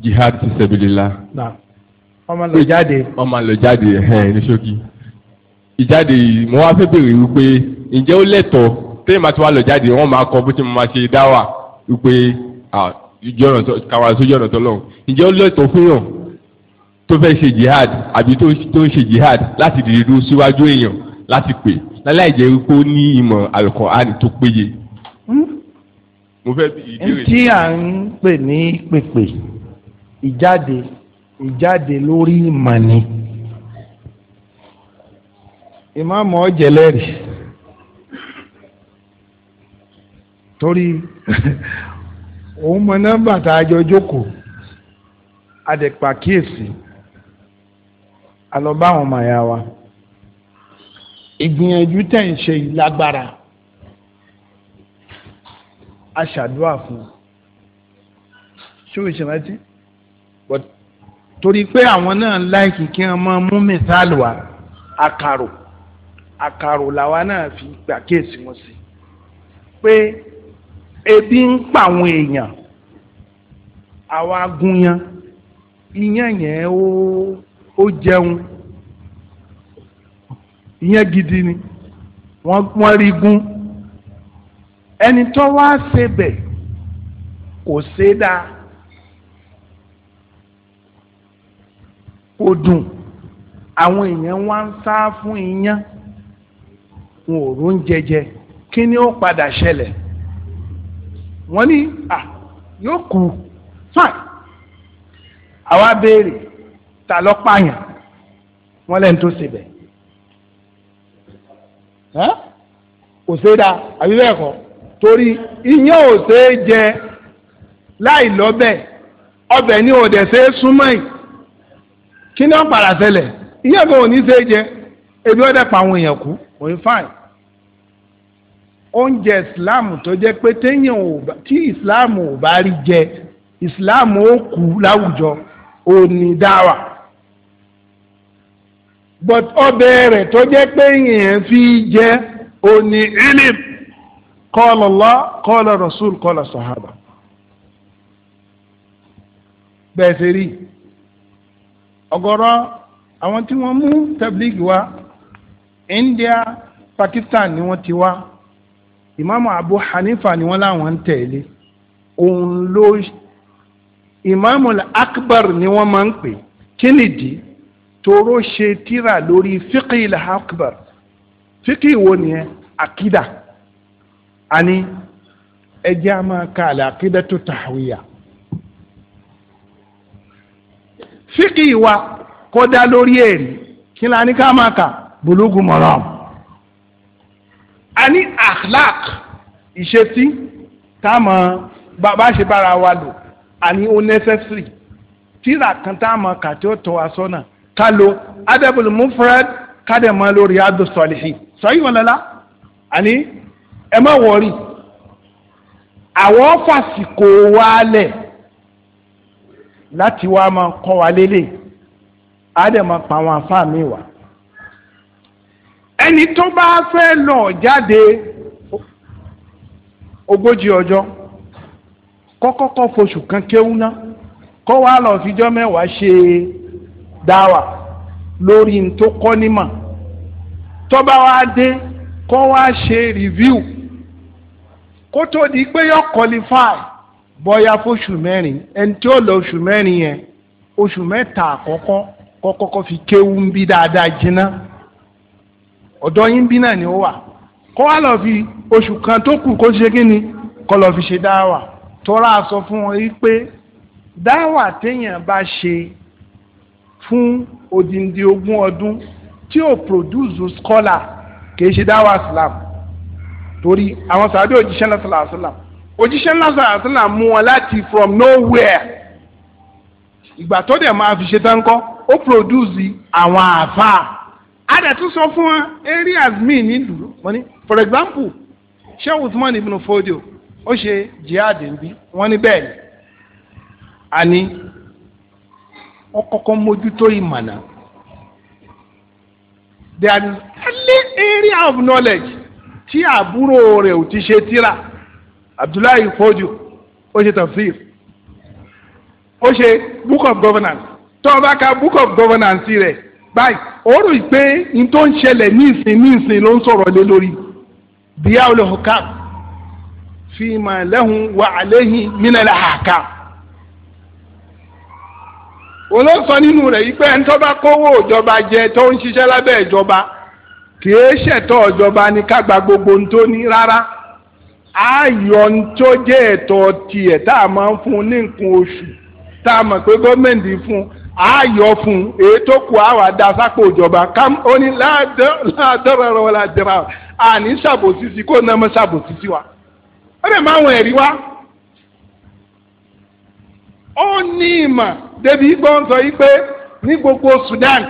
jihad ti sabilillah. wọ́n máa lọ jáde. wọ́n máa lọ jáde ẹ̀hẹ́n ní ṣókí. ìjáde mo wá fẹ́ bèrè wípé ǹjẹ́ ó lẹ́tọ̀ọ́ téèyàn bá ti wá lọ jáde wọ́n máa kọ bó ti máa ṣe dá wà wípé ìjọ́nà tó kàwá sójú ọ̀nà tó lọ́hùn ǹjẹ́ ó lẹ́tọ̀ọ́ fún yàn tó fẹ́ ṣe jihad àbí tó ń ṣe jihad láti dìde síwájú èèyàn láti pè láláì jẹ́ wípé ó ní ìmọ̀ àlùkùránì tó péye. Hmm? mo fẹ́ bí ìbéèrè. tí à ń pè ní pèpè ìjáde ìjáde lórí ìmọ̀ ni ìmáàmù ọ̀jẹ̀lẹ́rìí. torí òun mọ nọ́mbà tá a jọ jókòó a dẹ̀ pàkíyèsí a lọ bá àwọn ọmọ ẹ̀yà wa ìgbìyànjú tẹ̀ ń ṣe yìí lágbára a ṣàdúrà fún ṣé o ṣèrántí torí pé àwọn náà láìkì kí wọn máa mú mìsáàlù wa àkàrò àkàrò làwa náà fi gbàkíyèsí wọn sí pé ebi ń pa àwọn èèyàn àwọn agunyan iyán yẹn ó ó jẹun iyán gidi ni wọ́n wọ́n rí gún ẹni tó wá ṣe bẹ̀ kò ṣe dáa kò dùn àwọn èèyàn wá ń sá fún iyán wọn ò rún jẹjẹ kí ni ó padà ṣẹlẹ̀. wọ́n ní yóò kú fine àwa béèrè ta ló pààyàn wọ́n lẹ́nu tó bẹ̀ kò ṣe dáa àbí bẹ́ẹ̀ kọ́ torí iyán ò ṣe é jẹ láì lọ́bẹ̀ ọbẹ̀ ni ò dẹ̀ ṣe é súnmọ́ kí ni wọ́n padà ṣẹlẹ̀ iyán jẹ ebi pa àwọn èèyàn kú òun fine oúnjẹ islam tó jẹ́ pé téèyàn ò bá tí islam ò bá rí jẹ islam ó kú láwùjọ ò ní dáwà but ọbẹ̀ rẹ̀ tó jẹ́ pé yẹn fi jẹ ò ní ilim qala Allah rasul kọlọ sahaba bẹ́ẹ̀ ṣe rí ọ̀gọ̀rọ̀ àwọn tí wọ́n mú tabligh wa India Pakistan ni wọn ti wá. ìmáàmù Abu Hanifa ni wọ́n láwọn ń tẹ̀lé òun ló ìmáàmù akbar ni wọ́n máa ń pè kí nìdí toró ṣe tíra lórí fíkì ilẹ̀ akbar fíkì wo nìyẹn akida àní ẹjẹ́ a máa ka àlẹ́ akida tó tàwíyà fíkì wa kọ́ dá lórí ẹ̀rí kí ni a ní ká máa kà bulugu maram a ní akhlaq ìṣesí tá a mọ bá a ṣe bára wa lò a ní ó necessary tíra kan tá kà tí ó tọ́ wa sọ́nà ká lo adabul mufrad ká dẹ̀ mọ́ lórí Riyadus Salihin sọ́yìn wọlọ́lá a ní ẹ má wọrí àwọn fàsìkò wa lẹ̀ láti wá máa kọ́ wa lélẹ̀ á pa àwọn afáàmì wa ẹni tó bá fẹ́ lọ jáde ogójì ọjọ́ kọ́kọ́kọ́ foṣù kan kéwú ná kó wá lọ fijọ́ mẹ́wàá ṣe dáwà lórí n tó kọ́ nímọ̀ tó bá wá dé kó wá ṣe rìvíù kó tó di pé yọ kọlifáì bọ́yá fóṣù mẹ́rin ẹni tí ó lọ oṣù mẹ́rin yẹn oṣù mẹ́ta àkọ́kọ́ kọ́kọ́kọ́ fi kéwú ń bí dáadáa jiná ọ̀dọ́ yín bí náà ni ó wà kó wá lọ fi oṣù kan tó kù kó ṣe kí ni kó lọ fi ṣe dáwà tọ́ra sọ fún wọn yìí pé dáwà téèyàn bá ṣe fún odindi ogún ọdún tí ó produce scholar kìí ṣe dáwà islam torí àwọn sàbẹ òjíṣẹ́ lọ́sọ̀lá àṣọlá òjíṣẹ́ lọ́sọ̀lá àṣọlá mú wọn láti from nowhere ìgbà tó dẹ̀ máa fi ṣe tán kọ́ ó produce àwọn àáfàá adàtún sọ fún wa areas míì nílùú wọ́n for example sheikh usman ibn fodio ó ṣe jihad nbí wọ́n ní bẹ́ẹ̀ ni àní wọ́n kọ́kọ́ mójútó ìmọ̀nà there is any area of knowledge tí àbúrò rẹ̀ ò ti ṣe tíra abdullahi fodio ó ṣe tafsir ó ṣe book of governance tó o bá ka book of governance rẹ̀ báyìí ó rò pé n tó ń ṣẹlẹ̀ ní ìsìn ní ìsìn ló ń sọ̀rọ̀ lé lórí díà olùkà fi mà lẹ́hùn wà àléhìn mínàlá àká olóòsọ nínú rẹ̀ yìí pé ẹni tó bá kówó ìjọba jẹ tó ń ṣiṣẹ́ lábẹ́ ìjọba kì í ṣẹ̀tọ́ ìjọba ni ká gba gbogbo ohun tó ní rárá ayọ̀ ń tó jẹ́ ẹ̀tọ́ tiẹ̀ tá a máa ń fún ní nǹkan oṣù tá a mọ̀ pé gọ́ọ̀mẹ̀ntì fún ààyò fún ètò kù àwọn adasápò ìjọba kam ó ní láàdọ́rọ̀rọ̀ wọlé àjẹrà àní ṣàbòsí sí kó nàá mọ́ ṣàbòsí sí wa ó lè má wọn ẹ̀rí wá ó ní ìmọ̀ débi gbọ́ ń sọ yí pé ní gbogbo Sudan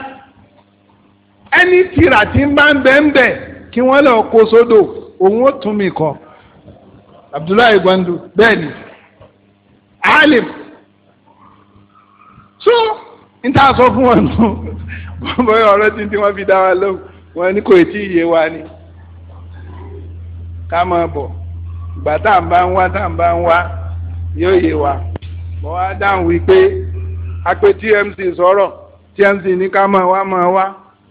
ẹni tìrà tí ń bá ń bẹ́ ń bẹ̀ kí wọ́n lọ kó sódò òun ó tún mi kọ́ Abdullahi Gwandu bẹ́ẹ̀ ni alim so n ta sọ fún wọn nù bọ́yọ̀ ọ̀rọ̀ tí tí fi dá wa lóhùn wọn ní kò tí ì yé wa ni ká máa bọ̀ ìgbà tá à ń bá ń wá tá à ń bá ń wá yóò yé wa mo wá dáhùn wípé a pè TMC sọ̀rọ̀ TMC ní ká máa wá máa wá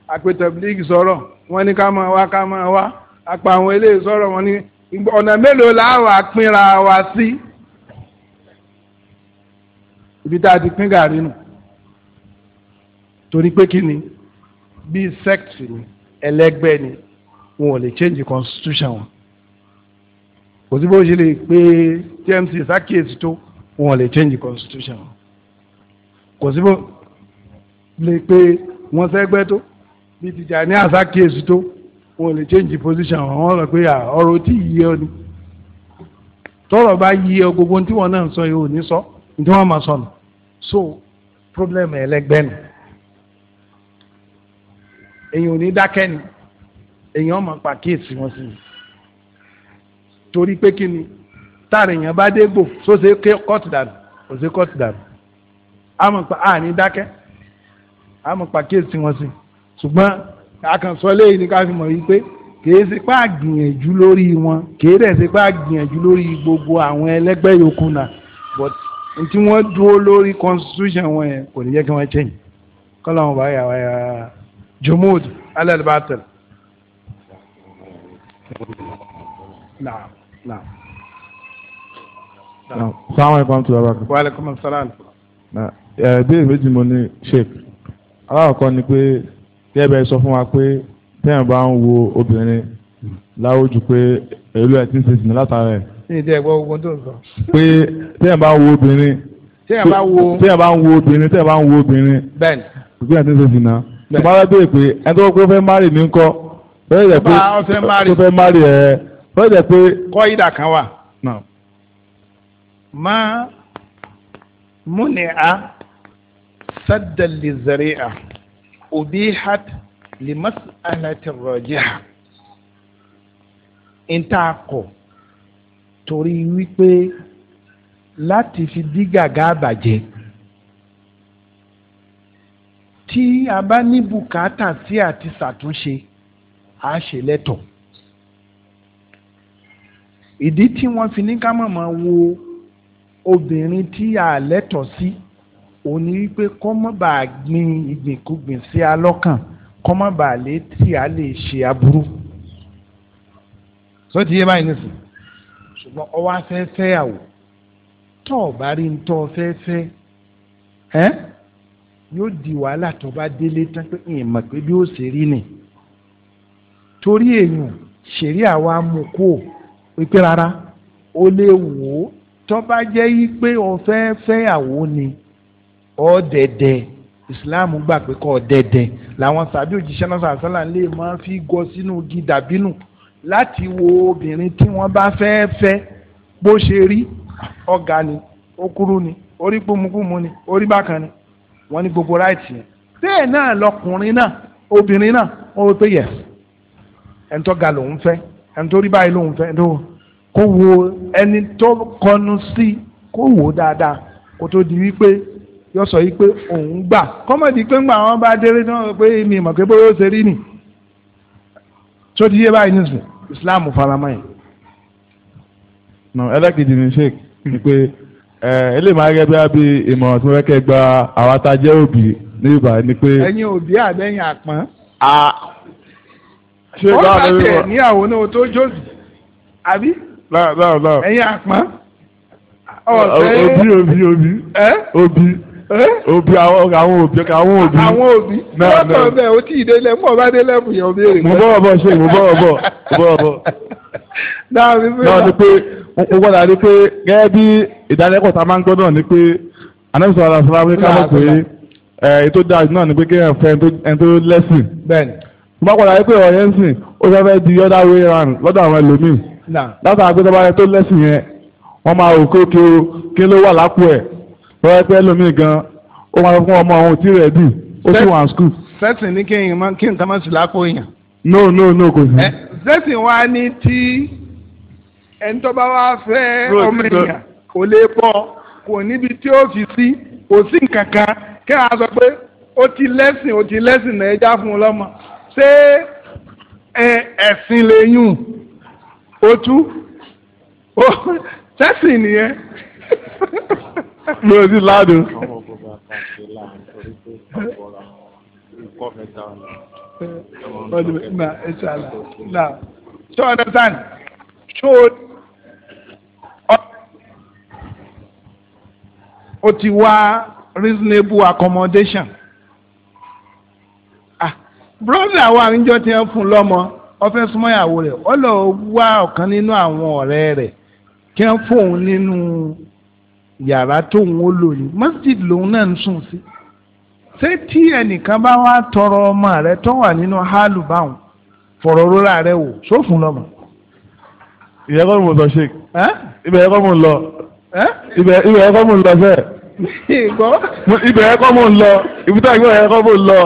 a pè tẹ̀blík sọ̀rọ̀ ní ká máa wá ká máa wá a àwọn eléyìí sọ̀rọ̀ wọ́n ní ọ̀nà mélòó la wà wa sí ibi tá a ti pín gàrí nù torí pé kí ni bíi sect ni ẹlẹ́gbẹ́ ni wọn ò lè change constitution wọn kò sí bó ṣe lè pé TMC sákìyèsí tó wọn ò lè change constitution wọn kò sí bó lè pé wọn sẹ́gbẹ́ tó bíi tìjà ní àsákìyèsí tó wọn ò lè change position wọn wọn sọ pé ọ̀rọ̀ tí yí ọ ni tọrọ bá yí ọ gbogbo tí wọn náà sọ yìí ò ní sọ ní tí wọn máa sọ nù so problem ẹlẹ́gbẹ́ nù èyàn ò ní dákẹ́ ni èyàn pa pàkíyèsí wọn sí i torí pé kí ni táàrí èyàn bá dé gbò sóse kọ́ọ̀tù dànù òsè kọ́ọ̀tù dànù àmọ̀ pa àní dákẹ́ àmọ̀ pàkíyèsí wọn sí i ṣùgbọ́n àkànṣọ léyìí ni ká fi mọ̀ yìí pé kèé ṣe pé àgbìyànjú lórí wọn kèé dẹ̀ ṣe pé àgbìyànjú lórí gbogbo àwọn ẹlẹ́gbẹ́ yòókù náà but ntí wọ́n dúró lórí constitution wọn yẹn kò ní jẹ́ kí wọ́n change kọ́lọ́wọ́n bá wáyà. جمود على الباطل نعم نعم نعم السلام عليكم ورحمة الله وبركاته وعليكم السلام ìbéèrè méjì mo ní sheik alákọ̀ọ́kọ́ ni pé tẹ́ẹ̀bẹ̀ sọ fún wa pé tẹ́ẹ̀ bá ń wo obìnrin láwùjọ pé èlò ẹ̀ ti ń sèṣìn látara ẹ̀. ní ìdí ẹ̀gbọ́n ogun tó ń sọ. pé tẹ́ẹ̀ bá ń wo obìnrin. tẹ́ẹ̀ bá ń wo obìnrin tẹ́ẹ̀ bá ń wo obìnrin. bẹ́ẹ̀ni. ìgbéyàwó ti ń sèṣìn náà bàbá bèè pé ẹni tó kó fẹ́ márì mi ń kọ́ fẹ́ pé kó fẹ́ márì ẹ̀ fẹ́ jẹ́ pé. kọ́ ìdà kan wà. má múni a sadali zari'a obi hat li mas'alati rajiha ntaako torí wípé láti fi dí bàjẹ́ tí a bá ní bùkátà sí àti ṣàtúnṣe a ṣe lẹ́tọ̀ ìdí tí wọ́n fi ní ká má máa wo obìnrin tí a lẹ́tọ̀ sí òun ni wípé kó má bàa gbin ìgbìnkúgbìn sí a lọ́kàn kó má bàa lè tí a lè ṣe aburú sọ ti yé báyìí nìsín ṣùgbọ́n ọwọ́ afẹ́fẹ́ àwò tọ́ ọ̀ bá rí ń tọ́ ọ fẹ́fẹ́ ẹ́ yóò di wàhálà tó bá délé tán pé ìmọ̀ pé bí ó ṣe rí ni torí èèyàn ṣèrí àwa mú kó pípé rárá ó lè wò ó tó bá jẹ́ yí pé o fẹ́ fẹ́yàwó ni ọ dẹ̀dẹ̀ islam gbà pé kọ́ ọ dẹ̀dẹ̀ làwọn sàbí òjíṣẹ́ náà sàṣálà lè máa fi gọ sínú gidà bínú láti wo obìnrin tí wọ́n bá fẹ́ fẹ́ bó ṣe rí ọ̀gá ni ó kúrú ni orí gbúmugùmù ni orí bákan ni wọ́n ní gbogbo ráìtì yẹn bẹ́ẹ̀ náà lọkùnrin náà obìnrin náà wọ́n wọ pé yẹs ẹni tó ga lòun fẹ́ ẹni tó rí báyìí lòun fẹ́ ẹni tó kó wo ẹni tó kọnu sí kó wò dáadáa kó tó di wípé yọ sọ yìí pé òun gbà kọ́mọ̀dì pé ńgbà wọn bá délé náà pé mi mọ̀ pé bóyá ó ṣe rí nì tó ti yé báyìí nísìnyí Islam faramọ́ yẹn. ẹlẹ́kìdì ni sheik ni pé eléyìí máa gẹ́gẹ́ bí abí ìmọ̀ràn tí mo fẹ́ kẹ́ gba àwa tá a jẹ́ òbí ní ibà ni pé. ẹ̀yin òbí àbẹ̀yìn àpọ́n. a ṣé báwo ló ń bọ̀. ó bàtẹ̀ níyàwó náà tó jòzì àbí. báwo báwo báwo. ẹ̀yin àpọ́n. òbí òbí òbí. òbí òbí àwọn àwọn òbí àwọn òbí. àwọn òbí. náà náà lọ́tọ̀ bẹ́ẹ̀ o tí ì délẹ̀ mú ọba délẹ̀ mú yẹn o béèrè. mo bọ̀wọ̀ bọ̀ ṣe mo bọ̀wọ̀ bọ̀ mo bọ̀wọ̀ bọ̀. ó gbọ́dọ̀ rí pé gẹ́gẹ́ bí ìdánilẹ́kọ̀ọ́ tá a máa ń gbọ́ ni pé anábìsọ ara fúnra mi ká mọ̀ pé èyí tó dáa náà ni pé kéèyàn fẹ́ ẹni tó lẹ́sìn. bẹ́ẹ̀ni. mo gbọ́dọ̀ rí pé ọ̀rẹ́ ń sìn ó fẹ́ fẹ́ di other way round lọ́dọ̀ àwọn ẹlòmíì. látara pé tọ́ba rẹ tó lẹ́sìn yẹn wọ́n máa rò kó kí o kí ló wà lápò ẹ̀ lọ́wọ́ pé ẹlòmíì gan ó máa school. no no no kò sí. sẹ́sìn wa ní tí ẹni tó bá wá fẹ́ ọmọ ènìyàn kò lè bọ́ kò níbi tí ó fi sí kò sí nǹkan kan kí a sọ pé ó ti lẹ́sìn ó ti lẹ́sìn náà ẹja fún un lọ́mọ ṣé ẹ̀sìn lè yùn ó tú sẹ́sìn nìyẹn. ló ti ládùn. Nah, inshallah. understand showed ó ti wá reasonable accommodation ah brother, wa níjọ́ tí wọ́n fún lọ́mọ ọfẹ́ súnmọ́yàwó rẹ̀ ó lọ wá ọ̀kan nínú àwọn ọ̀rẹ́ rẹ̀ kí wọ́n fóun nínú yàrá tóun ó lò ní masjid lòun náà ń sùn sí ṣé tí ẹnìkan bá wá tọrọ ọmọ rẹ̀ tó wà nínú hálù báwọn fọ̀rọ̀ rora rẹ̀ wò So lọ́mọ. lomo ìyẹn kọ́ ni mo sọ sheik ibẹ̀ yẹn kọ́ mo ń lọ ibẹ̀ yẹn kọ́ mo ń lọ sẹ́ẹ̀ ibẹ̀ yẹn kọ́ mo ń lọ ibùdó àgbẹ̀ yẹn kọ́ mo ń lọ.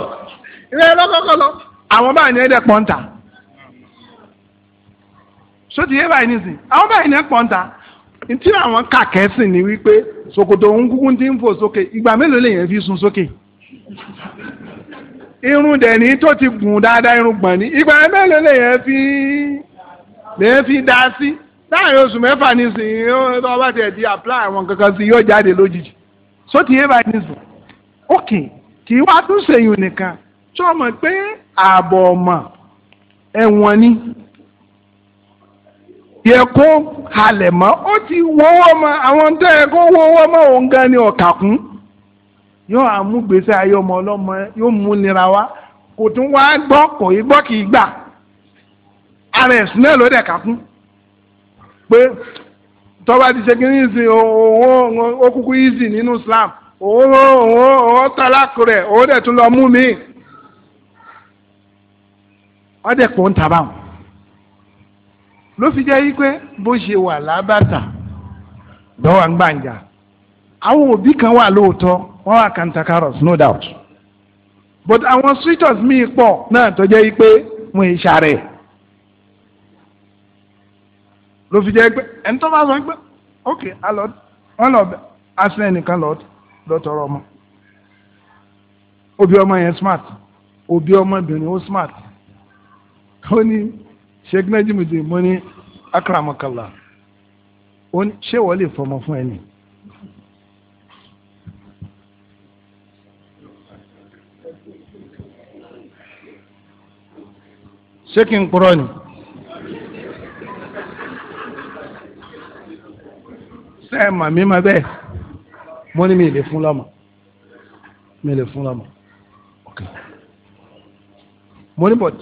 ilé ẹ lọ́kọ́kọ́ lọ àwọn báyìí ni ẹ dẹ̀ pọ́ńtà sóti yé báyìí nìsín àwọn báyìí ni ẹ pọ́ńtà tí àwọn kàkẹ́sìn ni wípé ṣòkòtò òun kúkú ti ń fò sókè ìgbà mélòó lèèyàn fi sun sókè irun dẹ̀ ní tó ti gùn dáadáa irun gbọ̀n ní ìgbà mélòó lèèyàn fi lèyìn fi dá sí láàrin oṣù mẹ́fà nísìnyí ó bá tiẹ̀ di apply àwọn kankan sí yóò jáde lójijì sóti yé báyìí nìsín ok kì í wá tún ṣèyún nìkan tí wọ́n mọ̀ pé ààbọ̀ ọ̀mọ̀ ẹ̀wọ̀n ni yẹ kó halẹ̀ mọ́ ó ti wọ́wọ́ mọ́ àwọn tó yẹ kó wọ́wọ́ mọ́ òun gan ni ọ̀kàkùn yóò àmúgbèsè ayé ọmọ ọlọ́mọ yóò mú nira wá kò tún wá gbọ́ kò í gbọ́ kì í gbà ara ẹ̀sìn náà ló dẹ̀ ká kún pé tọ́ba ti ṣe kínní ìsìn owó okùnkùn ìsìn nínú Islam owó owó owó tálákù rẹ̀ owó dẹ̀ tún lọ mú mi ọdẹ pọ̀ ń taba wọn ló fi jẹ́ yí pé bó ṣe wà lábàtà lọ́wọ́ ń gbàǹjà àwọn òbí kan wà lóòótọ́ wọ́n wà kàńtàkárọ̀s no doubt but àwọn switchers míì pọ̀ náà tó jẹ́ yí pé wọ́n ń ṣàrẹ̀ ló fi jẹ́ pé ẹni tó bá sọ pé ok alọ wọn lọ bẹ asinẹ nìkan lọ lọ tọrọ ọmọ òbí ọmọ yẹn smart òbí ọmọbìnrin ó smart ó ní sheikh najimudin mo ní akramakala ó ní ṣé wọ́n lè fọmọ fún ẹni. ṣé kí n ni. ẹ mà mí ma bẹ́ẹ̀ mo ní mi lè fún lọ́mọ mi lè fún lọ́mọ ok mo ní but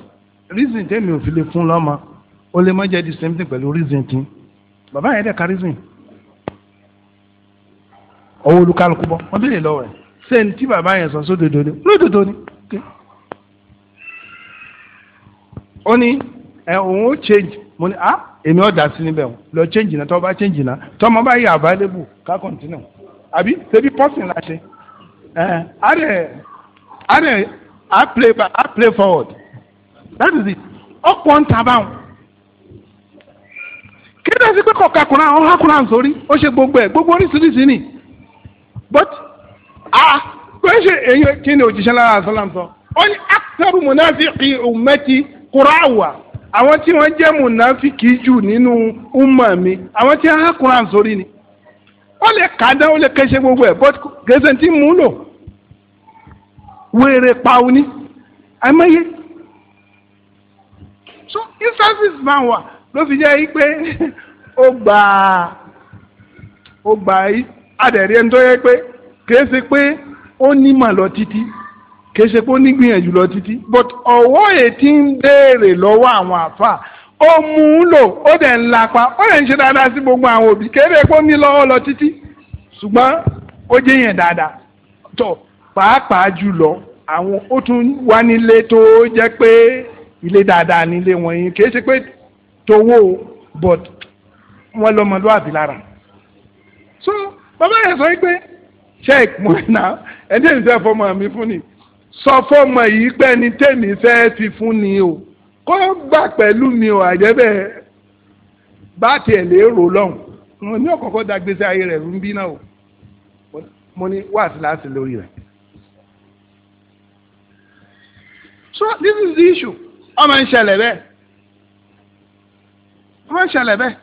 reason tẹ́mi ò fi lè fún lọ́mọ ó lè má jẹ́ the same thing pẹ̀lú reason tí bàbá yẹn dẹ̀ ka reason ọwọ́ olúkálukú bọ́ wọ́n bèèrè lọ́wọ́ rẹ̀ ṣé ní tí bàbá yẹn sọ sódodo ni lódodo ni ok ó ní ẹ òun ó change. mo ní ah èmi ọ̀dà sí níbẹ̀ o lọ change náà change na tọ́mọ bá yà available ká continue àbí la ṣe forward that is it o pé kọ̀ọ̀kan kùnà àwọn sórí ó ṣe gbogbo gbogbo oríṣiríṣi ni but ah pé ṣe èyí kí ni òjíṣẹ́ lára àṣọ làǹtọ̀ ó ní àwọn tí wọ́n jẹ́ mùnàfíkì jù nínú umma mi àwọn tí wọ́n há Quran sórí ni ó lè kàdá ó lè kẹsẹ̀ gbogbo ẹ̀ but gẹ̀ẹ́sẹ̀ tí mú lò wèrè pàù ni àmọ́yé so instances máa wà ló fi jẹ́ pé ó gbà ó gbà adẹ̀rẹ́ ń tó yẹ pé kìí pé ó nímọ̀ lọ títí kése pé ó nígbìyànjú lọ títí but ọwọ́ ètí ń béèrè lọ́wọ́ àwọn àfà ó mú un lò ó dẹ̀ ń lapa ó dẹ̀ ń ṣe dáadáa sí gbogbo àwọn òbí kéré pé ó ní lọ́wọ́ lọ títí ṣùgbọ́n ó jẹ́ yẹn dáadáa tó pàápàá jùlọ àwọn ó tún wá nílé tó jẹ́ pé ilé dáadáa nílé wọn yìí kése pé towó but wọ́n lọ́mọlúwàbí lára so bàbá yẹn sọ pé sheik mọ̀nà ẹni èyí fẹ́ fọmọ mi fún ni sọ fọmọ yìí pé ní tèmi fẹ́ fi fún ni o kó gbà pẹ̀lú mi o àjẹ́bẹ̀ bá tiẹ̀ lè rò lọ́hùn mo ní ọ̀kọ̀ọ̀kọ̀ da gbèsè ayé rẹ̀ ń bí náà o mo ní wáàsí láti lórí rẹ̀. so this is the issue ọmọ ń ṣẹlẹ̀ bẹ́ẹ̀ ọmọ ń ṣẹlẹ̀ bẹ́ẹ̀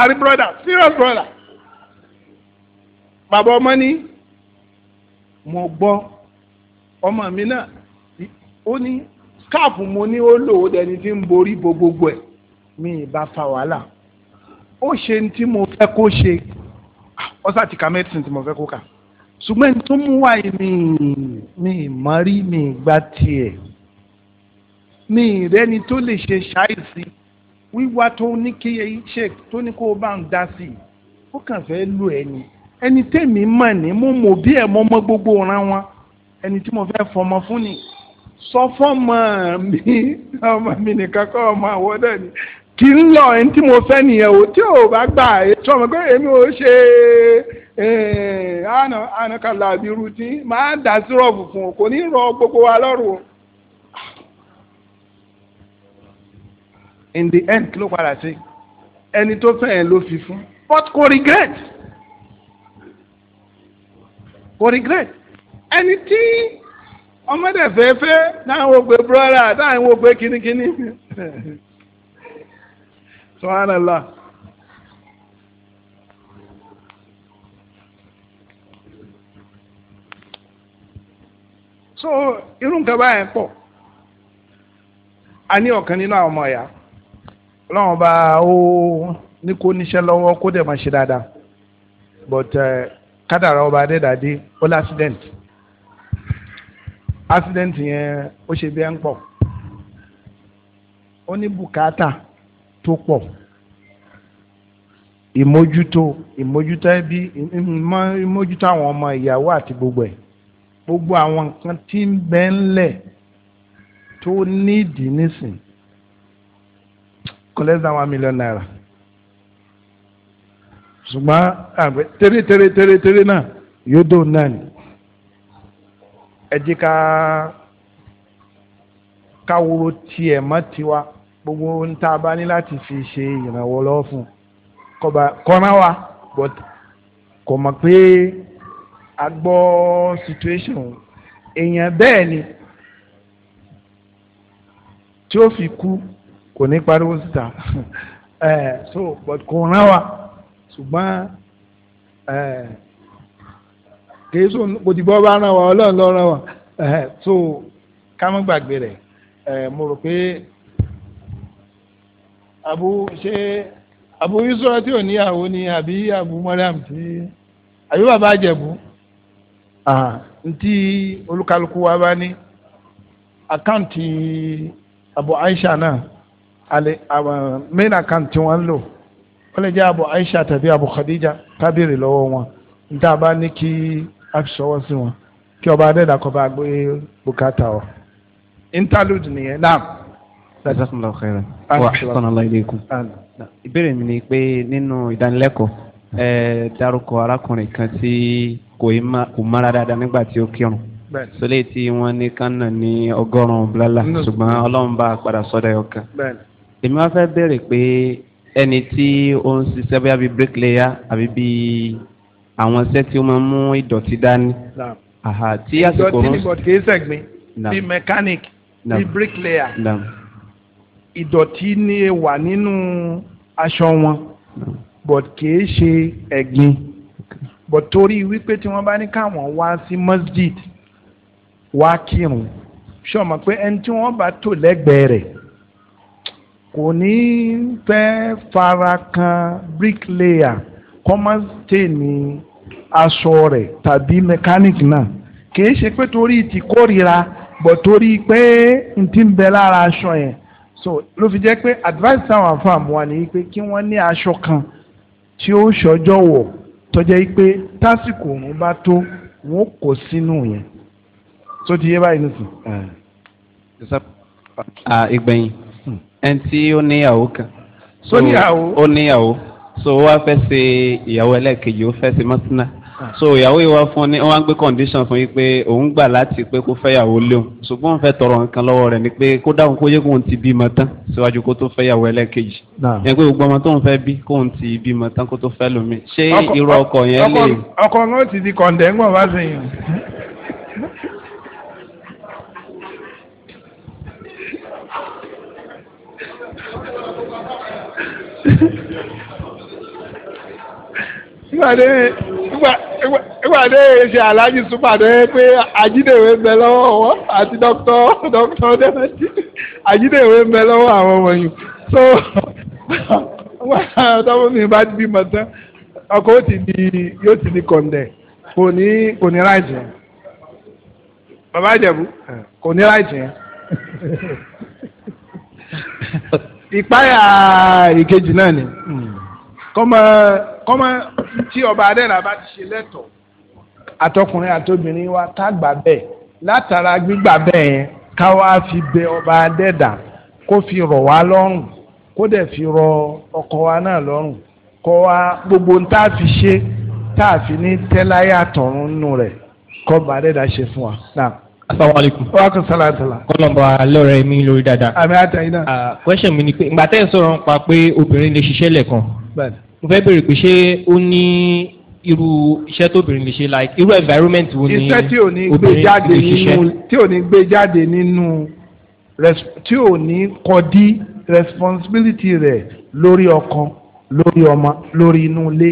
àrí brother serious brother bàbá ọmọ ní mo gbọ́ ọmọ mi náà ó ní skáàfù mo ní ó lòó dẹni tí ń borí bo gbogbo ẹ̀ mi ì bá fa wàhálà ó ṣe ní tí mo fẹ́ kó ṣe ọ̀sà ah, ti ka mẹ́tìrì tí mo fẹ́ kó kà ṣùgbọ́n ẹni tó mú wáyé mi mi mọ́ rí mi gbá tiẹ̀ mi ìrẹ́ni tó lè ṣe ṣáìsì wíwá tó ní kí ṣe tó ní kó bá ń dá sí i ó kàn fẹ́ lù ẹni ẹni tẹ́mi mọ̀ ní mo mọ̀ bí ẹ̀ mọ́ mọ́ gbogbo ọ̀ràn wọn ẹni tí mo fẹ́ fọmọ fún ni sọ fọmọ mi ọmọ mi nìkan kọ́ ọmọ àwọn náà ni kì í lọ ẹni tí mo fẹ́ nìyẹn o tí ò bá gbà ètò ọmọ pé èmi ò ṣe àna eh, àna kàlà àbírú tí máa dà sírọ̀bù fún o kò ní rọ gbogbo wa lọ́rùn o. in the end ló padà sí ẹni tó fẹ́ yẹn ló fi fún but kò regret kò regret ẹni tí ọmọdé fẹ́ẹ́fẹ́ táwọn wò pé brọ́dà táwọn wò pé kínníkínní subhanallah. so irú nǹkan báyẹn pọ̀ a ní ọ̀kan nínú àwọn ọmọ ẹ̀yà ọlọ́run bá ó ní kó níṣẹ́ lọ́wọ́ kó dẹ̀ máa ṣe dáadáa but eh, kádàrá ọba adédàdé ó lásìdẹ̀ǹtì accident yẹn ó ṣe bí ẹ ń pọ̀ ó ní bùkátà tó pọ̀ ìmójútó ìmójútó ẹbí ìmójútó àwọn ọmọ ìyàwó àti gbogbo ẹ̀ gbogbo àwọn nǹkan tí ń bẹ ńlẹ̀ tó nídìí nísìn kò less than one million naira ṣùgbọ́n àgbẹ̀ tẹ́rẹ́tẹ́rẹ́tẹ́rẹ́ náà yóò dò náà ni ẹ jẹ́ ká káwòrò tiẹ̀ mọ́ tiwa gbogbo ń tá a bá ní láti fi ṣe ìrànwọ́ lọ́wọ́ fún kọ́nà wa but kò mọ̀ pé a gbọ́ situation èèyàn bẹ́ẹ̀ ni tí ó fi kú kò ní pariwo síta eh, so but kò rán wa ṣùgbọ́n. Uh, kìí sùn kò dìbò bá ràn wá ọlọ́run ràn wá so ká gbàgbé rẹ̀ mo rò pé àbú ṣe àbú yusuf tí ò níyàwó ni àbí àbú mariam tí àbí bàbá ntí wa bá ní àkáǹtì àbú aisha náà main account tí wọ́n ń lò lè jẹ́ àbú aisha tàbí àbú khadija lọ́wọ́ wọn bá ní a fi ṣọwọ́ sí wọn kí ọba adẹ́dà kọ́ bá gbé bùkátà ọ. interlude nìyẹn náà. jazakumullahu khairan wa ahsanallahu ilaykum. ìbéèrè mi ni pé nínú ìdánilẹ́kọ̀ọ́ ẹ dárúkọ arákùnrin kan tí kò mara dáadáa nígbà tí ó kírun sọlẹ tí wọn ní kánà ní ọgọ́rùn bilala ṣùgbọ́n Ọlọ́run bá padà sọ́dọ̀ ẹ ọkàn èmi wá fẹ́ béèrè pé ẹni tí ó ń ṣiṣẹ́ bóyá bíi bricklayer àbí bíi àwọn iṣẹ́ tí ó máa ń mú ìdọ̀tí dání. tí àsìkò rún ìdọ̀tí ni bọ̀dù kìí sẹ̀gbìn bíi mechanic bíi bricklayer ìdọ̀tí ni wà nínú aṣọ wọn bọ̀dù kìí ṣe ẹ̀gbin bọ̀dù torí wípé tí wọ́n bá ní káwọn wá sí masjid wá kírun sọ̀mọ̀ pé ẹni tí wọ́n bá tò lẹ́gbẹ̀ẹ́ rẹ̀ kò ní fẹ́ fara kan bricklayer kọ́mọ́tè ní aṣọ rẹ̀ tàbí mechanic náà kìí ṣe pé torí ti kórira bọ̀ torí pé n ti bẹ lára aṣọ yẹn so ló fi jẹ́ pé advice táwọn afáàmù wa ni pé kí wọ́n ní aṣọ kan tí ó ṣọjọ́ wọ̀ tọ́jẹ́ pé tásìkò òun bá tó wọn kò sínú yẹn tó ti yé báyìí nísìn. Eh. Ah, ìgbẹ̀yìn hmm. ẹni tí ó níyàwó kan. ó níyàwó. ó níyàwó so ó wá se ṣe ìyàwó ẹlẹ́ẹ̀kejì ó fẹ́ se mọ́tínà ah. so ìyàwó yìí wá fún ni wọ́n á gbé condition fún yín pé òun gbà láti pé kó fẹ́yàwó léwu ṣùgbọ́n òun fẹ́ tọrọ nǹkan lọ́wọ́ rẹ̀ ni pé kó dáhùn kó yẹ kóun ti bímọ tán síwájú kó tó fẹ́yàwó ẹlẹ́ẹ̀kejì yẹn pé gbogbo ọmọ tóun fẹ́ bí kóun ti bímọ tán kó tó fẹ́ lómi ṣé irú ọkọ yẹn lè. ọkọ náà ti di kọ̀ǹdẹ̀ ńgbọ̀n bá ṣe yàn. Thank you ìgbàdé ṣe aláàjì súpàdé pé ajídèwé ń bẹ lọ́wọ́ wọn àti dókítà dókítà dẹ́mẹ́tì ajídèwé ń bẹ lọ́wọ́ àwọn wọ̀nyí so tọ́wọ́ mi bá bímọ tán ọkọ̀ ó ti di yóò ti di kọ̀ǹdẹ̀ kò ní kò ní ráìtì yẹn bàbá ìjẹ̀bú kò ní ráìtì yẹn ìpáyà ìkejì náà ni kọ́mọ kọ́mọ tí ọba adẹ́rà bá ti ṣe lẹ́tọ̀ọ́ àtọkùnrin àtobìnrin wa tá gbà bẹ́ẹ̀ látara gbígbà bẹ́ẹ̀ yẹn ká wá fi bẹ ọba adẹ́dà kó fi rọ̀ wá lọ́rùn kó dẹ̀ fi rọ ọkọ wa náà lọ́rùn kọ́ wa gbogbo ń tá a fi ṣe tá a fi ní tẹ́láyà tọ̀run nù rẹ̀ kọ́ ọba adẹ́dà ṣe fún wa náà asalaamualeykum. wa aleykum salaam salaam. kọlọmọ alọrẹ mi lórí dáadáa. àmì àtàyìn náà. Ah, question mi ni pé ìgbà tẹ́ ẹ sọ̀rọ̀ nípa pé obìnrin lè ṣiṣẹ́ mo fẹ́ bèrè pé ṣé ó ní irú iṣẹ́ tóbìnrin lè ṣe like irú environment wo ni obìnrin lè ṣiṣẹ́. tí ò ní gbé jáde responsibility rẹ̀ lórí ọkọ lórí ọmọ lórí inú ilé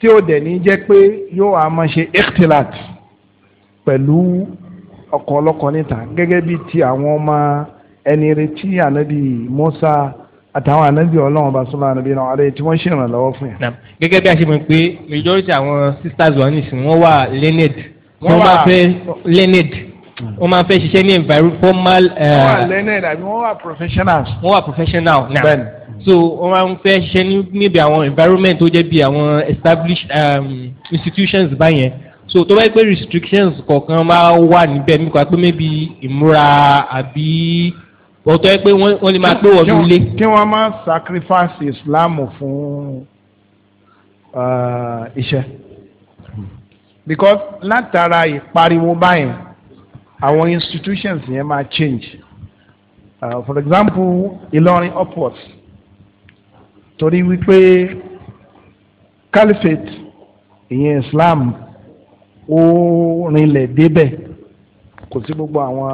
tí ó dẹ̀ ní jẹ́ pé yóò á máa ṣe ikhtilat pẹ̀lú ọkọ ọlọ́kọ níta gẹ́gẹ́ bí ti àwọn ọmọ ẹni retí ànábì Musa àtàwọn ànábì ọlọ́run bá sọ́lá ànábì náà àlẹ́ tí wọ́n ṣèrànlọ́wọ́ fún yẹn. gẹ́gẹ́ bí a ṣe mọ̀ pé majority àwọn sisters wa nìsín wọ́n wà Leonard. wọ́n máa fẹ́ learned hmm. wọ́n máa fẹ́ ṣiṣẹ́ ní environment formal. Eh, wọ́n wà learned àbí wọ́n wà professionals. wọ́n wà professional now. bẹ́ẹ̀ni. so wọ́n máa ń fẹ́ ṣiṣẹ́ níbi àwọn environment tó jẹ́ bí àwọn established um, institutions báyẹn so tó bá yẹ pé restrictions kọ̀ọ̀kan máa wà níbẹ̀ nípa pé maybe ìmúra àbí bọ̀tọ̀ ẹ pé wọ́n lè máa pé wọ́n lulẹ̀. kí wọ́n máa sacrifice islam fún uh, iṣẹ́ because látara ìpariwo báyìí àwọn institutions yẹn máa change uh, for example Ìlọrin upwards torí wípé caliphate ìyẹn islam ó rinlẹ̀ débẹ̀ kò sí gbogbo àwọn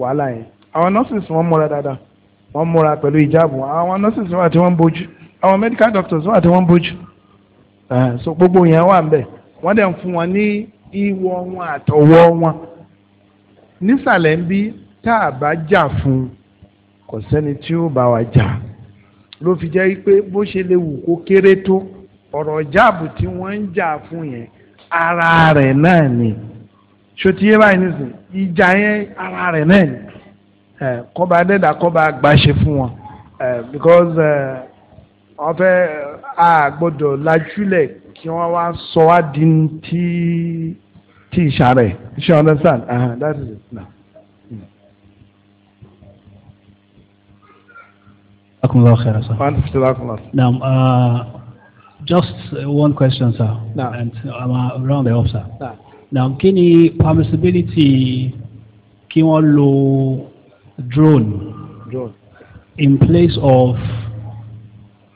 wàhálà yẹn àwọn nurses wọ́n múra dáadáa wọ́n múra pẹ̀lú ìjáàbù àwọn nurses wà tí wọ́n ń bójú àwọn medical doctors wà tí wọ́n ń bójú eh, so gbogbo yẹn wà ńbẹ̀ wọ́n dẹ̀ ń fún wọn ní ìwọ̀ wọn àtọwọ́ wọn nísàlẹ̀ ń bí tá a bá jà fún kò sẹ́ni tí ó bá wa jà ló fi jẹ́ pé bó ṣe lè wù kó kéré tó ọ̀rọ̀ jáàbù tí wọ́n ń jà fún yẹn ara rẹ̀ náà ni ṣòtí yé báyìí nísìnyí ìjà yẹn ara rẹ̀ náà ni Eh, kọba adẹ́dà kọba àgbàṣe fún wọn eh, because eh, wọ́n fẹ́ a gbọ́dọ̀ lajúlẹ̀ kí wọ́n wá sọ wá di tí tí ìṣàrẹ̀ ṣe understand uh-huh, that is it now. Naam, uh, just uh, one question, sir. Naam. And uh, I'm uh, around the officer. Naam. Naam, kí ni permissibility Can wọ́n allow? drone, drone in place of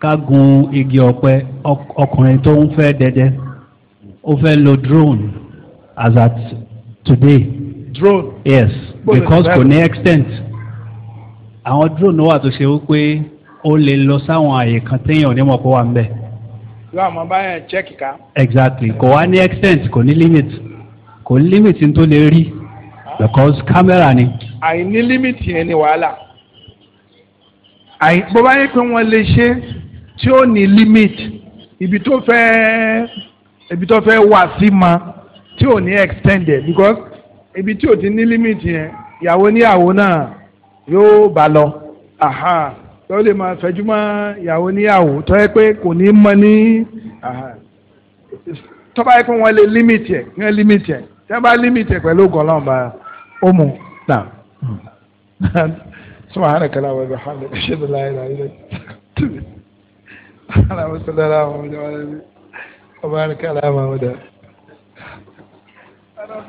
kágun igi ọ̀pẹ ọkùnrin tó ń fẹ́ dẹdẹ ó fẹ́ lo drone as at today. drone yes But because kò ní extent àwọn drone wà tó ṣe wípé ó lè lọ sáwọn àyè kan téèyàn onímọ̀ kó wà ń bẹ̀. yóò àmọ́ báyẹn check ká. exactly kò wá ní extent kò ní limit kò ní limit tó lè rí because camera ni. àìní límìtì yẹn ni wàhálà àì bó bá yẹ pé wọ́n lè ṣe tí ó ní límìtì ibi tó fẹ́ ibi tó fẹ́ wà sí ma tí ò ní extended because ibi tí ò ti ní límìtì yẹn ìyàwó níyàwó náà yóò bá lọ tó lè máa fẹjú mọ́ ìyàwó níyàwó tó yẹ pé kò ní mọ ní tó bá yẹ pé wọ́n lè límìtì ẹ̀ wọ́n límìtì ẹ̀ tí bá límìtì ẹ̀ pẹ̀lú gọ́lọ́mù أمو نعم سبحانك لا وإذا وبحمدك أشهد أن لا إله إلا أنت اللهم صل على محمد وعلى آله وبارك على محمد أنا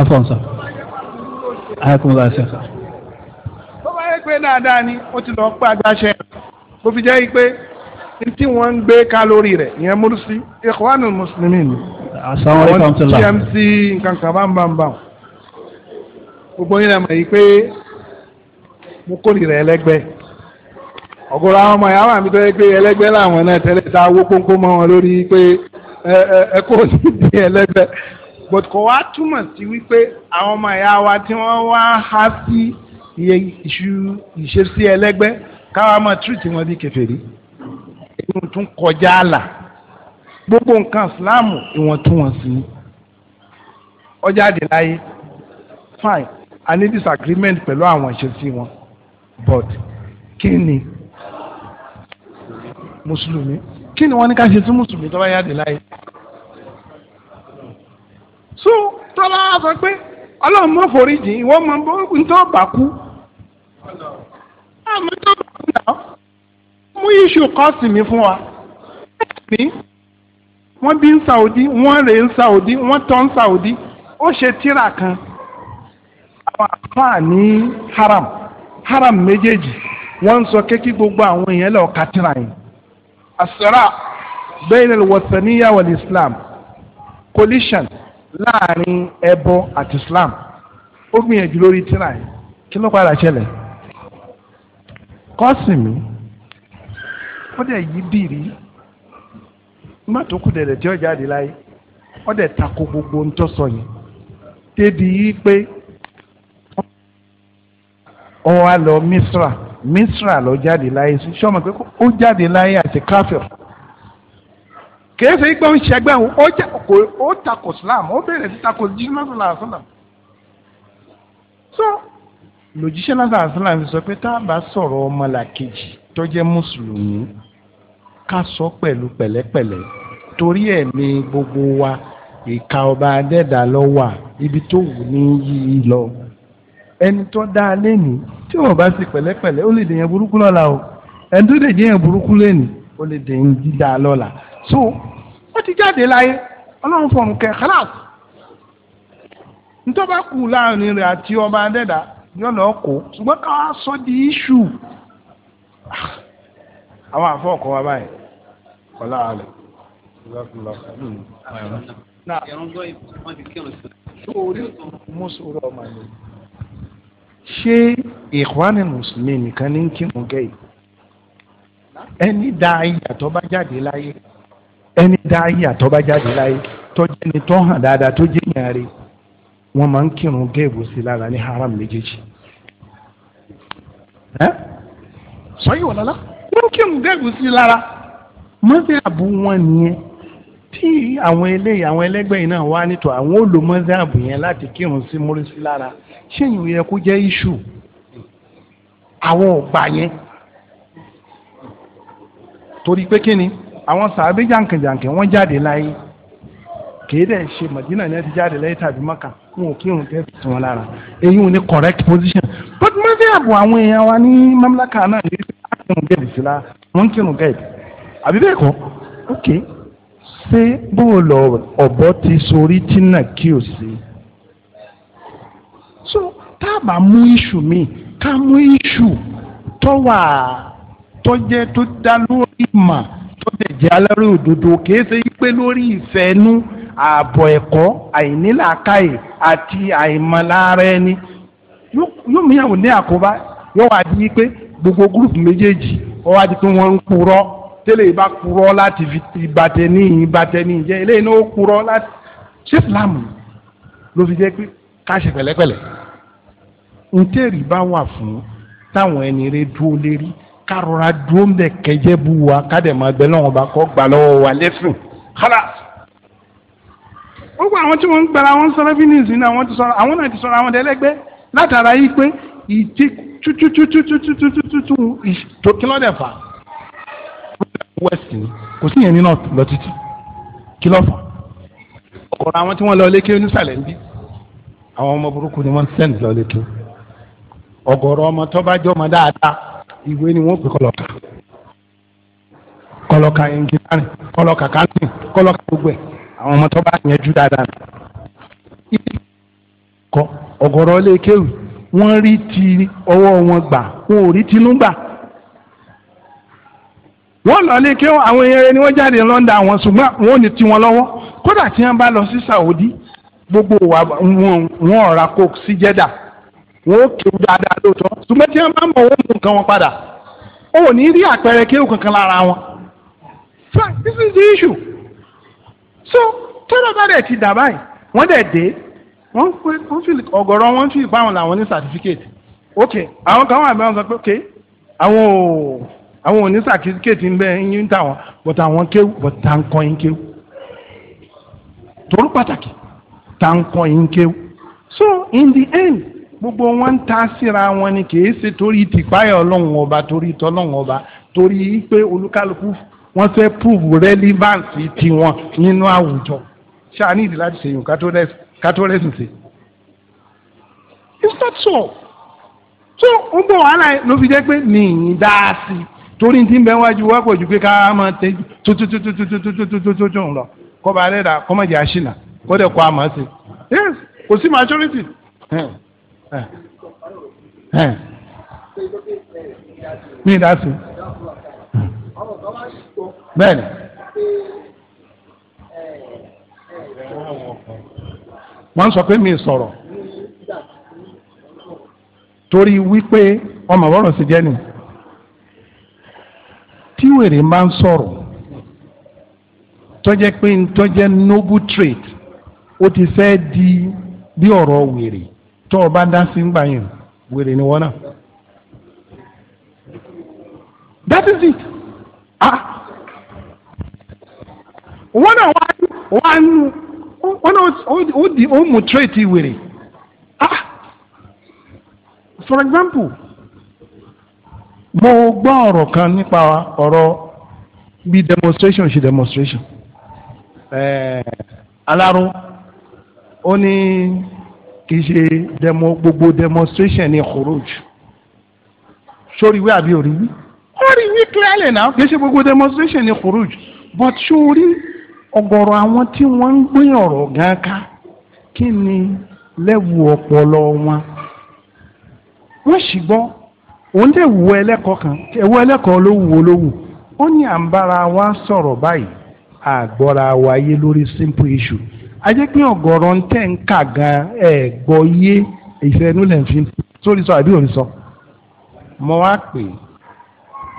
afọ̀nsá ayakunla ṣẹ̀ka. tó bá yẹ pé dáadáa ni ó ti lọ́ọ́ pa agbáṣẹ́ kó fi jẹ́ pé tí wọ́n ń gbé kálórì rẹ̀ ìyẹn múrùsí Ikhwanul Muslimin ni. àsáwọn ẹ̀ka ń tẹ̀lé. tmc nǹkan kan bá ń bá ń bá wọn. gbogbo yín lẹ́mọ̀ yìí pé mo kórìíra ẹlẹ́gbẹ́ ọ̀gọ̀rọ̀ àwọn ọmọ ìyá wà mí tó yẹ pé ẹlẹ́gbẹ́ làwọn náà tẹ́lẹ̀ tá a wó pọ́npọ́n mọ́ wọn lórí pé ẹ ẹ ẹ ní ẹlẹ́gbẹ́ but kò wá túmọ̀ sí wípé àwọn ọmọ ẹ̀yà wa tí wọ́n wá há sí iye ìṣu ìṣesí ẹlẹ́gbẹ́ káwa máa tírìtì wọn bí kèfèrí inú tún kọjá àlà gbogbo nǹkan ìsìláàmù ìwọ̀ntúnwọ̀nsì ọjà àdìláyé fine i need disagreement pẹ̀lú àwọn ìṣesí wọn but kí ni mùsùlùmí kí ni wọ́n ní ká ṣe sí mùsùlùmí tó bá yá àdìláyé. wá sọ pé ọlọ́run mọ̀ foríjì ìwọ mọ̀ bó ń tó bà kú. àmọ́ tó bà kú náà mú iṣu kọ́ọ̀sì mi fún wa. wọ́n bí ń Saudi wọ́n rè ń Saudi wọ́n tọ́ ń Saudi ó ṣe tíra kan àwọn àfáà ní haram haram méjèèjì wọ́n ń sọ kékeré gbogbo àwọn èèyàn lọ́ọ́ ka tíra yìí. àṣírà bẹ́ẹ̀ ni wọ̀sán níyàwó islam collision láàrin ẹbọ àti Islam ó gbìyànjú lórí tíra yìí kí ló padà ṣẹlẹ̀ kọ́sìmì ó dẹ̀ yí bìrì má tó kù dẹ̀dẹ̀ tí ó jáde láyé ó dẹ̀ tako gbogbo ń tọ́sọ yẹn débi yí pé ó wá lọ Misra Misra lọ jáde láyé sí ma pé ó jáde láyé àti káfíọ̀. kìí ṣe pé ń ṣẹgbẹ́ òun ó jẹ́ kò ó takò Islam ó bẹ̀rẹ̀ sí takò jíjìnà sọ̀lá àṣàlà so lòjíṣẹ́ lásán àṣàlà fi sọ pé tá a bá sọ̀rọ̀ ọmọlàkejì tó jẹ́ mùsùlùmí ká sọ pẹ̀lú pẹ̀lẹ́pẹ̀lẹ́ torí ẹ̀mí gbogbo wa ìka ọba adẹ́dà lọ wà ibi tó wù ní yìí lọ ẹni tó dá a lẹ́nu tí wọn bá sì pẹ̀lẹ́pẹ̀lẹ́ ó lè dèyàn burúkú lọ́la o ẹni tó lè so ó ti jáde láyé ọlọ́run fọ̀rùn kẹ kálàs ntọ́ba kù láàrin rẹ̀ àti ọba adẹ́dà yóò lọ kó ṣùgbọ́n ká wá sọ di iṣu àwọn àfọ ọkọ wa báyìí kọlá àlẹ. ṣé ìkwáni mùsùlùmí nìkan ní kí n gẹ̀ yìí ẹni dáa ìyàtọ̀ bá jáde láyé ẹni dáhìí àtọ́ba jáde láyé tọ́jú ni tọ́ hàn dáadáa tó jẹ́ ìyá rẹ̀ wọ́n máa ń kírun géèbù sí lára ní haram méjèèjì. sọyí wà lọ́la wọ́n kírun géèbù sí lára mọ́síàbù wọn nìyẹn tí àwọn eléyìí àwọn ẹlẹ́gbẹ́ yìí náà wá nítọ̀ àwọn olò mọ́síàbù yẹn láti kírun sí mórí sí lára ṣé ìyẹn yẹ kó jẹ́ iṣu àwọn ọ̀gbà yẹn torí pé kí ni àwọn sàábé jàǹkànjàǹkàn wọ́n jáde láyé kìí dẹ̀ ṣe Madina ní ẹ ti jáde láyé tàbí Maka wọn ò kírun tẹ́ fi wọn lára èyí wọn ní correct position but mo fẹ́ àbọ̀ àwọn èèyàn wa ní mamlaka náà ní akínú gẹ̀ẹ́dì sí la wọ́n ń kírun gẹ̀ẹ́dì àbí bẹ́ẹ̀ kọ́ ok ṣé bóòlù ọ̀bọ ti sorí tí náà kí o sí so tá a bá mú iṣu mi ká mú iṣu tó wà tó jẹ́ tó dá lórí mà tó sì jẹ́ alárò òdodo kìí ṣe pé lórí ìfẹ́nu ààbọ̀ ẹ̀kọ́ àìnílàákàyè àti àìmọ̀lára ẹni yóò mú ìyàwó ní àkóbá yóò wá di pé gbogbo gúrùpù méjèèjì ó wá di pé wọ́n ń purọ́ tẹ́lẹ̀ ìbá purọ́ láti fi ìbàtẹ́ni ìbàtẹ́ni jẹ́ eléyìí náà ó purọ́ láti ṣé fìlàmù ló fi jẹ́ pé ká pẹ̀lẹ́pẹ̀lẹ́ ntẹ́rì bá wà fún táwọn ẹni rẹ dúró lérí Karora dúró ń bẹ kẹjẹ bu wa kádẹ̀mọ́ ẹgbẹ́ náà wọn bá kọ́ gbà lọ́wọ́ wa lẹ́sìn kálá. gbogbo àwọn tí wọ́n ń gbara wọn sọ̀rọ̀ bínísì náà wọ́n ti sọ̀rọ̀ àwọn náà ti sọ̀rọ̀ àwọn ẹlẹ́gbẹ́ látara yìí pé ìdí tútútútútútútútú kílódẹ̀fà west ni kò sí yẹn ní north lọ títí kílófà ọ̀rọ̀ àwọn tí wọ́n lọ lékè nísàlẹ̀ ń bí àwọn ọmọ burúkú ni wọ́n send lọ lékè ọ̀gọ̀rọ̀ ọmọ tó bá jọ ọmọ dáadáa ìwé ni wọ́n pè kọlọ́ka kọlọ́ka ẹnjìnlárìn kọlọ́ka kánìn kọlọ́ka gbogbo ẹ̀ àwọn ọmọ tó bá yẹn jù dáadáa kọ ọ̀gọ̀rọ̀ ilé kéwì wọ́n rí ti ọwọ́ wọn gbà wọn ò rí tinú gbà wọ́n lọ lé kéwì àwọn èèyàn ni wọ́n jáde lọ́ndà àwọn ṣùgbọ́n wọn ò ní tiwọn lọ́wọ́ kódà tí wọ́n bá lọ sí Saudi gbogbo wa wọn ọ̀ra coke sí jẹ́dà. Si wọn ó kéwú dáadáa lóòótọ́ ṣùgbọ́n tí wọ́n bá mọ̀ wọ́n padà ó ní rí àpẹẹrẹ kéwú kankan lára wọn. this is the issue so tọ́lá bá dẹ̀ ti dà báyìí wọ́n dẹ̀ dé wọ́n wọ́n fi ọ̀gọ̀rọ̀ wọ́n fi báwọn làwọn ní certificate ok àwọn kan wà bẹ́ẹ̀ wọ́n sọ pé ok àwọn ò àwọn ò ní certificate ń bẹ yín táwọn but àwọn kéwú but tá kọ́ yín so in the end. gbogbo wọn ń ta síra wọn ni kì í ṣe torí tìpáyà ọlọ́run ọba torí tọ́lọ́run ọba torí pé olúkálukú wọ́n fẹ́ prove relevance tiwọn nínú àwùjọ ṣáà ní ìdí láti ṣe yùn kátólẹ́sì ṣe. it's not so so ó bọ̀ wàhálà ló fi jẹ́ pé nìyí dáa sí i torí ti ń bẹ wájú wá pọ̀ ju pé ká máa tẹ tutututututututututu lọ kọ́ba alẹ́ dà kọ́mọ̀jì àṣìnà kọ́dẹ̀ kọ́ àmọ́ sí i yes kò sí majority ní ìdásí bẹ́ẹ̀ni. wọ́n sọ pé mi sọ̀rọ̀ torí wípé ọmọ ọ̀rọ̀ sì jẹ́ ni tí wèrè máa ń sọ̀rọ̀ tọ́jẹ́ pé tọ́jẹ́ noble trait ó ti fẹ́ di bí ọ̀rọ̀ wèrè tó o bá dá sí ńgbà yẹn wèrè ni wọ́n náà. that is it. ah wọ́n náà wá wá nù wọ́n náà ó di ó mú tírètì wèrè ah for example mo gbọ́ ọ̀rọ̀ kan nípa ọ̀rọ̀ bí demonstration ṣe demonstration. Eh, alaro ó ní kìí ṣe demo gbogbo demonstration ní khuruj sórí wí àbí orí wí orí wí clearly now kìí ṣe gbogbo demonstration ní khuruj but sórí ọ̀gọ̀rọ̀ àwọn tí wọ́n ń gbé ọ̀rọ̀ gan ká kí ni lẹ́wù ọpọlọ wọn wọ́n sì gbọ́ òun lè wù ẹlẹ́kọ̀ọ́ kan ẹ̀wù ẹlẹ́kọ̀ọ́ ló wù ó ló wù ó ní à ń bára wa sọ̀rọ̀ báyìí àgbọ́ra wa yé lórí simple issue ajẹ́ pé ọ̀gọ̀rọ̀ ń tẹ̀ ń kà gan ẹ̀ gbọ́ yé ìfẹ́nu lẹ̀ ń fi sórí sọ àbí òrí sọ mo wá pè é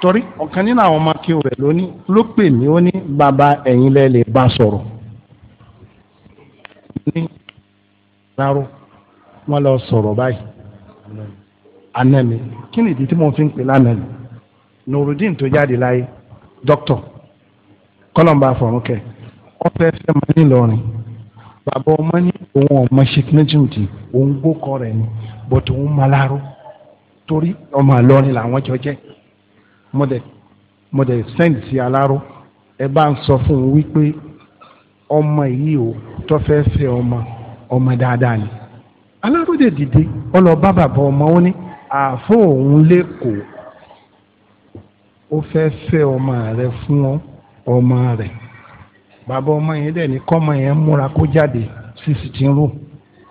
torí ọ̀kan nínú àwọn ọmọ kí o rẹ̀ lóní ló pè mí ó ní bàbá ẹ̀yin lẹ lè bá sọ̀rọ̀ ní rárò wọ́n lọ sọ̀rọ̀ báyìí anami kí ni ìdí tí mo fi ń pè lánàmì nurudin tó jáde láyé dókítà kọlọmbà fọrùn ọfẹ fẹ máa ní Ìlọrin bàbá ọmọ ní òun ọmọ sheikh najim di òun rẹ ni but òun malaro torí ọmọ àlọrin làwọn jọ jẹ mọdẹ mọdẹ sẹńdì sí aláró ẹ bá ń sọ fún un wípé ọmọ yìí o tó fẹ́ fẹ́ ọmọ ọmọ dáadáa ni aláròdè dìde ọlọ́ba bàbá ọmọ ó ní àfọ òun lẹ́kọ̀ọ́ ó fẹ́ fẹ́ ọmọ rẹ fún ọmọ rẹ bàbá ọmọ yẹn dẹ̀ ní kọ́mọ yẹn múra kó jáde sísì tí ń rò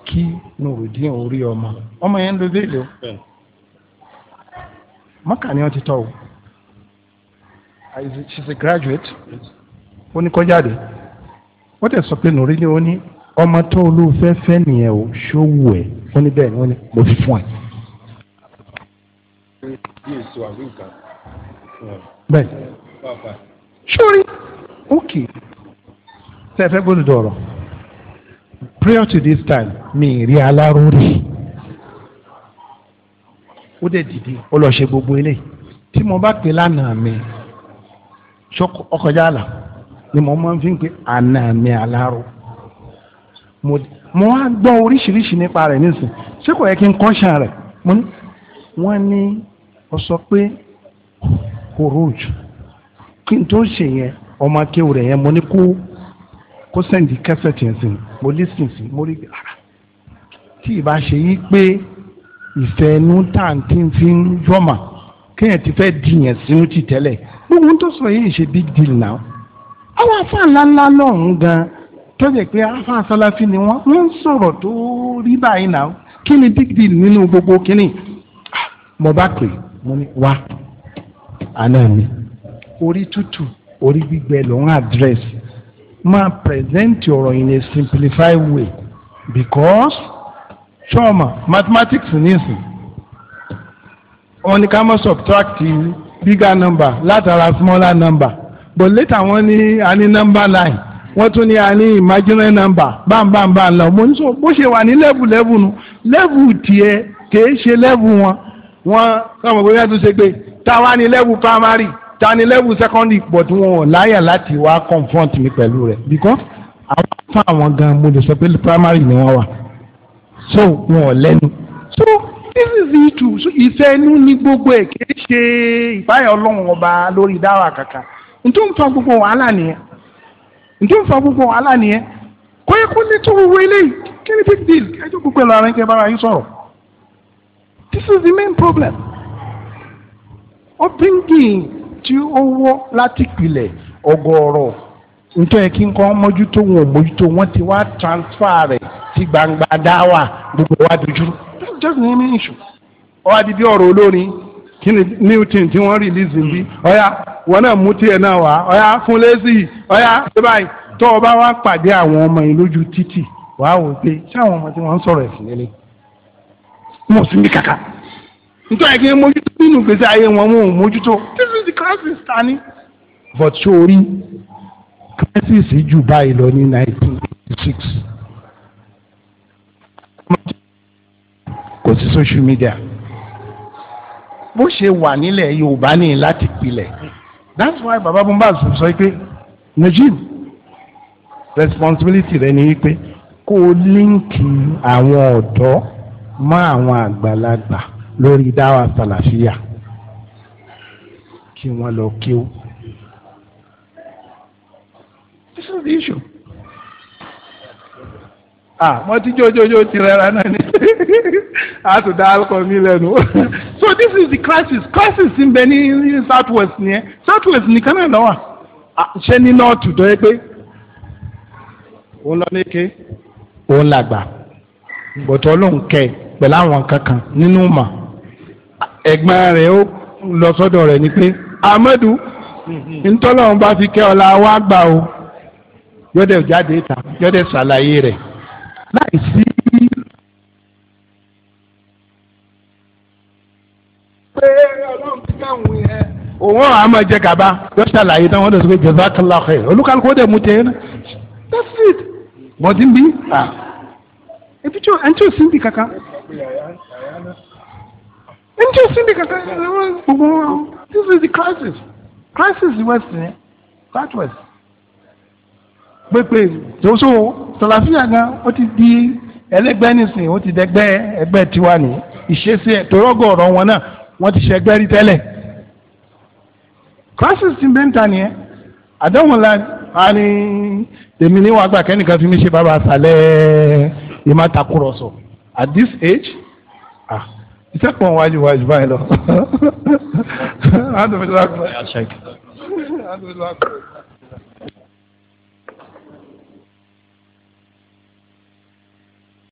kí nùrùdín orí ọmọ ọmọ yẹn ń lo bẹ́ẹ̀lì o mọ́kà ni wọ́n ti tọ́ o she's a graduate ó ní kó jáde ó dẹ̀ sọ pé nùrùdín ó ní ọmọ tó olóòfẹ́ fẹ́ nìyẹn o ṣòwò ẹ̀ ó ní bẹ́ẹ̀ ni wọ́n ní mo fi fún ẹ. Uh, bẹ́ẹ̀ sórí ókè. Okay sẹ́fẹ́ gbọ́dọ̀ dọ̀rọ̀ Prayer to this time mi rí aláró rí ó dẹ̀ dìde ó lọ ṣe gbogbo eléyìí tí mo bá pè lánàá mi ọkọjá àlà ni mo máa ń fi pè àná mi aláró mo wá gbọ́ oríṣiríṣi nípa rẹ̀ nísìnyí ṣé kò yẹ kí n kọ́ṣà rẹ̀ mo ní wọ́n ní ọ sọ pé kò rúùjù kí n tó ṣe yẹn ọmọ akéwù rẹ̀ yẹn mo ní kó kó sẹ́ǹdì kẹsẹ̀tì ẹ̀sìn mo lísìn sí mo rí ara ah, tí ìbá ṣe yí pé ìfẹ́ inú tàǹtí fi ń yọ̀mà kéèyàn ti fẹ́ di yẹn sínú ti tẹ́lẹ̀ gbogbo tó sọ yìí ṣe big deal now àwọn afá ńláńlá lọ́hùn gan tó jẹ́ pé afá sálàfí ni wọ́n wọ́n ń sọ̀rọ̀ tó rí báyìí now kí ni big deal nínú gbogbo kínní ah, mo bá pè mo ní wá àná mi orí tútù orí gbígbẹ lòún àdírẹ́sì máa present ọ̀rọ̀ in a simplified way because trauma mathematics nísìn wọ́n ní ká mọ́ subtract bigger number látara smaller number but later wọ́n ní a ní number line wọ́n tún ní a ní imaginary number bam, la mo ní so, bó ṣe wà ní level level nu level tiẹ̀ kìí ṣe level wọn wọ́n sọ̀rọ̀ bóyá tó ṣe pé táwa ní level primary tani level secondary but wọn ò láyà láti wá confront mi pẹ̀lú rẹ̀ because àwọn fún àwọn gan mo lè sọ pé primary ni wọ́n wà so wọn ò lẹ́nu so this is the issue so ìfẹ́nu ní gbogbo ẹ̀ kì í ṣe ìbáyọ̀ ọlọ́run ọba lórí dáwà kàkà ntó ń fa gbogbo wàhálà nìyẹn ntó ń fa gbogbo wàhálà nìyẹn kó yẹ kó lè tó gbogbo eléyìí kí ni big deal ẹjọ́ gbogbo ẹ̀rọ ara ń kẹ́ bára yín sọ̀rọ̀ this is the main problem upbringing tí ó wọ́ láti pilẹ̀ ọgọ́rọ̀ nítorí kí n kọ́ mójútó wọn mójútó wọn ti wá transfer rẹ̀ sí gbangba dáwà gbogbo wa dojú just ní issue. ìṣù ọwọ́ adidi ọ̀rọ̀ olórin kí ni newton tí wọ́n release bí ọ̀yà wọn náà mú tiẹ̀ náà wá ọ̀yà fún lẹ́sì ọ̀yà ṣé báyìí tọ́ ọ bá wá pàdé àwọn ọmọ yìí lójú títì wàá wò pé ṣé àwọn ọmọ tí wọ́n ń sọ̀rọ̀ ẹ̀sìn lélẹ̀ mọ̀ sí mi kàkà nítorí kí n mójútó nínú gbèsè ayé wọn wọn ò mójútó this is the crisis ta but sórí crisis jù báyìí lọ ní nineteen eighty six kò sí social media bó ṣe wà nílẹ̀ Yorùbá ní láti pilẹ̀ that's why baba bumba sọ pé najib responsibility rẹ ni pé kó o líǹkì àwọn ọ̀dọ́ mọ́ àwọn àgbàlagbà lórí dáwà sàlàfíà kí wọ́n lọ kíw. this is the issue. ah mo ti jójójó ti rẹra náà ni a tún dá alcohol mi lẹ́nu. so this is the crisis crisis ń bẹ ní south west nìyẹn south west nìkan náà lọ́wọ́ ah, ṣé ní north dọ́ ẹ pé òun lọ ní ké òun làgbà gbọ̀tọ̀ ló ń kẹ́ pẹ̀lú àwọn kankan nínú mọ̀ ẹ̀gbọ́n rẹ̀ ó lọ sọ́dọ̀ rẹ̀ ni pé amadu ntọ́lọ́run bá fi kẹ́ ọlá wa gbà o yọ́dẹ̀ jáde ìta yọ́dẹ̀ ṣàlàyé rẹ̀ láì sí. pé ọlọ́run ti káwọn yẹn. òun àwọn máa jẹ gàba yọ ṣàlàyé náà wọ́n lọ sí pé jazakallah khair olúkálùkù ó dẹ̀ mú tẹ̀ ẹ́ náà that's it bọ̀dí bí. Ah. ibi tí o ẹ̀ tí o sí ń bì kankan ẹni tí o sí ní kankan this is the crisis crisis west ni south west pépè so sàlàfíà gan ó ti di ẹlẹgbẹ́ nísìnyí ó ti dẹgbẹ́ ẹgbẹ́ tiwa ní ìṣesí ẹ torọgọ ọ̀rọ̀ wọn náà wọ́n ti ṣẹgbẹ́ rí tẹ́lẹ̀ crisis ti bẹ ń ta nìyẹn àdéhùnla àní èmi níwọ̀n àgbà kẹ́nìkan fi mi ṣe bàbá àṣàlẹ̀ ìmọ̀ àtàkùrọ̀sọ at this age iṣẹ́ kan wájú wájú báyìí lọ.